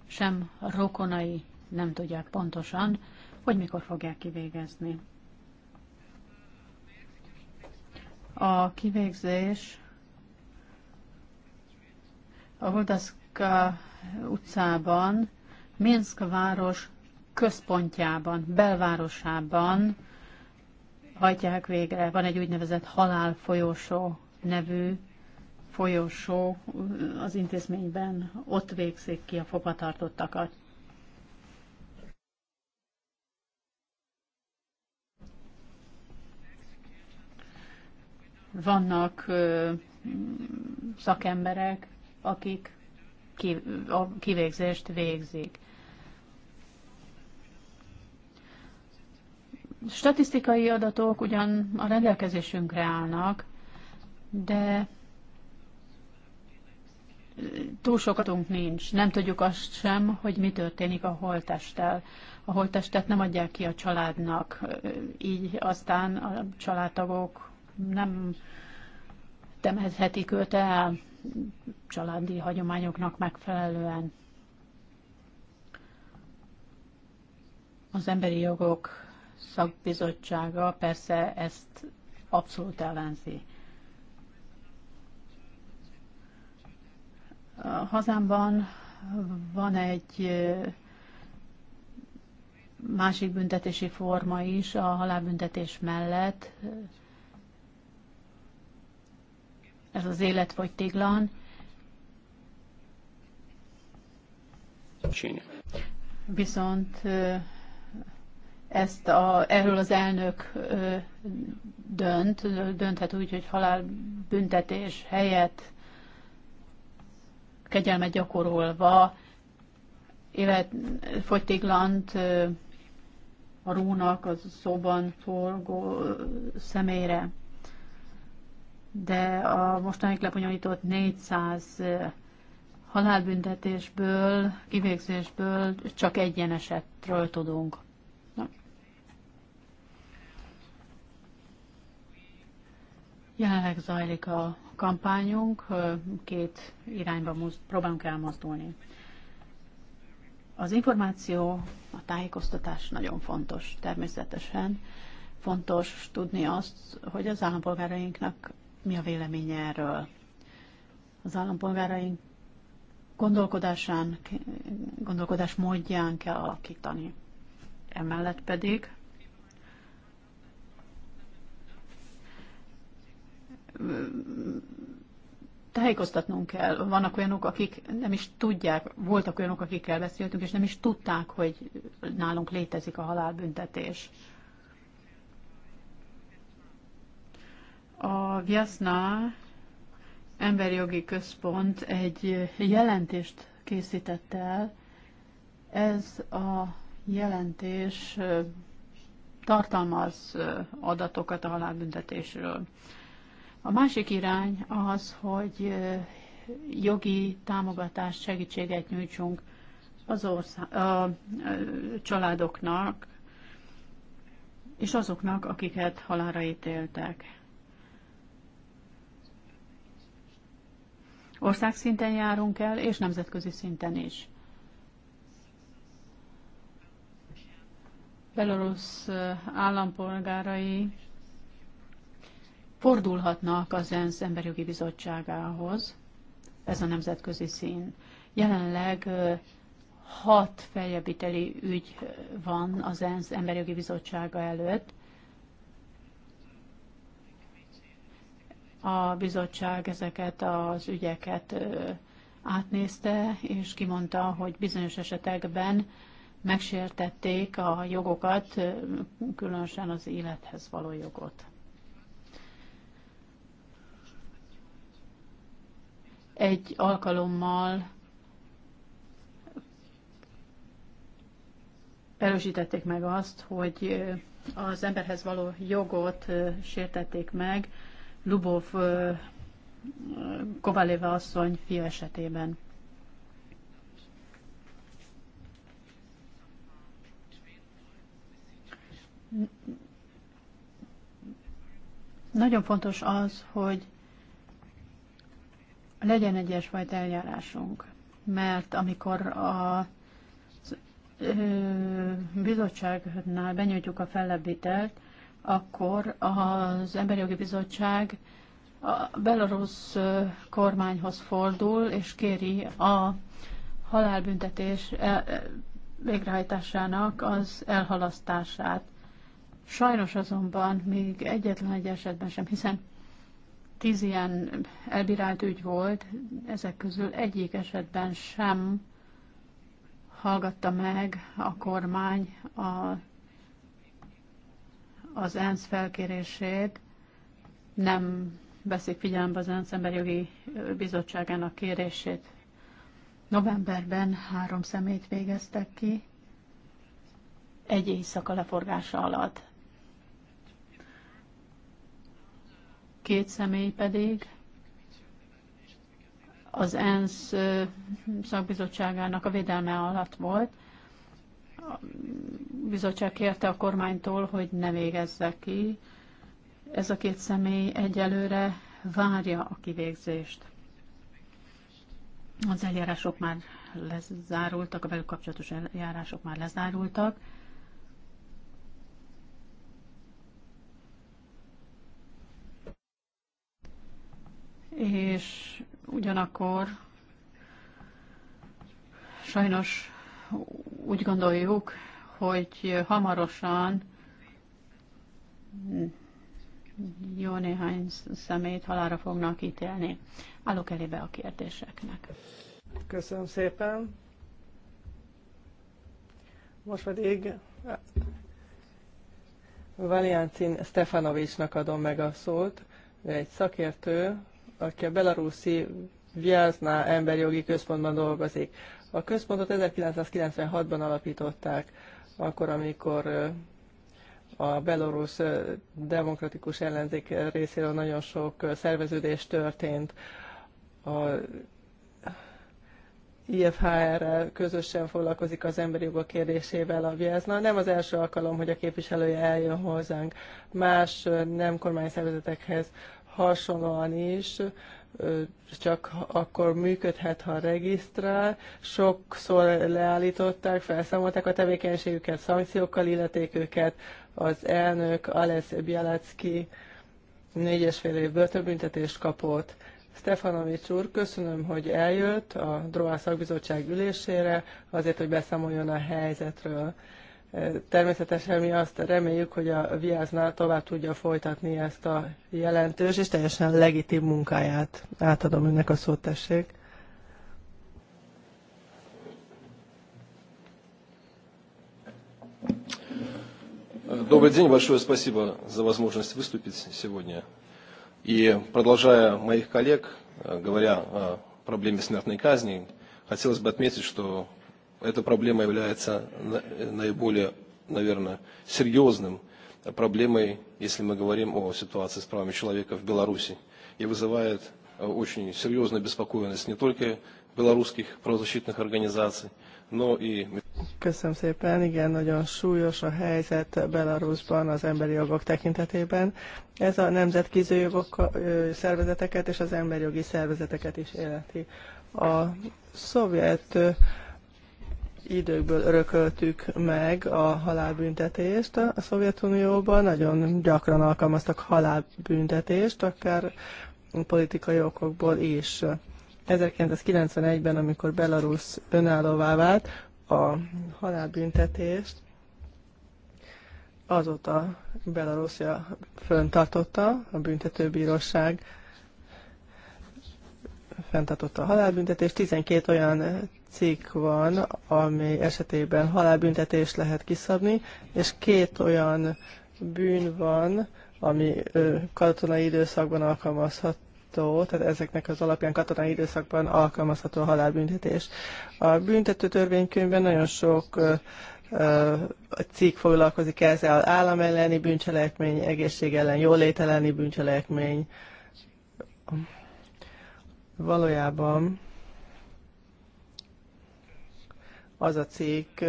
sem rokonai nem tudják pontosan, hogy mikor fogják kivégezni. A kivégzés a Vodaszka utcában, Minsk város központjában, belvárosában hajtják végre. Van egy úgynevezett halál folyosó nevű folyosó az intézményben, ott végzik ki a fogvatartottakat. Vannak ö, szakemberek, akik ki, a kivégzést végzik. Statisztikai adatok ugyan a rendelkezésünkre állnak, de túl sokatunk nincs. Nem tudjuk azt sem, hogy mi történik a holttesttel. A holttestet nem adják ki a családnak, így aztán a családtagok nem temezhetik őt el családi hagyományoknak megfelelően. Az Emberi Jogok Szakbizottsága persze ezt abszolút ellenzi. A hazámban van egy másik büntetési forma is a halálbüntetés mellett, ez az életfogytiglan. Csinya. Viszont ezt a, erről az elnök dönt, dönthet úgy, hogy halálbüntetés helyett kegyelmet gyakorolva életfogytiglant a rónak az szóban forgó személyre de a mostanik lebonyolított 400 eh, halálbüntetésből, kivégzésből csak egyen esetről tudunk. Na. Jelenleg zajlik a kampányunk, eh, két irányba próbálunk elmozdulni. Az információ, a tájékoztatás nagyon fontos, természetesen. Fontos tudni azt, hogy az állampolgárainknak mi a véleménye erről. Az állampolgáraink gondolkodásán, gondolkodás módján kell alakítani. Emellett pedig tájékoztatnunk kell. Vannak olyanok, akik nem is tudják, voltak olyanok, akikkel beszéltünk, és nem is tudták, hogy nálunk létezik a halálbüntetés. A Vyasna Emberjogi Központ egy jelentést készített el. Ez a jelentés tartalmaz adatokat a halálbüntetésről. A másik irány az, hogy jogi támogatást, segítséget nyújtsunk az ország, a családoknak és azoknak, akiket halára ítéltek. Országszinten járunk el, és nemzetközi szinten is. Belarus eh, állampolgárai fordulhatnak az ENSZ emberjogi bizottságához, ez a nemzetközi szín. Jelenleg eh, hat feljebbiteli ügy van az ENSZ emberjogi bizottsága előtt, A bizottság ezeket az ügyeket átnézte, és kimondta, hogy bizonyos esetekben megsértették a jogokat, különösen az élethez való jogot. Egy alkalommal erősítették meg azt, hogy az emberhez való jogot sértették meg, Lubov Kovaléva asszony fia esetében. Nagyon fontos az, hogy legyen egy ilyesfajta eljárásunk, mert amikor a bizottságnál benyújtjuk a fellebbítelt, akkor az Emberi Jogi Bizottság a belarusz kormányhoz fordul, és kéri a halálbüntetés e, e, végrehajtásának az elhalasztását. Sajnos azonban még egyetlen egy esetben sem, hiszen tíz ilyen elbírált ügy volt, ezek közül egyik esetben sem hallgatta meg a kormány a az ENSZ felkérését, nem veszik figyelembe az ENSZ emberjogi bizottságának kérését. Novemberben három szemét végeztek ki, egy éjszaka leforgása alatt. Két személy pedig az ENSZ szakbizottságának a védelme alatt volt, a bizottság kérte a kormánytól, hogy ne végezze ki. Ez a két személy egyelőre várja a kivégzést. Az eljárások már lezárultak, a velük kapcsolatos eljárások már lezárultak. És ugyanakkor sajnos úgy gondoljuk, hogy hamarosan jó néhány szemét halára fognak ítélni. Állok elébe a kérdéseknek. Köszönöm szépen. Most pedig eh, Valiancin Stefanovicsnak adom meg a szót. Ő egy szakértő, aki a belaruszi Vjazna emberjogi központban dolgozik. A központot 1996-ban alapították, akkor, amikor a belorusz demokratikus ellenzék részéről nagyon sok szerveződés történt. A IFHR közösen foglalkozik az emberi jogok kérdésével a Vjezna. Nem az első alkalom, hogy a képviselője eljön hozzánk. Más nem kormányszervezetekhez hasonlóan is csak akkor működhet, ha regisztrál. Sokszor leállították, felszámolták a tevékenységüket, szankciókkal illeték őket. Az elnök Alesz Bialacki négyes fél év börtönbüntetést kapott. Stefanovics úr, köszönöm, hogy eljött a Droá Szakbizottság ülésére, azért, hogy beszámoljon a helyzetről. Természetesen mi azt reméljük, hogy a Viásznál tovább tudja folytatni ezt a jelentős és teljesen legitim munkáját. Átadom önnek a szót, tessék. Добрый день, большое спасибо за возможность выступить сегодня. И продолжая моих коллег, говоря о проблеме смертной казни, хотелось бы отметить, что эта проблема является наиболее, наверное, серьезным проблемой, если мы говорим о ситуации с правами человека в Беларуси, и вызывает очень серьезную беспокоенность не только белорусских правозащитных организаций, но и... Köszönöm szépen, igen, nagyon súlyos a helyzet Belarusban az emberi jogok tekintetében. Ez a nemzetközi jogok szervezeteket és az emberi jogi szervezeteket is életi. A szovjet időkből örököltük meg a halálbüntetést a Szovjetunióban. Nagyon gyakran alkalmaztak halálbüntetést, akár politikai okokból is. 1991-ben, amikor Belarus önállóvá vált, a halálbüntetést azóta Belarusia föntartotta a büntetőbíróság fenntartotta a halálbüntetést. 12 olyan cikk van, ami esetében halálbüntetést lehet kiszabni, és két olyan bűn van, ami katonai időszakban alkalmazható, tehát ezeknek az alapján katonai időszakban alkalmazható a halálbüntetés. A büntető törvénykönyvben nagyon sok a cikk foglalkozik ezzel állam elleni bűncselekmény, egészség ellen jólét elleni bűncselekmény, Valójában az a cikk,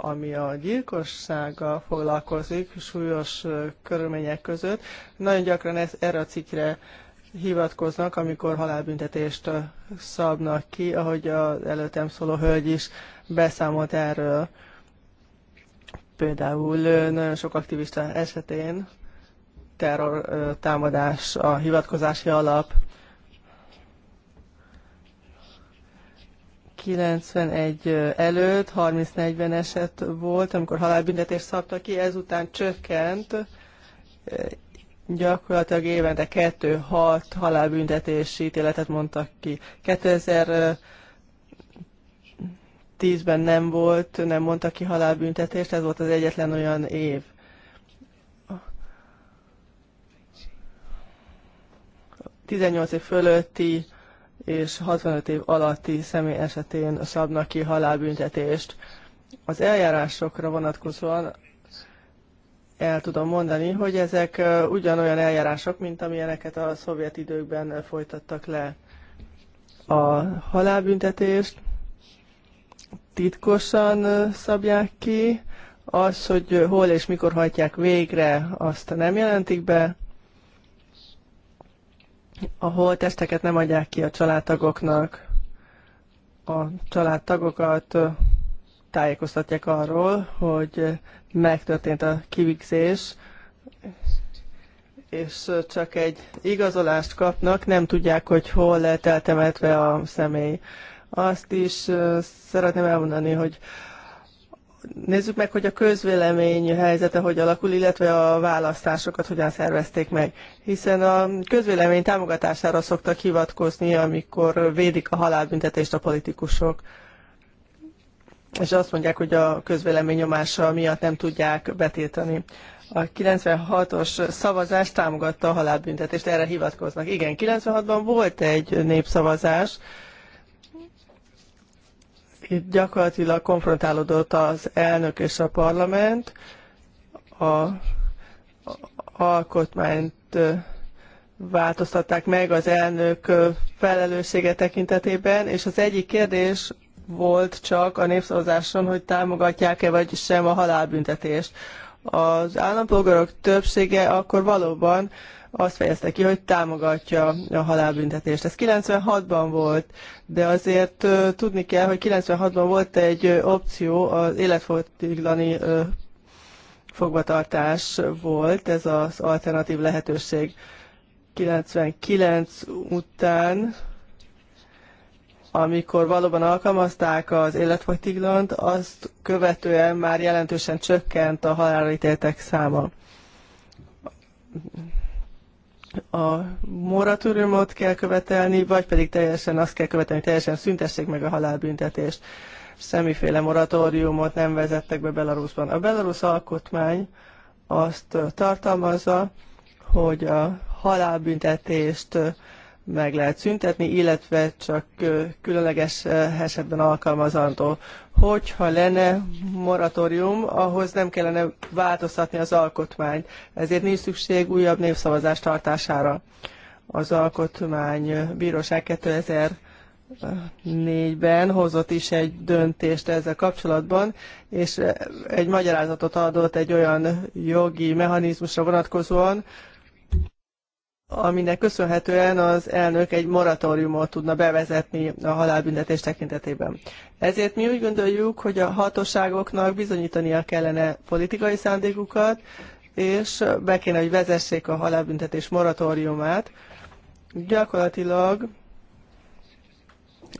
ami a gyilkossággal foglalkozik, súlyos körülmények között, nagyon gyakran ez, erre a cikkre hivatkoznak, amikor halálbüntetést szabnak ki, ahogy az előttem szóló hölgy is beszámolt erről. Például nagyon sok aktivista esetén terror támadás a hivatkozási alap. 91 előtt 30-40 eset volt, amikor halálbüntetés szabtak ki, ezután csökkent, gyakorlatilag évente 2-6 halálbüntetési ítéletet mondtak ki. 2010-ben nem volt, nem mondtak ki halálbüntetést, ez volt az egyetlen olyan év. Tizennyolc év fölötti és 65 év alatti személy esetén szabnak ki halálbüntetést. Az eljárásokra vonatkozóan el tudom mondani, hogy ezek ugyanolyan eljárások, mint amilyeneket a szovjet időkben folytattak le. A halálbüntetést titkosan szabják ki, az, hogy hol és mikor hajtják végre, azt nem jelentik be, ahol testeket nem adják ki a családtagoknak. A családtagokat tájékoztatják arról, hogy megtörtént a kivigzés, és csak egy igazolást kapnak, nem tudják, hogy hol lett eltemetve a személy. Azt is szeretném elmondani, hogy nézzük meg, hogy a közvélemény helyzete hogy alakul, illetve a választásokat hogyan szervezték meg. Hiszen a közvélemény támogatására szoktak hivatkozni, amikor védik a halálbüntetést a politikusok. És azt mondják, hogy a közvélemény nyomása miatt nem tudják betiltani. A 96-os szavazás támogatta a halálbüntetést, erre hivatkoznak. Igen, 96-ban volt egy népszavazás, itt gyakorlatilag konfrontálódott az elnök és a parlament a, a alkotmányt változtatták meg az elnök felelőssége tekintetében, és az egyik kérdés volt csak a népszavazáson, hogy támogatják-e vagy sem a halálbüntetést. Az állampolgárok többsége akkor valóban azt fejezte ki, hogy támogatja a halálbüntetést. Ez 96-ban volt, de azért tudni kell, hogy 96-ban volt egy opció, az életfogytiglani fogvatartás volt, ez az alternatív lehetőség. 99 után, amikor valóban alkalmazták az életfogytiglant, azt követően már jelentősen csökkent a halálítéltek száma a moratóriumot kell követelni, vagy pedig teljesen azt kell követelni, hogy teljesen szüntessék meg a halálbüntetést. Semmiféle moratóriumot nem vezettek be Belarusban. A belarusz alkotmány azt tartalmazza, hogy a halálbüntetést meg lehet szüntetni, illetve csak különleges esetben alkalmazandó. Hogyha lenne moratórium, ahhoz nem kellene változtatni az alkotmányt, ezért nincs szükség újabb népszavazás tartására. Az alkotmány bíróság 2000 négyben hozott is egy döntést ezzel kapcsolatban, és egy magyarázatot adott egy olyan jogi mechanizmusra vonatkozóan, aminek köszönhetően az elnök egy moratóriumot tudna bevezetni a halálbüntetés tekintetében. Ezért mi úgy gondoljuk, hogy a hatóságoknak bizonyítania kellene politikai szándékukat, és be kéne, hogy vezessék a halálbüntetés moratóriumát. Gyakorlatilag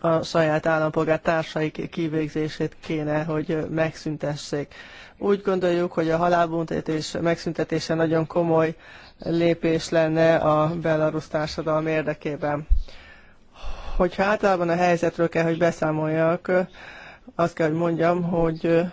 a saját állampolgár társaik kivégzését kéne, hogy megszüntessék. Úgy gondoljuk, hogy a halálbüntetés megszüntetése nagyon komoly lépés lenne a belarusz társadalom érdekében. Hogyha általában a helyzetről kell, hogy beszámoljak, azt kell, hogy mondjam, hogy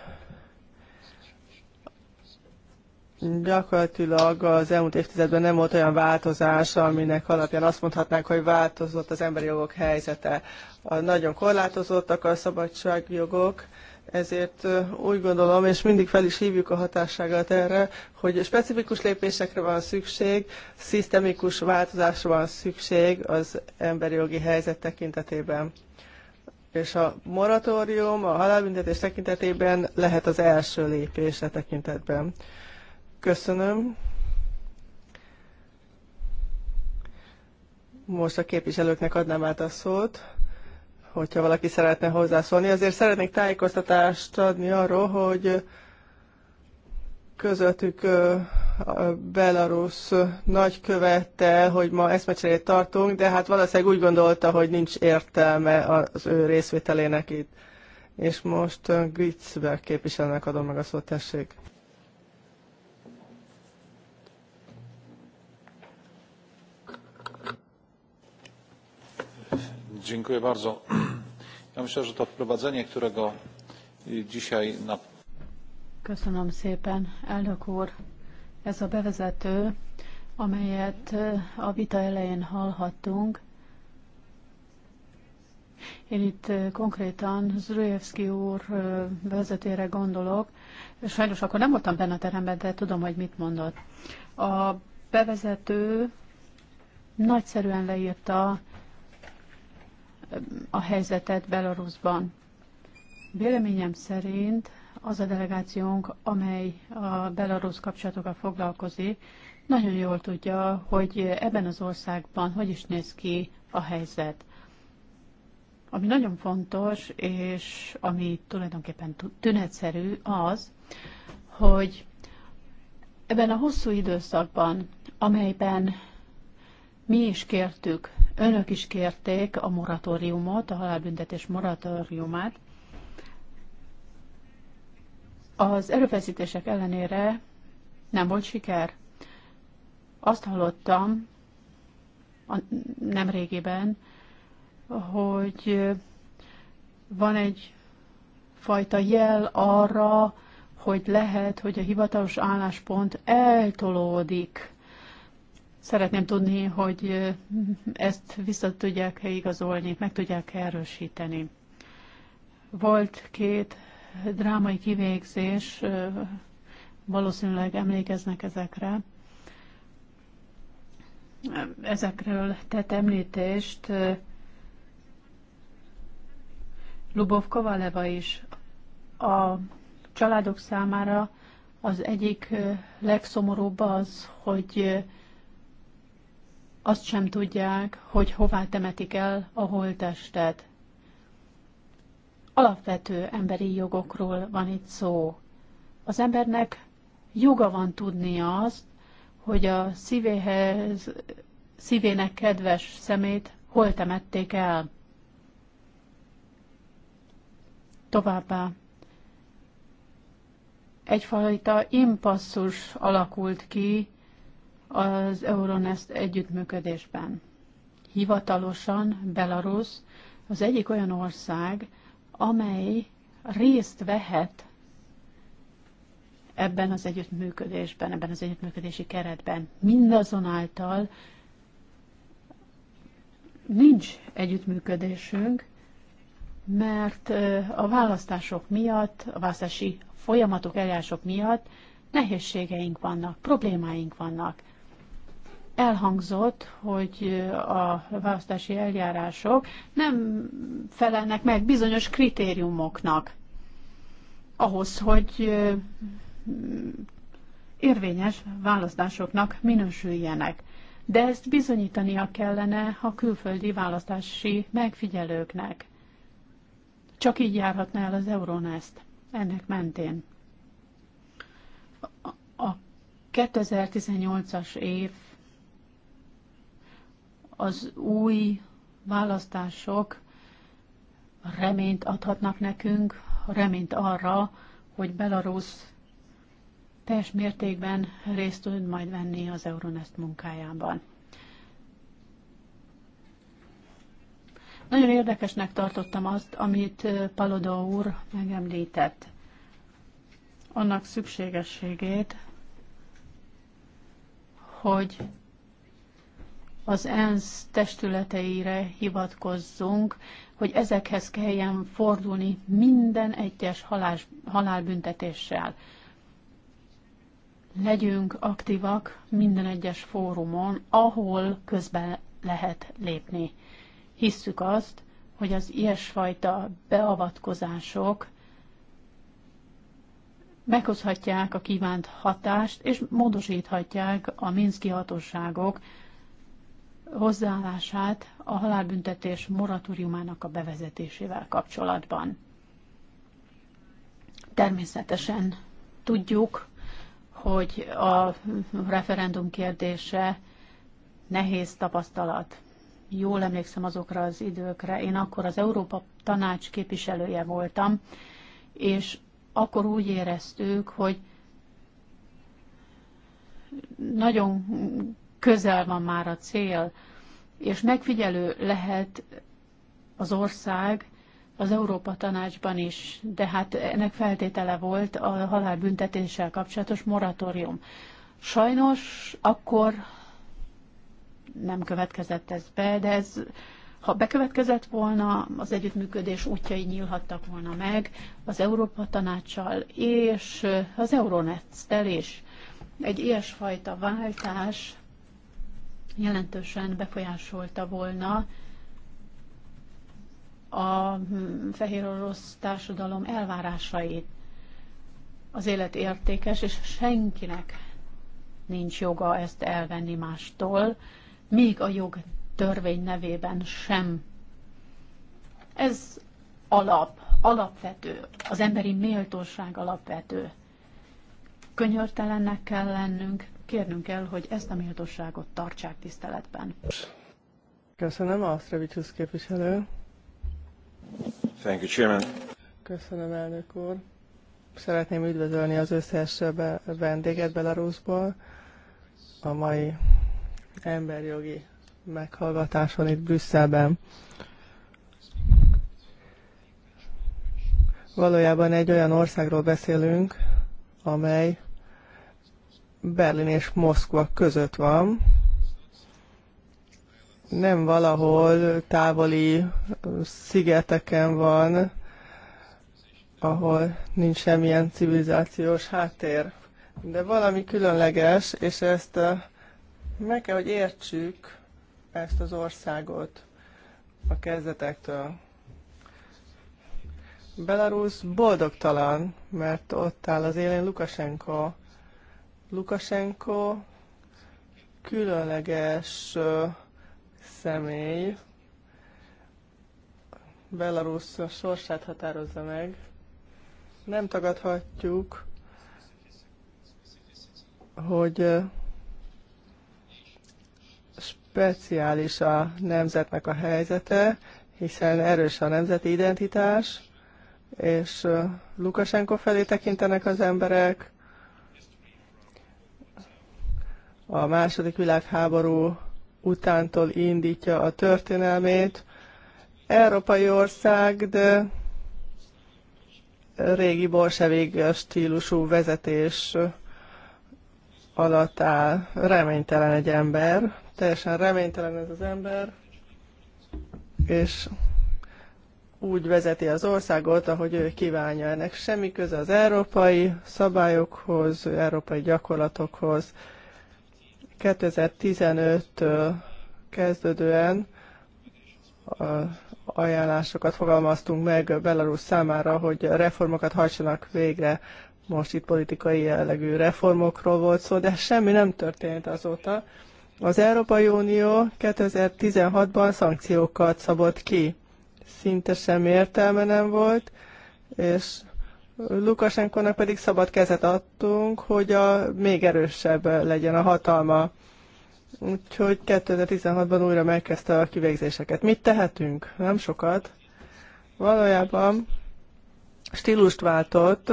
gyakorlatilag az elmúlt évtizedben nem volt olyan változás, aminek alapján azt mondhatnánk, hogy változott az emberi jogok helyzete. A nagyon korlátozottak a szabadságjogok, ezért úgy gondolom, és mindig fel is hívjuk a hatásságát erre, hogy specifikus lépésekre van szükség, szisztemikus változásra van szükség az emberi jogi helyzet tekintetében. És a moratórium a halálbüntetés tekintetében lehet az első lépés a e tekintetben. Köszönöm. Most a képviselőknek adnám át a szót hogyha valaki szeretne hozzászólni. Azért szeretnék tájékoztatást adni arról, hogy közöttük a Belarus nagykövettel, hogy ma eszmecserét tartunk, de hát valószínűleg úgy gondolta, hogy nincs értelme az ő részvételének itt. És most Gritzberg képviselőnek adom meg a szót, tessék. Dziękuję bardzo. Ja myślę, że to wprowadzenie, którego dzisiaj na... Köszönöm szépen, elnök úr. Ez a bevezető, amelyet a vita elején hallhattunk, én itt konkrétan Zrujevski úr vezetére gondolok. Sajnos akkor nem voltam benne a teremben, de tudom, hogy mit mondott. A bevezető nagyszerűen leírta a helyzetet Belarusban. Véleményem szerint az a delegációnk, amely a Belarus kapcsolatokkal foglalkozik, nagyon jól tudja, hogy ebben az országban hogy is néz ki a helyzet. Ami nagyon fontos, és ami tulajdonképpen tünetszerű az, hogy ebben a hosszú időszakban, amelyben mi is kértük, önök is kérték a moratóriumot, a halálbüntetés moratóriumát. Az erőfeszítések ellenére nem volt siker. Azt hallottam nem régiben, hogy van egy fajta jel arra, hogy lehet, hogy a hivatalos álláspont eltolódik Szeretném tudni, hogy eh, ezt vissza tudják-e igazolni, meg tudják-e erősíteni. Volt két drámai kivégzés, eh, valószínűleg emlékeznek ezekre. Ezekről tett említést eh, Lubov Kovaleva is a családok számára az egyik legszomorúbb az, hogy azt sem tudják, hogy hová temetik el a holttestet. Alapvető emberi jogokról van itt szó. Az embernek joga van tudnia azt, hogy a szívéhez, szívének kedves szemét hol temették el. Továbbá egyfajta impasszus alakult ki az Euronest együttműködésben. Hivatalosan Belarus az egyik olyan ország, amely részt vehet ebben az együttműködésben, ebben az együttműködési keretben. Mindazonáltal nincs együttműködésünk, mert a választások miatt, a választási folyamatok, eljárások miatt nehézségeink vannak, problémáink vannak elhangzott, hogy a választási eljárások nem felelnek meg bizonyos kritériumoknak ahhoz, hogy érvényes választásoknak minősüljenek. De ezt bizonyítania kellene a külföldi választási megfigyelőknek. Csak így járhatna el az Euronest ennek mentén. A 2018-as év az új választások reményt adhatnak nekünk, reményt arra, hogy Belarus teljes mértékben részt tud majd venni az Euronest munkájában. Nagyon érdekesnek tartottam azt, amit Paloda úr megemlített. Annak szükségességét, hogy az ENSZ testületeire hivatkozzunk, hogy ezekhez kelljen fordulni minden egyes halás, halálbüntetéssel. Legyünk aktívak minden egyes fórumon, ahol közben lehet lépni. Hisszük azt, hogy az ilyesfajta beavatkozások meghozhatják a kívánt hatást, és módosíthatják a minszki hatóságok hozzáállását a halálbüntetés moratóriumának a bevezetésével kapcsolatban. Természetesen tudjuk, hogy a referendum kérdése nehéz tapasztalat. Jól emlékszem azokra az időkre. Én akkor az Európa Tanács képviselője voltam, és akkor úgy éreztük, hogy nagyon közel van már a cél, és megfigyelő lehet az ország az Európa Tanácsban is, de hát ennek feltétele volt a halálbüntetéssel kapcsolatos moratórium. Sajnos akkor nem következett ez be, de ez, ha bekövetkezett volna, az együttműködés útjai nyílhattak volna meg az Európa Tanácssal és az Euronettel is. Egy ilyesfajta váltás jelentősen befolyásolta volna a hm, fehér orosz társadalom elvárásait. Az élet értékes, és senkinek nincs joga ezt elvenni mástól, még a jog törvény nevében sem. Ez alap, alapvető, az emberi méltóság alapvető. Könyörtelennek kell lennünk, kérnünk kell, hogy ezt a méltóságot tartsák tiszteletben. Köszönöm, Asztravicius képviselő. Thank you, Chairman. Köszönöm, elnök úr. Szeretném üdvözölni az összes vendéget Belarusból a mai emberjogi meghallgatáson itt Brüsszelben. Valójában egy olyan országról beszélünk, amely Berlin és Moszkva között van, nem valahol távoli szigeteken van, ahol nincs semmilyen civilizációs háttér. De valami különleges, és ezt meg kell, hogy értsük ezt az országot a kezdetektől. Belarus boldogtalan, mert ott áll az élén Lukasenko, Lukasenko különleges személy, Belarus sorsát határozza meg. Nem tagadhatjuk, hogy speciális a nemzetnek a helyzete, hiszen erős a nemzeti identitás, és Lukasenko felé tekintenek az emberek, a második világháború utántól indítja a történelmét. Európai ország, de régi bolsevég stílusú vezetés alatt áll. Reménytelen egy ember, teljesen reménytelen ez az ember, és úgy vezeti az országot, ahogy ő kívánja. Ennek semmi köze az európai szabályokhoz, európai gyakorlatokhoz. 2015-től kezdődően ajánlásokat fogalmaztunk meg Belarus számára, hogy reformokat hajtsanak végre. Most itt politikai jellegű reformokról volt szó, de semmi nem történt azóta. Az Európai Unió 2016-ban szankciókat szabott ki. Szinte semmi értelme nem volt, és Lukasenkonak pedig szabad kezet adtunk, hogy a még erősebb legyen a hatalma. Úgyhogy 2016-ban újra megkezdte a kivégzéseket. Mit tehetünk? Nem sokat. Valójában stílust váltott,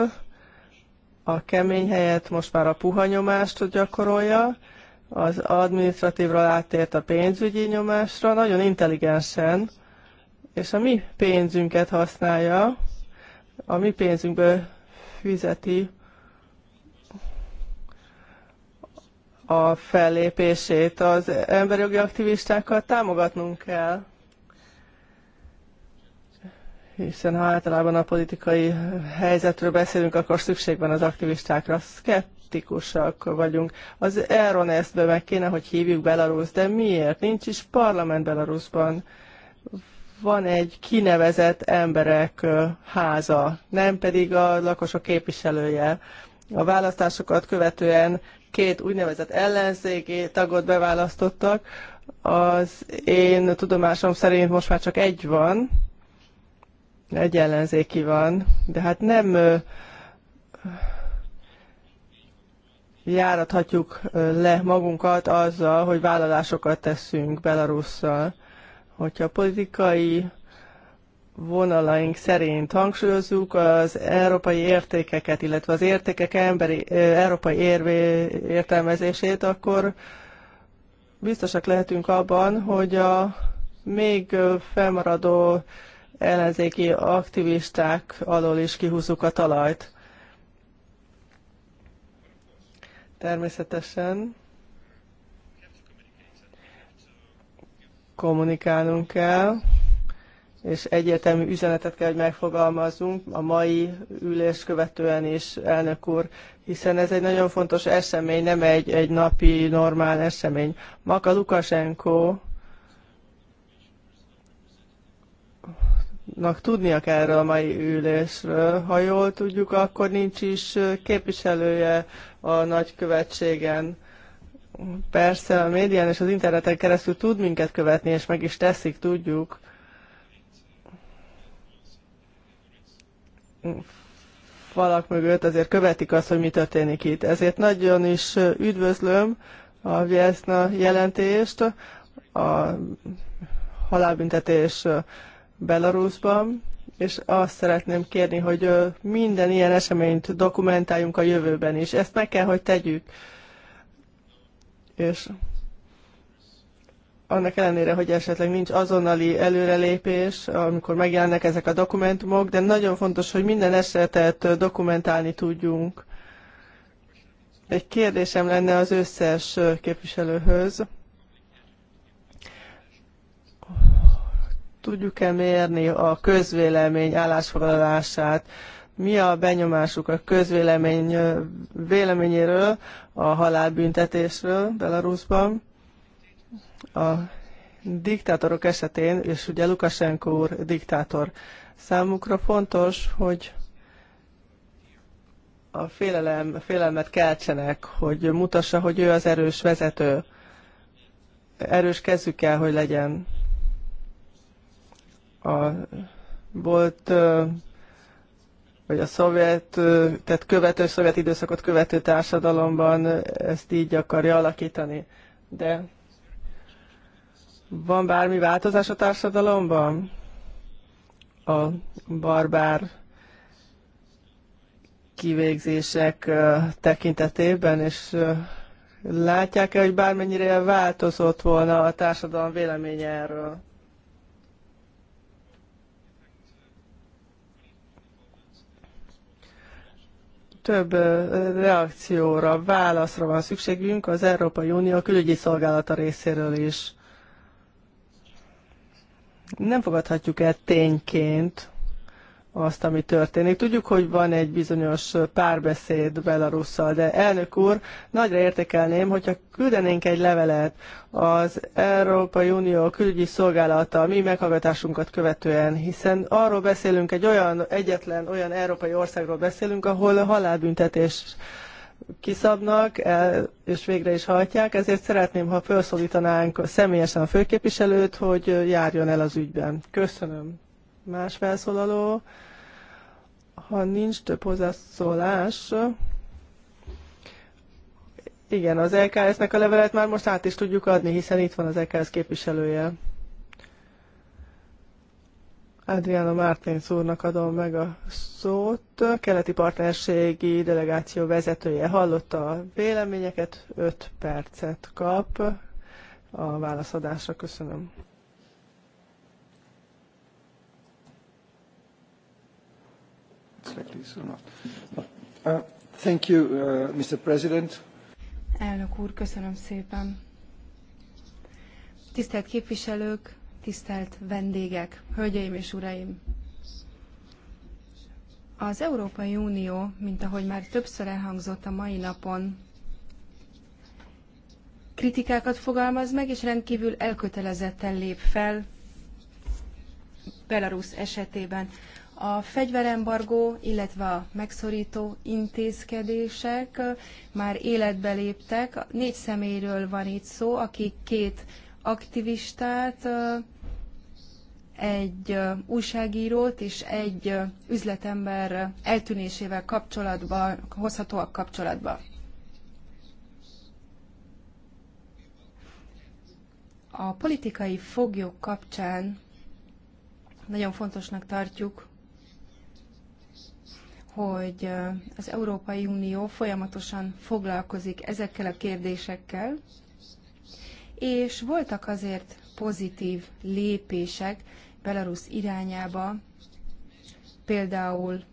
a kemény helyett most már a puha nyomást gyakorolja, az administratívra áttért a pénzügyi nyomásra, nagyon intelligensen, és a mi pénzünket használja, a mi pénzünkből fizeti a fellépését. Az emberjogi aktivistákat támogatnunk kell, hiszen ha általában a politikai helyzetről beszélünk, akkor szükség van az aktivistákra. Szkeptikusak vagyunk. Az Euronest-be meg kéne, hogy hívjuk Belarus, de miért? Nincs is parlament Belarusban van egy kinevezett emberek háza, nem pedig a lakosok képviselője. A választásokat követően két úgynevezett ellenzéki tagot beválasztottak. Az én tudomásom szerint most már csak egy van, egy ellenzéki van, de hát nem járathatjuk le magunkat azzal, hogy vállalásokat teszünk Belarusszal. Hogyha a politikai vonalaink szerint hangsúlyozzuk az európai értékeket, illetve az értékek emberi, európai érvé értelmezését, akkor biztosak lehetünk abban, hogy a még felmaradó ellenzéki aktivisták alól is kihúzzuk a talajt. Természetesen kommunikálnunk kell, és egyértelmű üzenetet kell, hogy megfogalmazzunk a mai ülés követően is, elnök úr, hiszen ez egy nagyon fontos esemény, nem egy, egy napi normál esemény. Maka Lukasenko nak tudnia kell erről a mai ülésről. Ha jól tudjuk, akkor nincs is képviselője a nagykövetségen persze a médián és az interneten keresztül tud minket követni, és meg is teszik, tudjuk. falak mögött azért követik azt, hogy mi történik itt. Ezért nagyon is üdvözlöm a Vieszna jelentést a halálbüntetés Belarusban, és azt szeretném kérni, hogy minden ilyen eseményt dokumentáljunk a jövőben is. Ezt meg kell, hogy tegyük és annak ellenére, hogy esetleg nincs azonnali előrelépés, amikor megjelennek ezek a dokumentumok, de nagyon fontos, hogy minden esetet dokumentálni tudjunk. Egy kérdésem lenne az összes képviselőhöz. Tudjuk-e mérni a közvélemény állásfoglalását? mi a benyomásuk a közvélemény véleményéről, a halálbüntetésről Belarusban. A diktátorok esetén, és ugye Lukashenko úr diktátor, számukra fontos, hogy a félelem, félelmet keltsenek, hogy mutassa, hogy ő az erős vezető. Erős kezük kell, hogy legyen. A volt vagy a szovjet, tehát követő, szovjet időszakot követő társadalomban ezt így akarja alakítani. De van bármi változás a társadalomban? A barbár kivégzések tekintetében, és látják-e, hogy bármennyire változott volna a társadalom véleménye erről? több reakcióra, válaszra van szükségünk az Európai Unió külügyi szolgálata részéről is. Nem fogadhatjuk el tényként, azt, ami történik. Tudjuk, hogy van egy bizonyos párbeszéd Belarusszal, de elnök úr, nagyra értékelném, hogyha küldenénk egy levelet az Európai Unió külügyi szolgálata a mi meghallgatásunkat követően, hiszen arról beszélünk, egy olyan egyetlen olyan európai országról beszélünk, ahol halálbüntetés kiszabnak, el, és végre is hajtják, ezért szeretném, ha felszólítanánk személyesen a főképviselőt, hogy járjon el az ügyben. Köszönöm. Más felszólaló, ha nincs több hozzászólás, igen, az LKS-nek a levelet már most át is tudjuk adni, hiszen itt van az LKS képviselője. Adriana Mártins úrnak adom meg a szót. Keleti partnerségi delegáció vezetője hallotta a véleményeket, 5 percet kap a válaszadásra. Köszönöm. Uh, thank you, uh, Mr. President. Elnök úr, köszönöm szépen. Tisztelt képviselők, tisztelt vendégek, hölgyeim és uraim! Az Európai Unió, mint ahogy már többször elhangzott a mai napon, kritikákat fogalmaz meg, és rendkívül elkötelezetten lép fel Belarus esetében a fegyverembargó, illetve a megszorító intézkedések már életbe léptek. Négy személyről van itt szó, akik két aktivistát, egy újságírót és egy üzletember eltűnésével kapcsolatban, hozhatóak kapcsolatba. A politikai foglyok kapcsán nagyon fontosnak tartjuk hogy az Európai Unió folyamatosan foglalkozik ezekkel a kérdésekkel, és voltak azért pozitív lépések Belarus irányába, például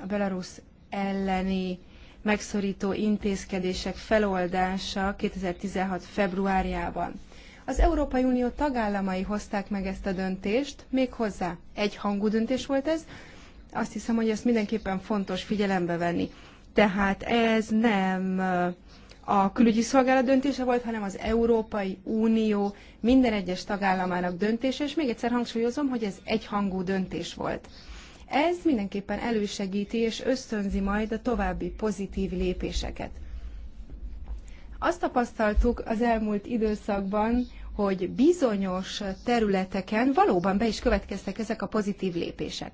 a Belarus elleni megszorító intézkedések feloldása 2016. februárjában. Az Európai Unió tagállamai hozták meg ezt a döntést, méghozzá hangú döntés volt ez, azt hiszem, hogy ezt mindenképpen fontos figyelembe venni. Tehát ez nem a külügyi szolgálat döntése volt, hanem az Európai Unió minden egyes tagállamának döntése, és még egyszer hangsúlyozom, hogy ez egyhangú döntés volt. Ez mindenképpen elősegíti és ösztönzi majd a további pozitív lépéseket. Azt tapasztaltuk az elmúlt időszakban, hogy bizonyos területeken valóban be is következtek ezek a pozitív lépések.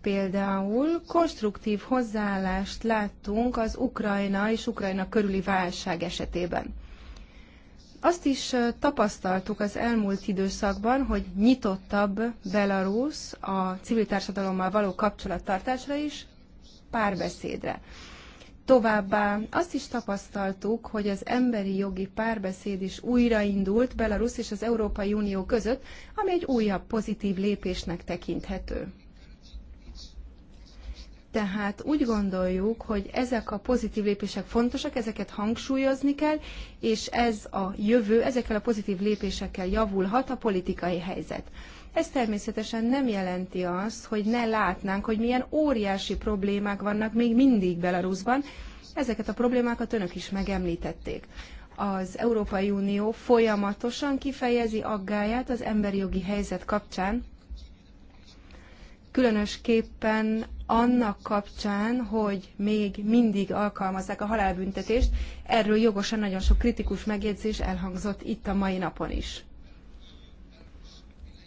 Például konstruktív hozzáállást láttunk az Ukrajna és Ukrajna körüli válság esetében. Azt is tapasztaltuk az elmúlt időszakban, hogy nyitottabb Belarus a civil társadalommal való kapcsolattartásra is, párbeszédre. Továbbá azt is tapasztaltuk, hogy az emberi jogi párbeszéd is újraindult Belarus és az Európai Unió között, ami egy újabb pozitív lépésnek tekinthető. Tehát úgy gondoljuk, hogy ezek a pozitív lépések fontosak, ezeket hangsúlyozni kell, és ez a jövő, ezekkel a pozitív lépésekkel javulhat a politikai helyzet. Ez természetesen nem jelenti azt, hogy ne látnánk, hogy milyen óriási problémák vannak még mindig Belarusban. Ezeket a problémákat önök is megemlítették. Az Európai Unió folyamatosan kifejezi aggáját az emberi jogi helyzet kapcsán, különösképpen annak kapcsán, hogy még mindig alkalmazzák a halálbüntetést, erről jogosan nagyon sok kritikus megjegyzés elhangzott itt a mai napon is.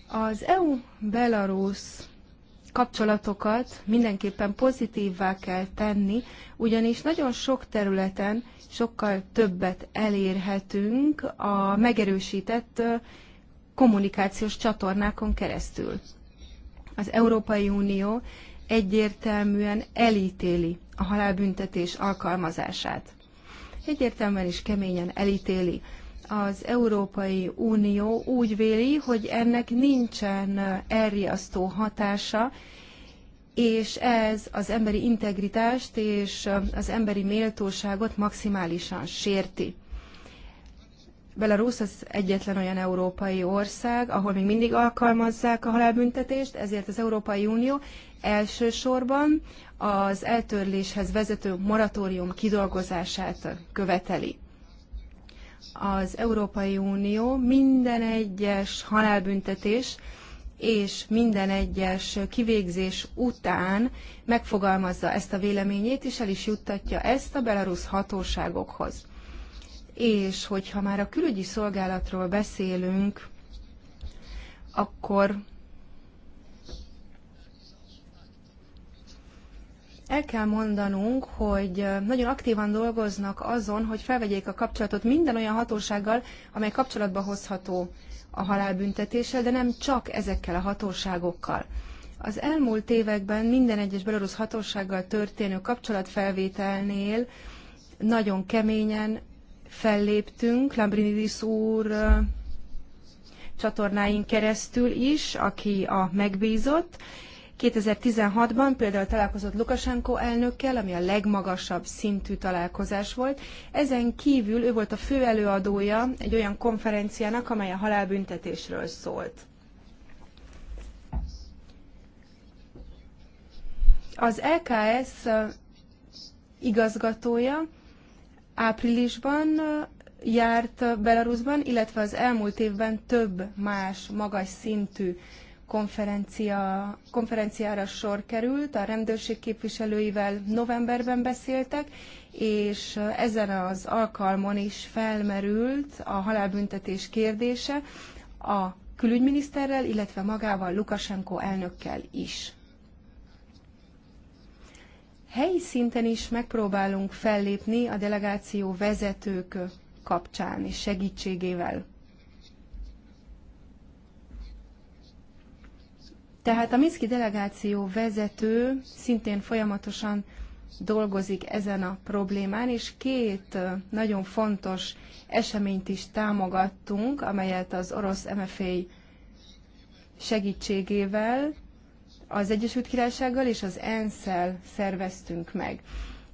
Az EU-Belarus kapcsolatokat mindenképpen pozitívvá kell tenni, ugyanis nagyon sok területen sokkal többet elérhetünk a megerősített kommunikációs csatornákon keresztül. Az Európai Unió egyértelműen elítéli a halálbüntetés alkalmazását. Egyértelműen is keményen elítéli. Az Európai Unió úgy véli, hogy ennek nincsen elriasztó hatása, és ez az emberi integritást és az emberi méltóságot maximálisan sérti. Belarus az egyetlen olyan európai ország, ahol még mindig alkalmazzák a halálbüntetést, ezért az Európai Unió elsősorban az eltörléshez vezető moratórium kidolgozását követeli. Az Európai Unió minden egyes halálbüntetés és minden egyes kivégzés után megfogalmazza ezt a véleményét, és el is juttatja ezt a belarusz hatóságokhoz. És hogyha már a külügyi szolgálatról beszélünk, akkor el kell mondanunk, hogy nagyon aktívan dolgoznak azon, hogy felvegyék a kapcsolatot minden olyan hatósággal, amely kapcsolatba hozható a halálbüntetéssel, de nem csak ezekkel a hatóságokkal. Az elmúlt években minden egyes belorusz hatósággal történő kapcsolatfelvételnél nagyon keményen felléptünk, Lambrinidis úr csatornáin keresztül is, aki a megbízott. 2016-ban például találkozott Lukasenko elnökkel, ami a legmagasabb szintű találkozás volt. Ezen kívül ő volt a fő előadója egy olyan konferenciának, amely a halálbüntetésről szólt. Az LKS igazgatója Áprilisban járt Belarusban, illetve az elmúlt évben több más magas szintű konferencia, konferenciára sor került, a rendőrség képviselőivel novemberben beszéltek, és ezen az alkalmon is felmerült a halálbüntetés kérdése a külügyminiszterrel, illetve magával Lukasenko elnökkel is helyi szinten is megpróbálunk fellépni a delegáció vezetők kapcsán és segítségével. Tehát a Minszki delegáció vezető szintén folyamatosan dolgozik ezen a problémán, és két nagyon fontos eseményt is támogattunk, amelyet az orosz MFA segítségével az Egyesült Királysággal és az ensz szerveztünk meg.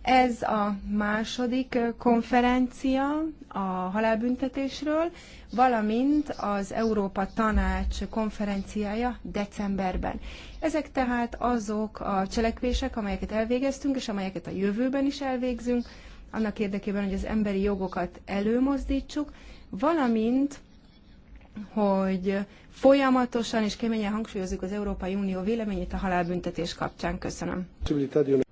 Ez a második konferencia a halálbüntetésről, valamint az Európa Tanács konferenciája decemberben. Ezek tehát azok a cselekvések, amelyeket elvégeztünk, és amelyeket a jövőben is elvégzünk, annak érdekében, hogy az emberi jogokat előmozdítsuk, valamint hogy folyamatosan és keményen hangsúlyozzuk az Európai Unió véleményét a halálbüntetés kapcsán. Köszönöm.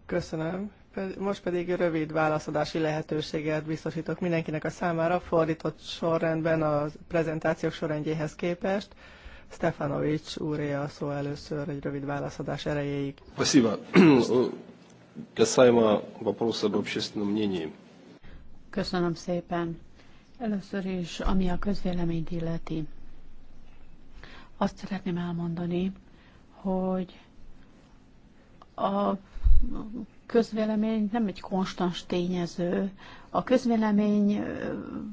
Köszönöm. Most pedig rövid válaszadási lehetőséget biztosítok mindenkinek a számára, fordított sorrendben a prezentációk sorrendjéhez képest. Stefanovics úré a szó először egy rövid válaszadás erejéig. Köszönöm szépen. Először is, ami a közvéleményt illeti. Azt szeretném elmondani, hogy a közvélemény nem egy konstans tényező. A közvélemény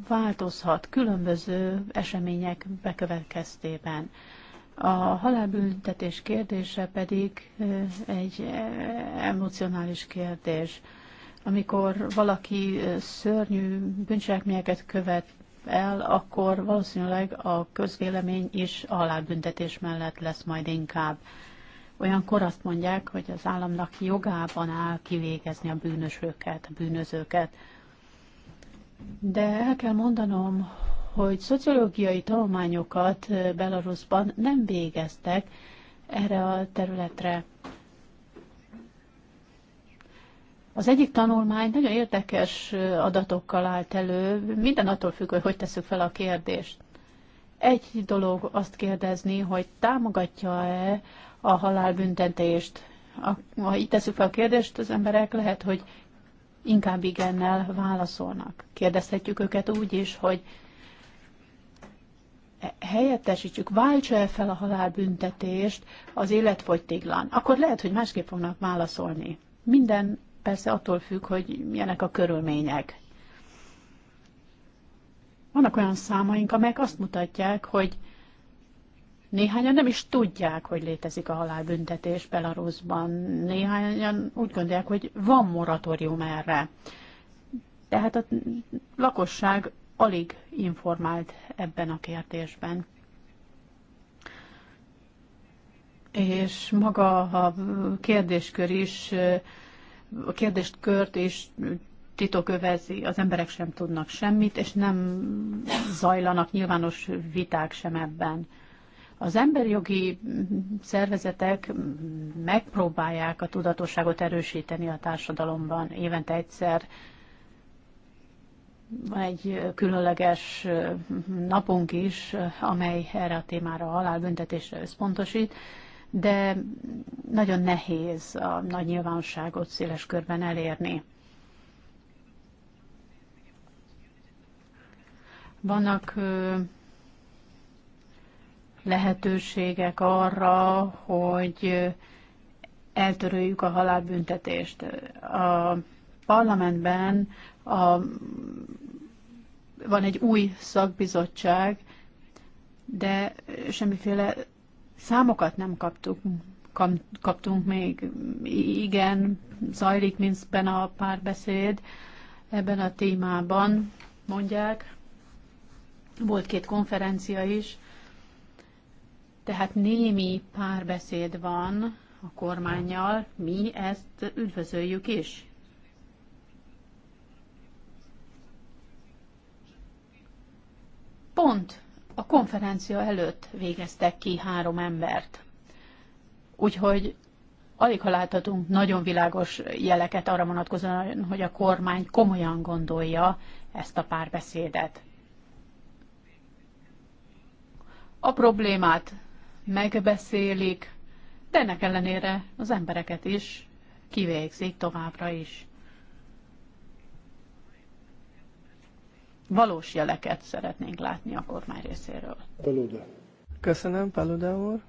változhat különböző események bekövetkeztében. A halálbüntetés kérdése pedig egy emocionális kérdés. Amikor valaki szörnyű bűncselekményeket követ el, akkor valószínűleg a közvélemény is a halálbüntetés mellett lesz majd inkább. Olyankor azt mondják, hogy az államnak jogában áll kivégezni a bűnösöket, a bűnözőket. De el kell mondanom, hogy szociológiai tanulmányokat Belarusban nem végeztek erre a területre. Az egyik tanulmány nagyon érdekes adatokkal állt elő, minden attól függ, hogy hogy tesszük fel a kérdést. Egy dolog azt kérdezni, hogy támogatja-e a halálbüntetést. Ha így tesszük fel a kérdést, az emberek lehet, hogy inkább igennel válaszolnak. Kérdezhetjük őket úgy is, hogy helyettesítsük, váltsa e fel a halálbüntetést az életfogytiglan, akkor lehet, hogy másképp fognak válaszolni. Minden persze attól függ, hogy milyenek a körülmények. Vannak olyan számaink, amelyek azt mutatják, hogy néhányan nem is tudják, hogy létezik a halálbüntetés Belarusban. Néhányan úgy gondolják, hogy van moratórium erre. Tehát a lakosság alig informált ebben a kérdésben. És maga a kérdéskör is a kérdést kört és titokövezi, az emberek sem tudnak semmit, és nem zajlanak nyilvános viták sem ebben. Az emberjogi szervezetek megpróbálják a tudatosságot erősíteni a társadalomban évente egyszer. Van egy különleges napunk is, amely erre a témára halálbüntetésre összpontosít de nagyon nehéz a nagy nyilvánosságot széles körben elérni. Vannak lehetőségek arra, hogy eltöröljük a halálbüntetést. A parlamentben a, van egy új szakbizottság, de semmiféle Számokat nem kaptuk, kaptunk még. Igen, zajlik Minskben a párbeszéd ebben a témában, mondják. Volt két konferencia is, tehát némi párbeszéd van a kormányjal, mi ezt üdvözöljük is. Pont a konferencia előtt végeztek ki három embert. Úgyhogy alig ha láthatunk nagyon világos jeleket arra vonatkozóan, hogy a kormány komolyan gondolja ezt a párbeszédet. A problémát megbeszélik, de ennek ellenére az embereket is kivégzik továbbra is. valós jeleket szeretnénk látni a kormány részéről. Paluda. Köszönöm, Paluda úr.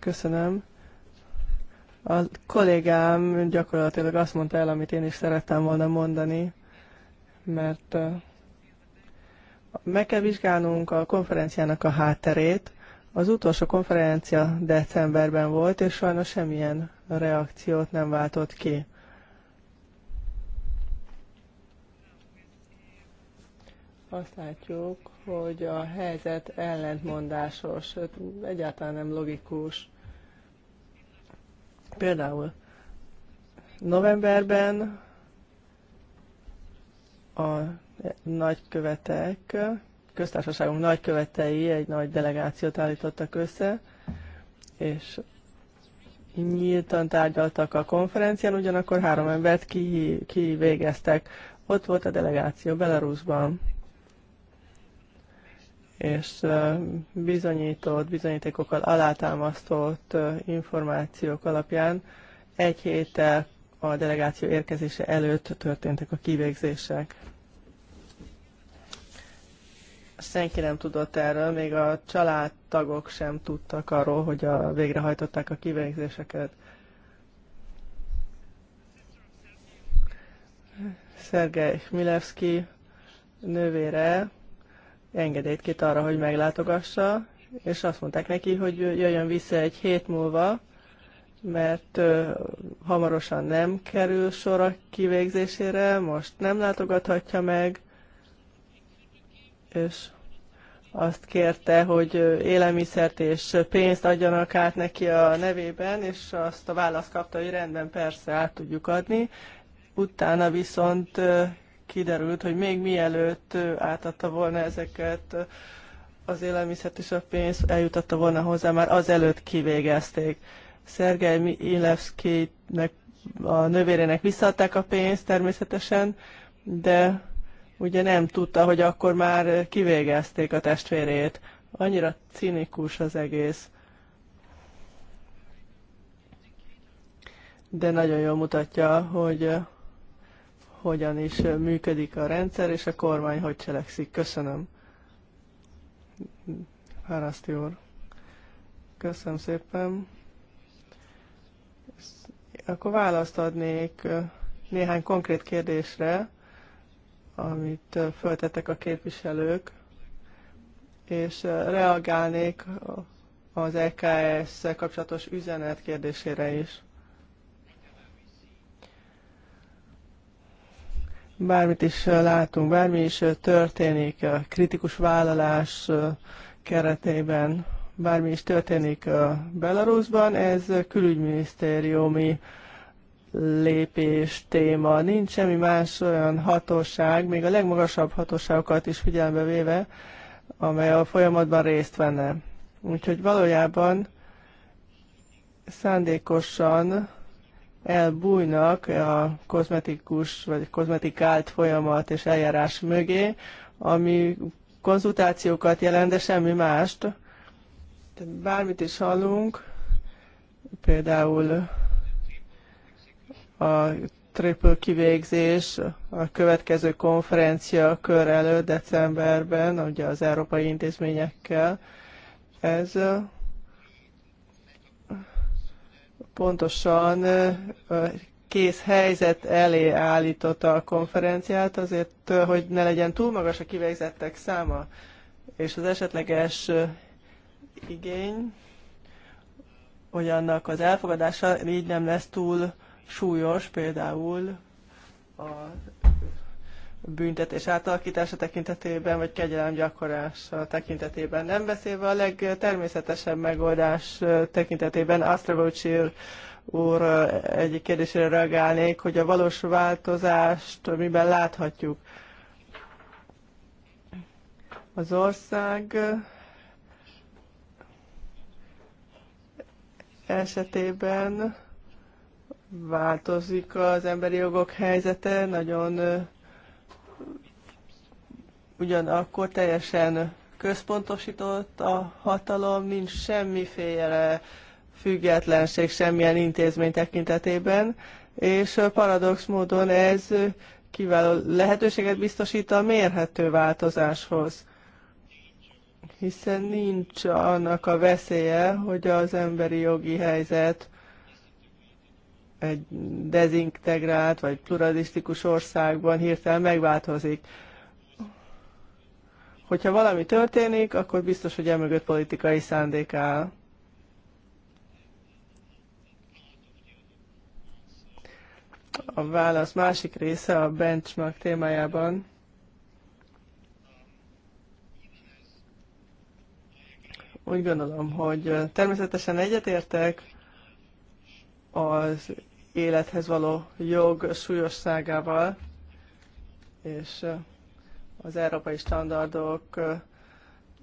Köszönöm. A kollégám gyakorlatilag azt mondta el, amit én is szerettem volna mondani, mert meg kell vizsgálnunk a konferenciának a hátterét. Az utolsó konferencia decemberben volt, és sajnos semmilyen reakciót nem váltott ki. azt látjuk, hogy a helyzet ellentmondásos, egyáltalán nem logikus. Például novemberben a nagykövetek, köztársaságunk nagykövetei egy nagy delegációt állítottak össze, és nyíltan tárgyaltak a konferencián, ugyanakkor három embert kivégeztek. Ott volt a delegáció Belarusban és bizonyított, bizonyítékokkal alátámasztott információk alapján egy héttel a delegáció érkezése előtt történtek a kivégzések. Senki nem tudott erről, még a családtagok sem tudtak arról, hogy a, végrehajtották a kivégzéseket. Szergej Milevski nővére engedélyt kit arra, hogy meglátogassa, és azt mondták neki, hogy jöjjön vissza egy hét múlva, mert ö, hamarosan nem kerül sor a kivégzésére, most nem látogathatja meg, és azt kérte, hogy élelmiszert és pénzt adjanak át neki a nevében, és azt a választ kapta, hogy rendben, persze, át tudjuk adni. Utána viszont kiderült, hogy még mielőtt átadta volna ezeket az élelmiszert és a pénzt eljutatta volna hozzá, már azelőtt kivégezték. Szergej Ilevszkinek a nővérének visszaadták a pénzt természetesen, de ugye nem tudta, hogy akkor már kivégezték a testvérét. Annyira cinikus az egész. De nagyon jól mutatja, hogy hogyan is működik a rendszer, és a kormány hogy cselekszik. Köszönöm. Háraszti úr. Köszönöm szépen. Akkor választ adnék néhány konkrét kérdésre, amit föltettek a képviselők, és reagálnék az EKS-szel kapcsolatos üzenet kérdésére is. Bármit is látunk, bármi is történik a kritikus vállalás keretében, bármi is történik Belarusban, ez külügyminisztériumi lépés téma. Nincs semmi más olyan hatóság, még a legmagasabb hatóságokat is figyelembe véve, amely a folyamatban részt venne. Úgyhogy valójában szándékosan elbújnak a kozmetikus vagy kozmetikált folyamat és eljárás mögé, ami konzultációkat jelent, de semmi mást. Tehát bármit is hallunk, például a triple kivégzés a következő konferencia kör előtt decemberben, ugye az európai intézményekkel, ez pontosan kész helyzet elé állította a konferenciát azért, hogy ne legyen túl magas a kivégzettek száma, és az esetleges igény, hogy annak az elfogadása így nem lesz túl súlyos, például az büntetés átalakítása tekintetében, vagy kegyelemgyakorlása tekintetében. Nem beszélve a legtermészetesebb megoldás tekintetében, Astrovocsi úr egyik kérdésére reagálnék, hogy a valós változást miben láthatjuk. Az ország esetében változik az emberi jogok helyzete, nagyon ugyanakkor teljesen központosított a hatalom, nincs semmiféle függetlenség semmilyen intézmény tekintetében, és paradox módon ez kiváló lehetőséget biztosít a mérhető változáshoz, hiszen nincs annak a veszélye, hogy az emberi jogi helyzet egy dezintegrált vagy pluralisztikus országban hirtelen megváltozik. Hogyha valami történik, akkor biztos, hogy emögött politikai szándék áll. A válasz másik része a benchmark témájában. Úgy gondolom, hogy természetesen egyetértek az élethez való jog súlyosságával, és az európai standardok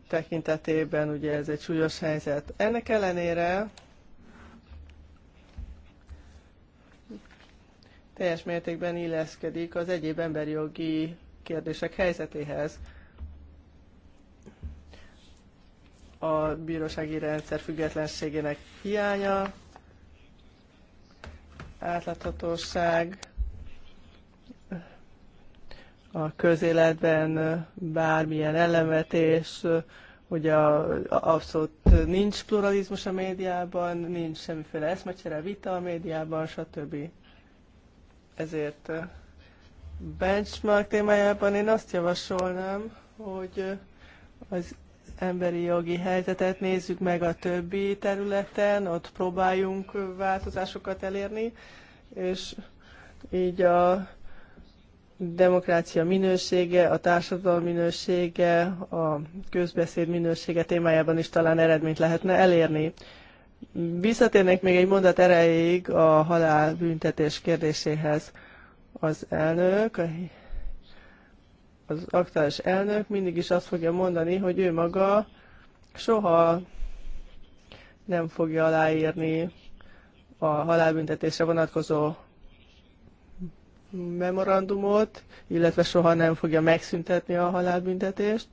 tekintetében ugye ez egy súlyos helyzet. Ennek ellenére teljes mértékben illeszkedik az egyéb emberi jogi kérdések helyzetéhez. A bírósági rendszer függetlenségének hiánya, átláthatóság, a közéletben bármilyen ellenvetés, ugye abszolút nincs pluralizmus a médiában, nincs semmiféle eszmecsere, vita a médiában, stb. Ezért benchmark témájában én azt javasolnám, hogy az emberi jogi helyzetet nézzük meg a többi területen, ott próbáljunk változásokat elérni, és így a demokrácia minősége, a társadalom minősége, a közbeszéd minősége témájában is talán eredményt lehetne elérni. Visszatérnék még egy mondat erejéig a halálbüntetés kérdéséhez. Az elnök, az aktuális elnök mindig is azt fogja mondani, hogy ő maga soha nem fogja aláírni a halálbüntetésre vonatkozó memorandumot, illetve soha nem fogja megszüntetni a halálbüntetést.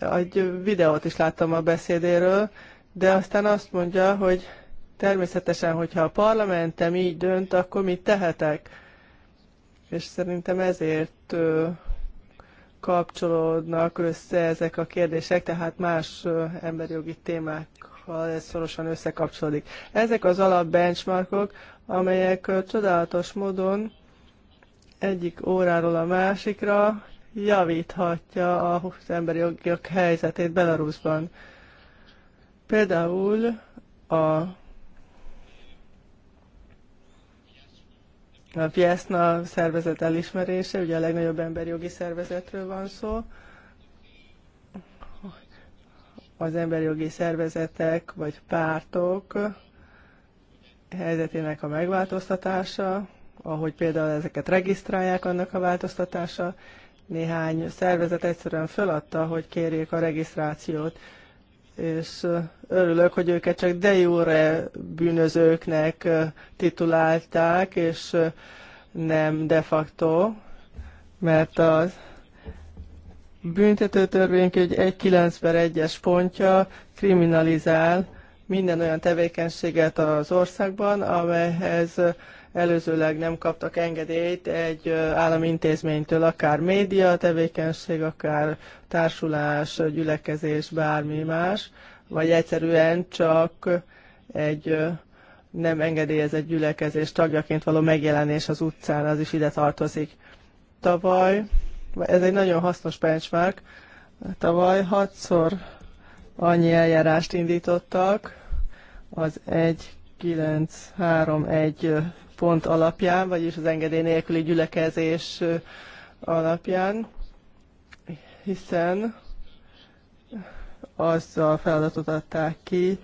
Egy videót is láttam a beszédéről, de aztán azt mondja, hogy természetesen, hogyha a parlamentem így dönt, akkor mit tehetek? És szerintem ezért kapcsolódnak össze ezek a kérdések, tehát más emberi jogi témák benchmarkokkal ez szorosan összekapcsolódik. Ezek az alap benchmarkok, amelyek csodálatos módon egyik óráról a másikra javíthatja az emberi jogok helyzetét Belarusban. Például a a Fiesna szervezet elismerése, ugye a legnagyobb emberi jogi szervezetről van szó, az emberjogi szervezetek vagy pártok helyzetének a megváltoztatása, ahogy például ezeket regisztrálják, annak a változtatása. Néhány szervezet egyszerűen feladta, hogy kérjék a regisztrációt, és örülök, hogy őket csak de jure bűnözőknek titulálták, és nem de facto, mert az büntetőtörvényünk egy 1.9 per 1-es pontja kriminalizál minden olyan tevékenységet az országban, amelyhez előzőleg nem kaptak engedélyt egy állami intézménytől, akár média tevékenység, akár társulás, gyülekezés, bármi más, vagy egyszerűen csak egy nem engedélyezett gyülekezés tagjaként való megjelenés az utcán, az is ide tartozik. Tavaly ez egy nagyon hasznos benchmark. Tavaly hatszor annyi eljárást indítottak az 1931 pont alapján, vagyis az engedély nélküli gyülekezés alapján, hiszen azzal feladatot adták ki,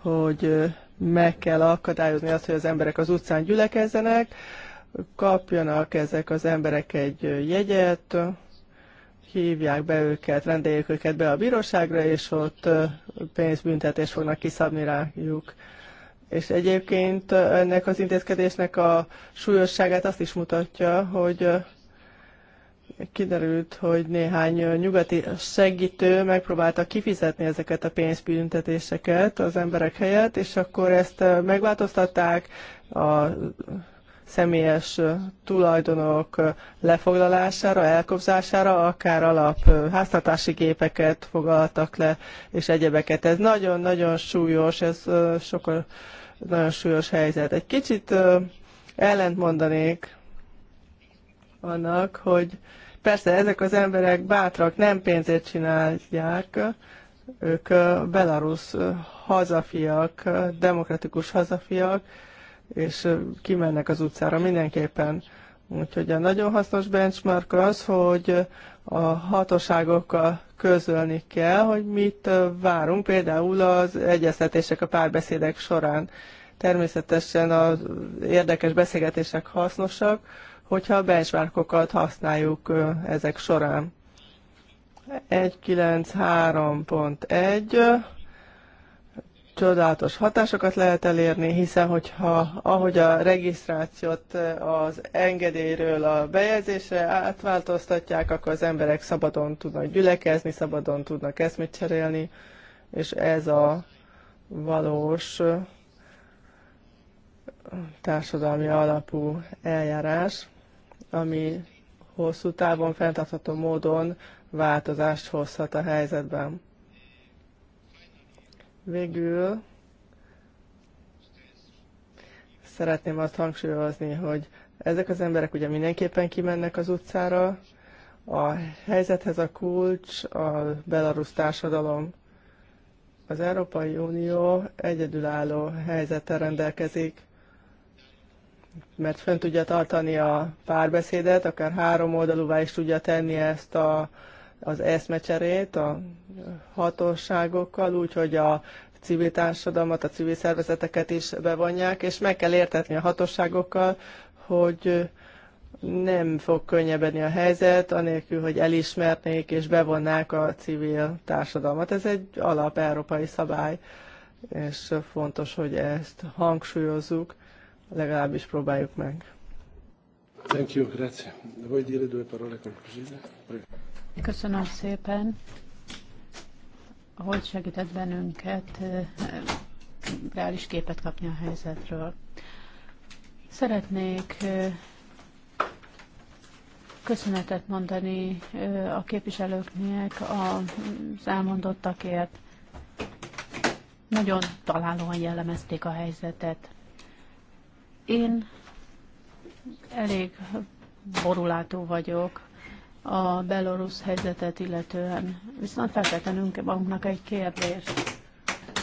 hogy meg kell akadályozni azt, hogy az emberek az utcán gyülekezzenek, kapjanak ezek az emberek egy jegyet, hívják be őket, rendeljék őket be a bíróságra, és ott pénzbüntetést fognak kiszabni rájuk. És egyébként ennek az intézkedésnek a súlyosságát azt is mutatja, hogy kiderült, hogy néhány nyugati segítő megpróbálta kifizetni ezeket a pénzbüntetéseket az emberek helyett, és akkor ezt megváltoztatták, a személyes tulajdonok lefoglalására, elkobzására, akár alap háztartási gépeket foglaltak le, és egyebeket. Ez nagyon-nagyon súlyos, ez sokkal nagyon súlyos helyzet. Egy kicsit ellent mondanék annak, hogy persze ezek az emberek bátrak, nem pénzért csinálják, ők belarusz hazafiak, demokratikus hazafiak, és kimennek az utcára mindenképpen. Úgyhogy a nagyon hasznos benchmark az, hogy a hatóságokkal közölni kell, hogy mit várunk például az egyeztetések, a párbeszédek során. Természetesen az érdekes beszélgetések hasznosak, hogyha a benchmarkokat használjuk ezek során. 193.1 csodálatos hatásokat lehet elérni, hiszen hogyha ahogy a regisztrációt az engedélyről a bejegyzésre átváltoztatják, akkor az emberek szabadon tudnak gyülekezni, szabadon tudnak eszmét cserélni, és ez a valós társadalmi alapú eljárás, ami hosszú távon fenntartható módon változást hozhat a helyzetben. Végül szeretném azt hangsúlyozni, hogy ezek az emberek ugye mindenképpen kimennek az utcára, a helyzethez a kulcs a belarusz társadalom. Az Európai Unió egyedülálló helyzettel rendelkezik, mert fönn tudja tartani a párbeszédet, akár három oldalúvá is tudja tenni ezt a az eszmecserét a hatóságokkal, úgyhogy a civil társadalmat, a civil szervezeteket is bevonják, és meg kell értetni a hatóságokkal, hogy nem fog könnyebbedni a helyzet, anélkül, hogy elismernék és bevonnák a civil társadalmat. Ez egy alap európai szabály, és fontos, hogy ezt hangsúlyozzuk, legalábbis próbáljuk meg. Thank you, grazie. dire due parole Köszönöm szépen, hogy segített bennünket reális képet kapni a helyzetről. Szeretnék köszönetet mondani a képviselőknek az elmondottakért. Nagyon találóan jellemezték a helyzetet. Én elég borulátó vagyok a belorusz helyzetet illetően. Viszont fel magunknak egy kérdést.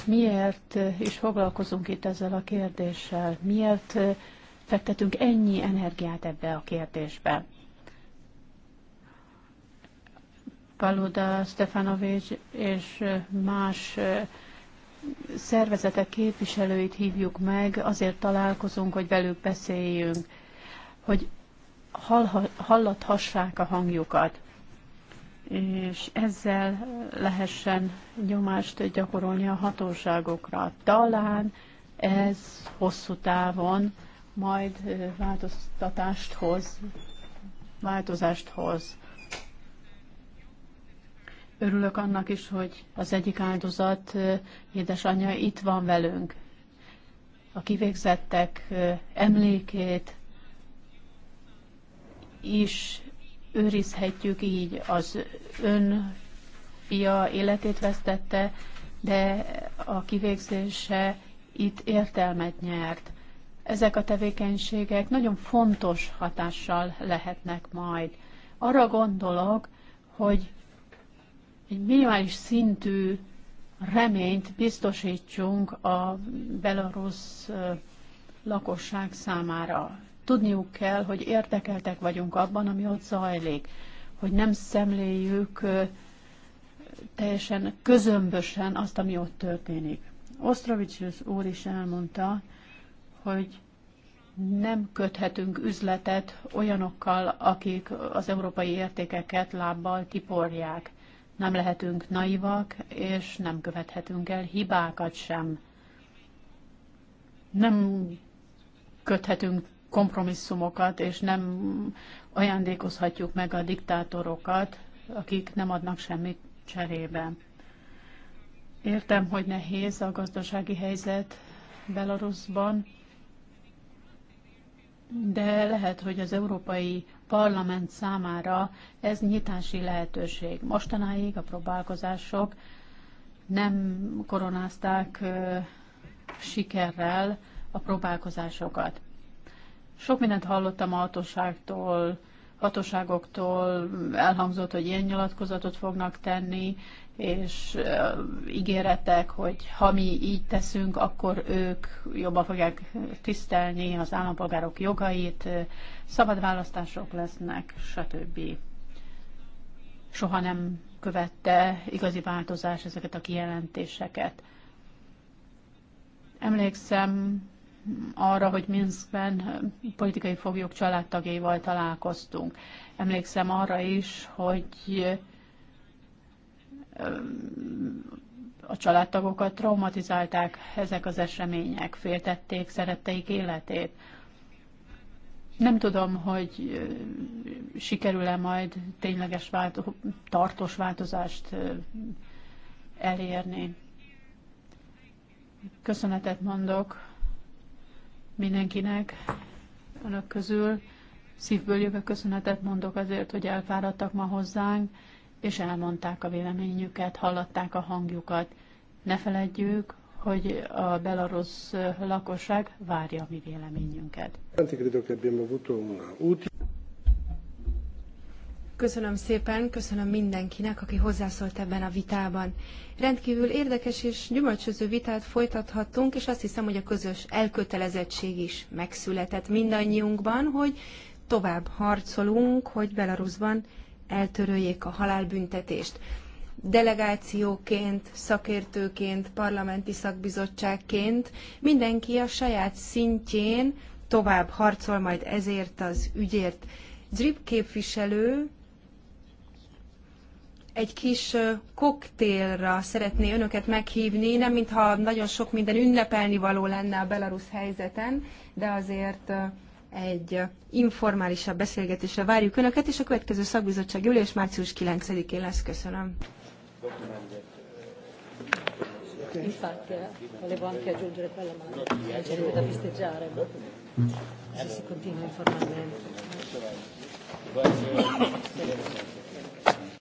Miért eh, is foglalkozunk itt ezzel a kérdéssel? Miért eh, fektetünk ennyi energiát ebbe a kérdésbe? Paluda Stefanovics és eh, más szervezetek képviselőit hívjuk meg, azért találkozunk, hogy velük beszéljünk, hogy hallathassák a hangjukat, és ezzel lehessen nyomást gyakorolni a hatóságokra. Talán ez hosszú távon majd változtatást hoz, változást hoz. Örülök annak is, hogy az egyik áldozat édesanyja itt van velünk. A kivégzettek emlékét is őrizhetjük így az ön fia életét vesztette, de a kivégzése itt értelmet nyert. Ezek a tevékenységek nagyon fontos hatással lehetnek majd. Arra gondolok, hogy egy minimális szintű reményt biztosítsunk a belarusz lakosság számára. Tudniuk kell, hogy érdekeltek vagyunk abban, ami ott zajlik, hogy nem szemléljük teljesen közömbösen azt, ami ott történik. Osztrovicsus úr is elmondta, hogy nem köthetünk üzletet olyanokkal, akik az európai értékeket lábbal tiporják. Nem lehetünk naivak, és nem követhetünk el hibákat sem. Nem köthetünk kompromisszumokat, és nem ajándékozhatjuk meg a diktátorokat, akik nem adnak semmit cserébe. Értem, hogy nehéz a gazdasági helyzet Belarusban, de lehet, hogy az Európai Parlament számára ez nyitási lehetőség. Mostanáig a próbálkozások nem koronázták sikerrel a próbálkozásokat. Sok mindent hallottam a hatóságtól, hatóságoktól, elhangzott, hogy ilyen nyilatkozatot fognak tenni, és ígéretek, hogy ha mi így teszünk, akkor ők jobban fogják tisztelni az állampolgárok jogait, szabad választások lesznek, stb. Soha nem követte igazi változás ezeket a kijelentéseket. Emlékszem, arra, hogy Minskben eh, politikai foglyok családtagjaival találkoztunk. Emlékszem arra is, hogy eh, a családtagokat traumatizálták ezek az események, féltették szeretteik életét. Nem tudom, hogy eh, sikerül-e majd tényleges változ- tartós változást elérni. Köszönetet mondok mindenkinek önök közül. Szívből jövő köszönetet mondok azért, hogy elfáradtak ma hozzánk, és elmondták a véleményüket, hallatták a hangjukat. Ne feledjük, hogy a belarusz lakosság várja a mi véleményünket. Köszönöm szépen, köszönöm mindenkinek, aki hozzászólt ebben a vitában. Rendkívül érdekes és gyümölcsöző vitát folytathattunk, és azt hiszem, hogy a közös elkötelezettség is megszületett mindannyiunkban, hogy tovább harcolunk, hogy Belarusban eltöröljék a halálbüntetést. Delegációként, szakértőként, parlamenti szakbizottságként mindenki a saját szintjén tovább harcol majd ezért az ügyért. Drip képviselő egy kis koktélra szeretné önöket meghívni, nem mintha nagyon sok minden ünnepelni való lenne a belarusz helyzeten, de azért egy informálisabb beszélgetésre várjuk önöket, és a következő szakbizottság ülés március 9-én lesz. Köszönöm. Infatti, eh, volevo aggiungere quella, ma c'è da festeggiare. si continua informalmente.